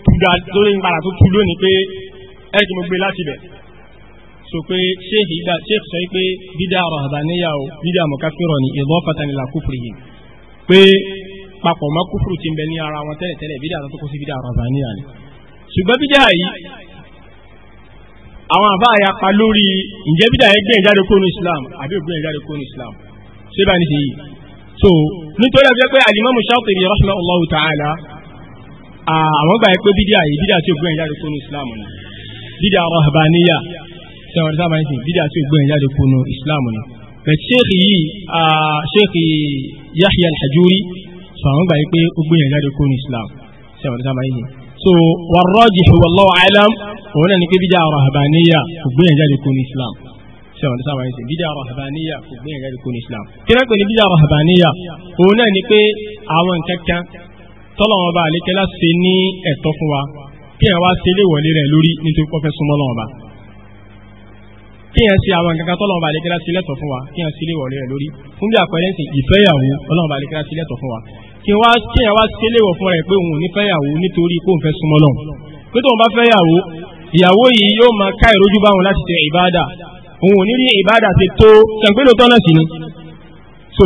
túdá lórí n padà tún tú lónìí pé ẹ̀rì tí mo gbé láti bẹ̀ sọ pé sheikh ida sheikh sọ pé bídà rahbaniyya o bídà mọ̀káfírọ̀ ni idafatan ila kufrihim pé papọ̀ mọ́ kúfùrù ti ń bẹ ní ara wọn tẹ́lẹ̀tẹ́lẹ̀ bídà tó kó sí bídà rahbaniyya ni ṣùgbọ́n bídà yìí àwọn àbá àyapa lórí ǹjẹ́ bídà yẹn gbẹ̀yìn jáde kó Islam àbí ògbẹ̀yìn jáde kó Islam ṣé bá ní so nítorí àti pé alimami Shatibi rahimahullahu ta'ala àwọn gbà yẹ pé bídíà yìí bídíà tí ó gbé ìjáde kúnú islam ni bídíà rahbaniya tí àwọn sábà ní sìn bídíà tí ó gbé ìjáde kúnú islam ni bẹ́ẹ̀ ṣéèkì yìí ṣéèkì Yahya al so àwọn gbà pé ó gbé ìjáde kúnú islam tí sábà ní sìn so wàrọ́jì wallahu alam òun náà ní pé bídíà rahbaniya ó gbé ìjáde kúnú islam sọ̀rọ̀ sábà yìí sìn bídà rahabaniya kò gbé ẹ̀rẹ́ kó ní islam. kíni pé ní bídà rahabaniya òun náà ni pé àwọn nǹkan kan tọ́lọ̀ wọn bá àlékẹ́lá ṣe ní ẹ̀tọ́ fún wa kí ẹ̀ wá ṣe lé wọlé rẹ̀ lórí nítorí pọ́fẹ́ súnmọ́ lọ́wọ́ bá. kí ẹ̀ ṣe àwọn nǹkan kan tọ́lọ̀ wọn bá àlékẹ́lá ṣe lẹ́tọ̀ fún wa kí ẹ̀ ṣe lé wọlé rẹ̀ lórí fún bí àpẹẹrẹ sìn ìfẹ́yàwó ọlọ́wọ́n bá àlékẹ́lá ṣe lẹ́tọ̀ fún wa kí ẹ̀ wá ṣe léwọ̀ fún rẹ̀ pé òun ò ní fẹ́yàwó nítorí pé òun fẹ́ súnmọ́ lọ́wọ́ pé tóun bá fẹ́yàwó ìyàwó yìí yóò máa ká ìrójú báwọn láti tẹ ìbáàdà òun ò ní rí ìbáàdà ti tó sẹ̀ǹpẹ́lò tọ́nà sí ni so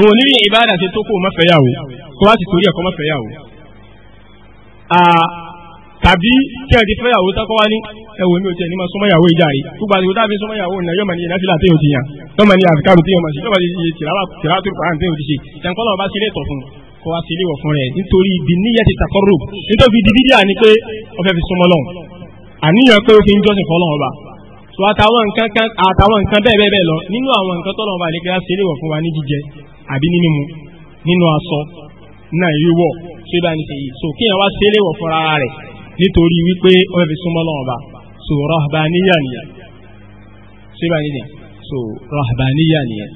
òun ò ní rí ìbáàdà ti tó kó o mọ́fẹ́yàwó kó wá sì torí ẹ̀kọ́ mọ́fẹ́yàwó tàbí kí ẹ ti fẹ́yàwó tọ́kọ́ wá ní ẹ̀wọ̀n mi ò tiẹ̀ ní máa súnmọ́ ìyàwó ìjà rí gbogbo àti òtá fi súnmọ́ ìyàwó ìnà yọ̀mọ̀ ní ìnáfíà tí yóò ti yàn yọ̀mọ̀ ní àfikàmù tí yóò máa ṣe yọ̀mọ̀ ní iye tìrá tó kàn tí yóò ti ṣe ìjànkọ́lọ̀ ọba sílé tọ̀ fún kó wá sílé wọ̀ fún rẹ̀ nítorí ibi níyẹ ti tàkọ́rò nítorí ibi dídí àní pé ó fẹ́ fi súnmọ́ lọ́hùn àníyàn pé ó fi ń jọ́sìn fọ́lọ́hùn ọba so àtàwọn nǹkan kan àtàwọn nǹkan bẹ́ẹ̀ bẹ́ẹ̀ bẹ́ẹ̀ lọ nínú àwọn nǹkan tọ́lọ̀ ọba àlekèrè ṣe léwọ̀ fún wa ní jíjẹ àbí ní mímu nínú aṣọ náà ìwíwọ̀ ṣé bá ní ṣe yìí so kíyàn wá ṣe léwọ̀ fúnra rẹ̀ nítorí wípé ó fi súnmọ́ lọ́wọ́ ọba so rahbaniya nìyẹn ṣé bá ní ṣe so rahbaniya nìyẹn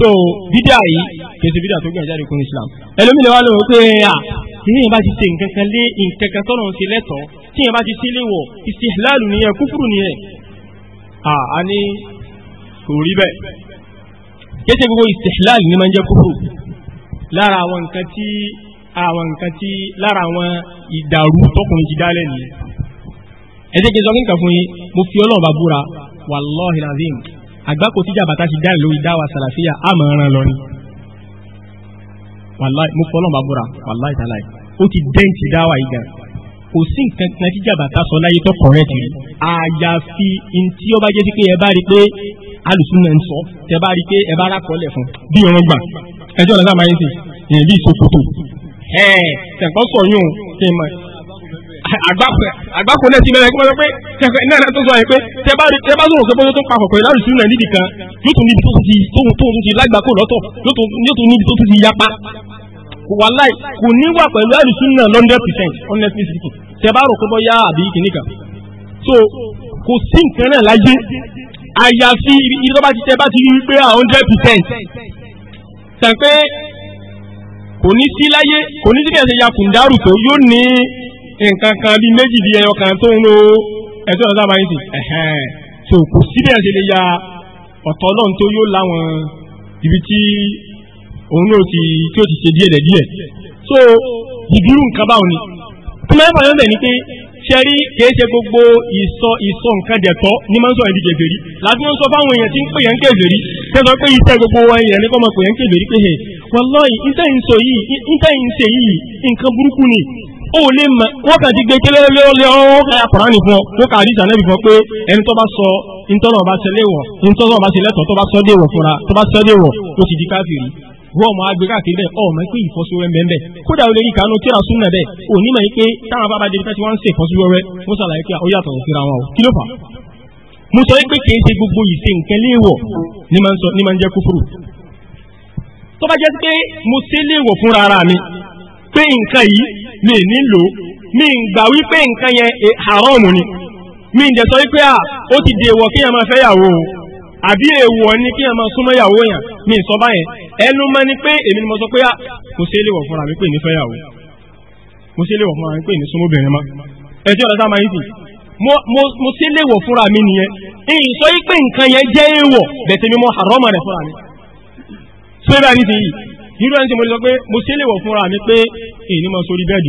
so bídà yìí kèsì bídà tó gbìyànjú àdìkún Islam ẹlòmíì lè wá lóhùn pé à tíyẹn bá ti ṣe nǹkan kan lé nǹkan kan tọ́lọ̀ ń ṣe lẹ́tọ̀ọ́ tíyẹn bá ti ṣe léwọ̀ ìṣìláàlù nìyẹn kúfùrù nìyẹn a ní kò rí bẹ́ẹ̀ kéde gbogbo istihlal ni máa ń jẹ́ kúrò lára àwọn nǹkan tí àwọn nǹkan tí lára àwọn ìdàrú tọkùnrin ti dálẹ̀ nìyẹn ẹ jẹ́ kí n sọ kíkà fún yín mo fi ọlọ́ọ̀bá búra wàlọ́ọ̀hì lazim àgbákò tíjà bàtà ti dálẹ̀ lórí dáwà sàlàfíà àmọ́ ẹran lọ ni mo fi ọlọ́ọ̀bá búra wàláì tàláì ó ti dẹ́ǹtì dáwà yìí gan kò sí nǹkan kan tí jàbàtà sọ láyé tó kọ̀rẹ́tì rí àyàfi ntí ọba jẹ́ sí pé ẹ bá rí pé alùsùn náà ń sọ tẹ bá rí pé ẹ bá rákọọ́lẹ̀ fún bí irun gbà ẹjọ́ ọ̀nà sáà ṣe èyàn bí ìsokoto ẹ̀ tẹ̀kọ́ sọ yún kí n mọ̀ àgbákò náà ti bẹ̀rẹ̀ kí wọ́n sọ pé tẹ̀kọ́ náà tó sọ yẹn pé tẹ bá tẹ bá sọ̀rọ̀ sọ́kọ́ tó papọ̀ pẹ̀lú alùsùn náà nídìí kan yóò tún níbi tó tún ti lágbàkó lọ́tọ̀ yóò tún níbi tó tún ti yapa wàláì kò ní wà pẹ̀lú àlùsùnà hundred percent honestly speaking tẹ́ bá rò pé bóyá àbí kìíní so kò sí nǹkan náà láyé àyàfi ibi tó bá ti tẹ́ bá ti rí pé hundred percent tẹ̀ pé kò ní sí láyé kò ní sí bí ẹ̀sẹ̀ yakùndárù tó yóò ní nǹkan kan bíi méjì bíi ẹyọ kan tó ń lo ẹ̀tọ́ ọ̀dọ́ àbáyé sí so kò sí bí ẹ̀sẹ̀ lè ya ọ̀tọ̀ ọlọ́run tó yóò láwọn ibi tí òun náà ti tí ó ti ṣe díẹ̀ díẹ̀ so ìbírù nǹkan báwo ni tí máa ń fàyọ́ bẹ̀ ni pé ṣẹ́rí kìí ṣe gbogbo ìsọ ìsọ nǹkan dẹ̀tọ́ ní máa ń sọ ìdíje fèrí láti wọ́n sọ fáwọn èèyàn tí ń pè yẹn ń kèfèrí tí wọ́n sọ pé iṣẹ́ gbogbo èèyàn ní kọ́mọ pè yẹn ń kèfèrí pé wàláhì iṣẹ́ ń sọ yìí iṣẹ́ ń ṣe yìí nǹkan burúkú ni ó lè mọ wọ́n kàn ti gbé kélé lé ọwọ́ káyà kọ̀ránì fún ọ tó kà àdìsí ànábì fún ọ pé ẹni tó bá sọ ìtọ́nà ọba ṣẹlẹ̀ wọ̀ ìtọ́nà ọba ṣẹlẹ̀ tọ́ tó bá sọ déwọ̀ fúnra tó bá sọ déwọ̀ ó ti di káfíìrì wọ́n mọ̀ agbèrè àti bẹ́ẹ̀ ọ̀ mọ̀ pé ìfọ́sowọ́rẹ́ bẹ́ẹ̀ kódà ó lè rí kánú tíra súnà bẹ́ẹ̀ òní mọ̀ pé táwọn bá bá débi tá ti wọ́n ń ṣe ìfọ́sowọ́rẹ́ wọ́n ṣàlàyé pé ó yàtọ̀ síra wọn o kí ló fà. mo sọ pé kì í ṣe gbogbo ìṣe nǹkan léèwọ̀ ní máa ń jẹ́ kúfúrú. tó bá jẹ́ pé mo ṣe léèwọ̀ fúnra ara mi pé nǹkan yìí mi nílò mi ń gbà wípé nǹkan yẹn eh, haram ni mi ń jẹ́ sọ wípé à ó ti dèwọ̀ kéèyàn máa fẹ́ yàwó o àbí èèwọ̀ ni kí ẹ máa súnmọ́ ìyàwó yàn ní ìsọba yẹn ẹnu ni pé èmi ni mo sọ pé mo ṣe é fúnra mi pé ní fẹ́yàwó mo ṣe é léwọ̀ fúnra mi pé ní súnmọ́ obìnrin ẹjọ́ máa ń sìn mo ṣe é léwọ̀ fúnra mi nìyẹn sọ pé nǹkan yẹn jẹ́ èèwọ̀ bẹ̀tẹ̀ mi mọ́ àrọ́mọ rẹ̀ fúnra mi ní ti yìí ẹni tí mo sọ pé mo ṣe é léwọ̀ fúnra mi pé èyí ni mo sórí bẹ́ẹ̀dì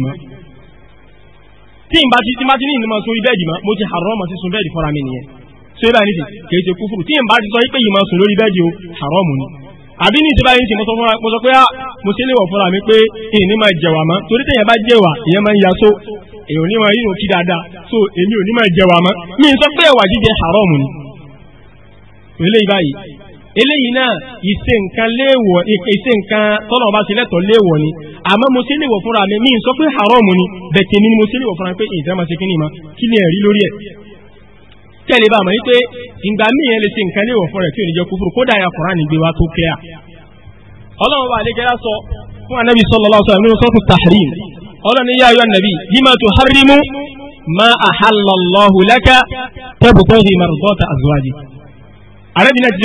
mọ́ tí n mo so ibà nísì kìí ṣe kúfùrù tí n bá ti o haramu ni àbí ní ìṣẹ́ báyìí ti mo sọ pé ah, mo ṣe léwọ̀ fúnra mi pé èyí ni máa jẹ̀wà so èyí ò ní máa yíyan kí dáadáa so èmi ò ní máa jẹ̀wà mọ́ mi sọ pé ẹ̀wà jíjẹ haramu ni. eléyìí báyìí eléyìí náà ìṣe nǹkan léèwọ̀ ìṣe nǹkan tọ́lọ̀ bá ṣe lẹ́tọ̀ọ́ léèwọ̀ ni àmọ́ mo ṣe léèwọ̀ fúnra mi mi sọ pé haramu ni bẹ̀tẹ̀ ni mo ṣe léèwọ̀ fúnra mi pé ìdámasẹ́kínì ma kí ni ẹ̀rí lórí ẹ̀ kẹ́lẹ́ bá mọ̀ wípé ìgbà míì yẹn lè ṣe nǹkan léwọ̀ fún rẹ̀ tí ò ní jẹ́ kúfúrú kódà ya Kùránì nígbè wa tó kẹ́yà. ọlọ́run bá àlejẹ́lá sọ fún anabi sallallahu alaihi wasallam nínú sọ́tù tahrim ọlọ́run ní yá ayọ́ nàbí lima tuharrimu ma ahallallahu laka tabtaghi mardata azwaji. àrẹ́bìnrin ti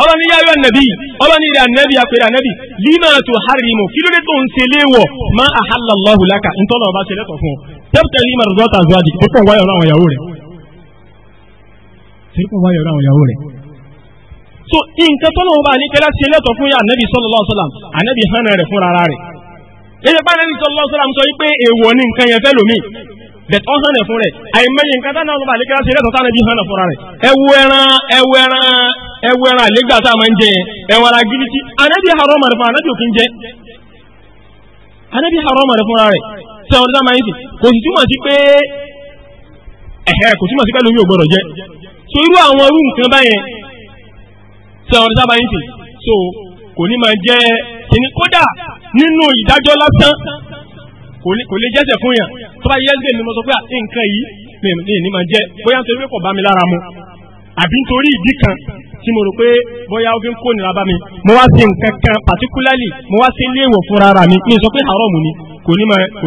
ọlọ́run ní yáyọ ànàbí ọlọ́run ní ilẹ̀ ànàbí àpèrè ànàbí lima tuharimu kí ló dé tó ń ṣe léèwọ̀ má ahallallahu laka ntọ́nà ọba ṣe lẹ́tọ̀ fún ọ tẹ́pútẹ́ lima rọ́tà zuwájì tó kàn wáyọ̀ láwọn ìyàwó rẹ̀ tó kàn wáyọ̀ láwọn ìyàwó rẹ̀. so nǹkan tọ́nà ọba àníkẹ́lá ṣe lẹ́tọ̀ fún yà ànàbí sallallahu bẹ̀t ọ́n hànà fún rẹ̀ àìmẹ́yìn nǹkan táwọn ọlọ́ba táwọn ẹbí rẹ̀ ẹran ẹran ẹran àlégbà tá a máa ń jẹ yẹn ẹwà ara gírísì ànábì àrọ́ mọ̀rẹ̀ fún ànábì òkè jẹ ànábì àrọ́ mọ̀rẹ̀ fúnra rẹ̀ sẹ ọ̀rẹ́ táwọn kò sì túmọ̀ sí pé ẹ̀hẹ́ kò túmọ̀ sí so irú àwọn irú nǹkan báyẹn ọ̀rẹ́ táwọn so kò ní máa jẹ kódà nínú ìdájọ́ lásán kò lè jẹ́sẹ̀ fún yàn tó bá yẹ́sẹ̀ mi mo sọ pé ah, nǹkan yìí ní ní máa jẹ́ bóyá nítorí pé kò bá mi lára mu àbí nítorí ìdí kan tí mo rò pé bóyá ó fi ń kó nira bá mi mo wá sí nǹkan kan particularly mo wá sí léèwọ̀ fúnra ara mi ní sọ pé haram ni kò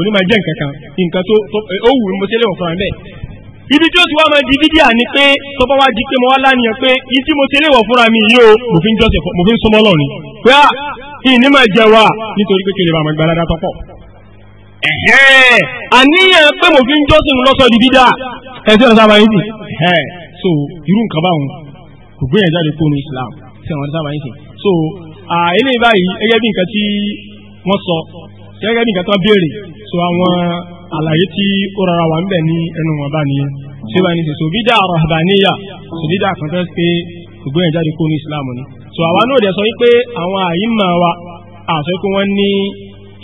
ní máa jẹ́ nǹkan kan nǹkan tó ó wù mo sí léèwọ̀ fúnra mi bẹ́ẹ̀. ibi tí ó ti wá máa di bídíà ni pé tó bá wá di pé mo wá lánìyàn pé ibi tí mo sí léèwọ̀ fúnra mi yìí o mo fi ń jọ́sẹ̀ ẹ̀hẹ́ àníyàn pé mo fi ń jọ́sìn lọ́sọ̀ di bídà ẹ̀sẹ̀ sí so irú nǹkan báwọn kò gbé jáde kóònù Islam ṣe sí so eléyìí báyìí gẹ́gẹ́ bí nǹkan tí wọ́n sọ bí nǹkan tó so àwọn àlàyé tí ó rọra wà níbẹ̀ ní ẹnu wọn bá so bídà rahbaniyya so bídà kan fẹ́ pé kò gbé Islam ni so àwa náà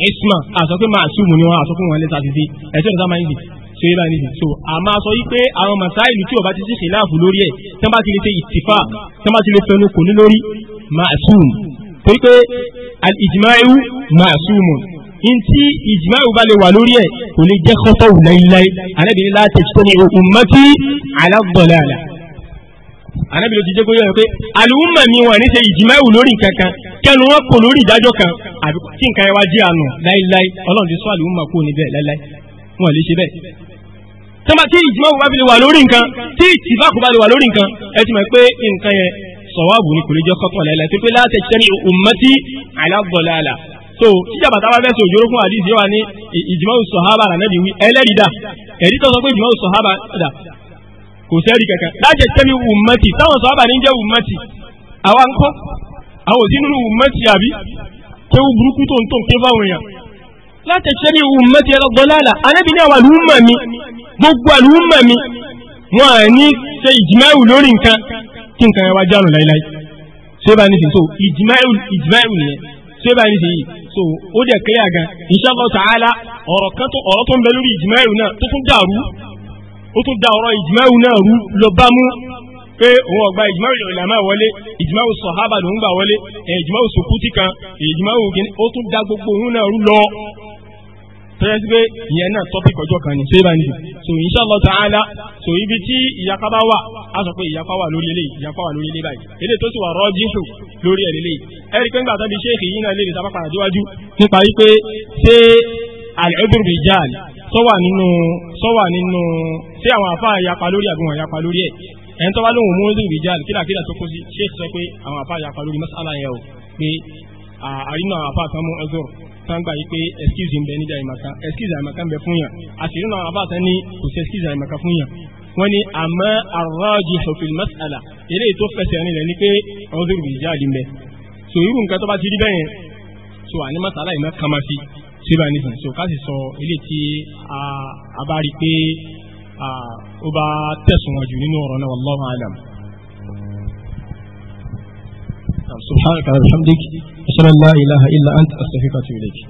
isma àsọ pé máa ṣùmù ni wọn àsọ pé wọn lẹ́ta ti di ẹ̀sẹ̀ ìrọ̀sá máa ń dì so yíba níbi so a máa sọ wípé àwọn masáìlú tí ò bá ti ṣe ṣìláàfù lórí ẹ̀ tí wọ́n bá ti lè ṣe ìtìfà tí wọ́n bá ti lè fẹnu kò ní lórí máa ṣùmù torí pé ìjìmáìwú máa ṣùmù ntí ìjìmáìwú bá lè wà lórí ẹ̀ kò lè jẹ́ kọ́tọ̀ wù láíláí anábì ló ti jẹ́ kó yọ̀ pé àlùmà mi wọn ní ṣe ìjìmáwù lórí nǹkan kan kẹnu wọn kò lórí ìdájọ́ kan àbí tí nǹkan ẹwà jẹ́ àánú láíláí ọlọ́run ti sọ àlùmà kúrò níbẹ̀ láíláí wọn lè ṣe bẹ́ẹ̀. tọ́ba tí ìjìmáwù bá fi lè wà lórí nǹkan tí ìtìfáàkù bá lè wà lórí nǹkan ẹ ti mọ̀ pé nǹkan yẹn sọ̀wáàbù ni kò lè jọ kọ́kọ́ láíláí tó pé láti ṣẹ́ ní ummati ala dalala so a bá fẹ́ sọ òjòrò fún àdìsí wa ní ìjìmáwù sọ̀hábà rà náà di wí ẹlẹ́rìí dà kò sẹ́rí kankan láti tẹ́lẹ̀ ummati táwọn sọ àbàní jẹ́ ummati àwa ń kọ́ àwọn òsì nínú ummati àbí kéwù burúkú tó ń tó ń ké fáwọn èèyàn láti tẹ́lẹ̀ ummati ẹlọgbọ́nláàlà anábì ní àwọn àlùmọ̀ mi gbogbo àlùmọ̀ mi wọn à ní ṣe ìjìmáìwù lórí nǹkan kí nǹkan yẹn wá jánu láíláí ṣé bá ní sè so ìjìmáìwù ìjìmáìwù nìyẹn ṣé bá ní sè yìí so ó dẹ̀ kílẹ̀ àga insha Allah ta'ala ọ̀rọ̀ kan tó ọ̀rọ̀ tó ń bẹ lórí ìjìmáìwù náà tó tún dàrú ó tún da ọ̀rọ̀ ìjìmáwù náà rú lọ bá mú pé òun ọ̀gba ìjìmáwù ìlànà wọlé ìjìmáwù sọ̀hábà ló ń gbà wọlé ìjìmáwù sòkútì kan ìjìmáwù gíní ó tún da gbogbo òun náà rú lọ tọ́jà pé ìyẹn náà topic ọjọ́ kan ní sèbá nìyí so insha Allah ta'ala so ibi tí ìyapa bá wà á sọ pé ìyapa wà lórí eléyìí ìyapa wà lórí eléyìí báyìí eléyìí tó sì wà rọ́ọ̀jì tó lórí ẹ̀ lélẹ́yìí ẹ̀rí pé ńgbà tọ́bi ṣéèkì yìí náà lè sọ́wà nínú ṣé àwọn àfáà yapa lórí àbí wọn yapa lórí ẹ̀ ẹ̀ ń tọ́wá lóhùn mú ní ìrìjà kílàkílà tó kó sí ṣé sọ pé àwọn àfáà yapa lórí masala yẹn o pé àrínà àwọn àfáà tán mú ẹzọ́rọ̀ tán gbà yí pé excuse ń bẹ nídà ìmàkà excuse àìmàkà ń bẹ fún yàn àṣírí náà àfáà tán ní kò sí excuse àìmàkà fún yàn wọ́n ní àmọ́ àrọ́jì fil masala eléyìí tó fẹsẹ̀ nílẹ̀ ní pé ọdún so irú nǹkan tó ti rí so àní masala ìmọ̀ kama sí síbà nísìnyí so ká a bá rí pé ó bá tẹ̀sùn wọn jù nínú ọ̀rọ̀ náà wallahu alam. subhanaka alhamdulilayi wa sallallahu alayhi wa sallam ilaha illa anta astaghfiruka wa atubu ilayk.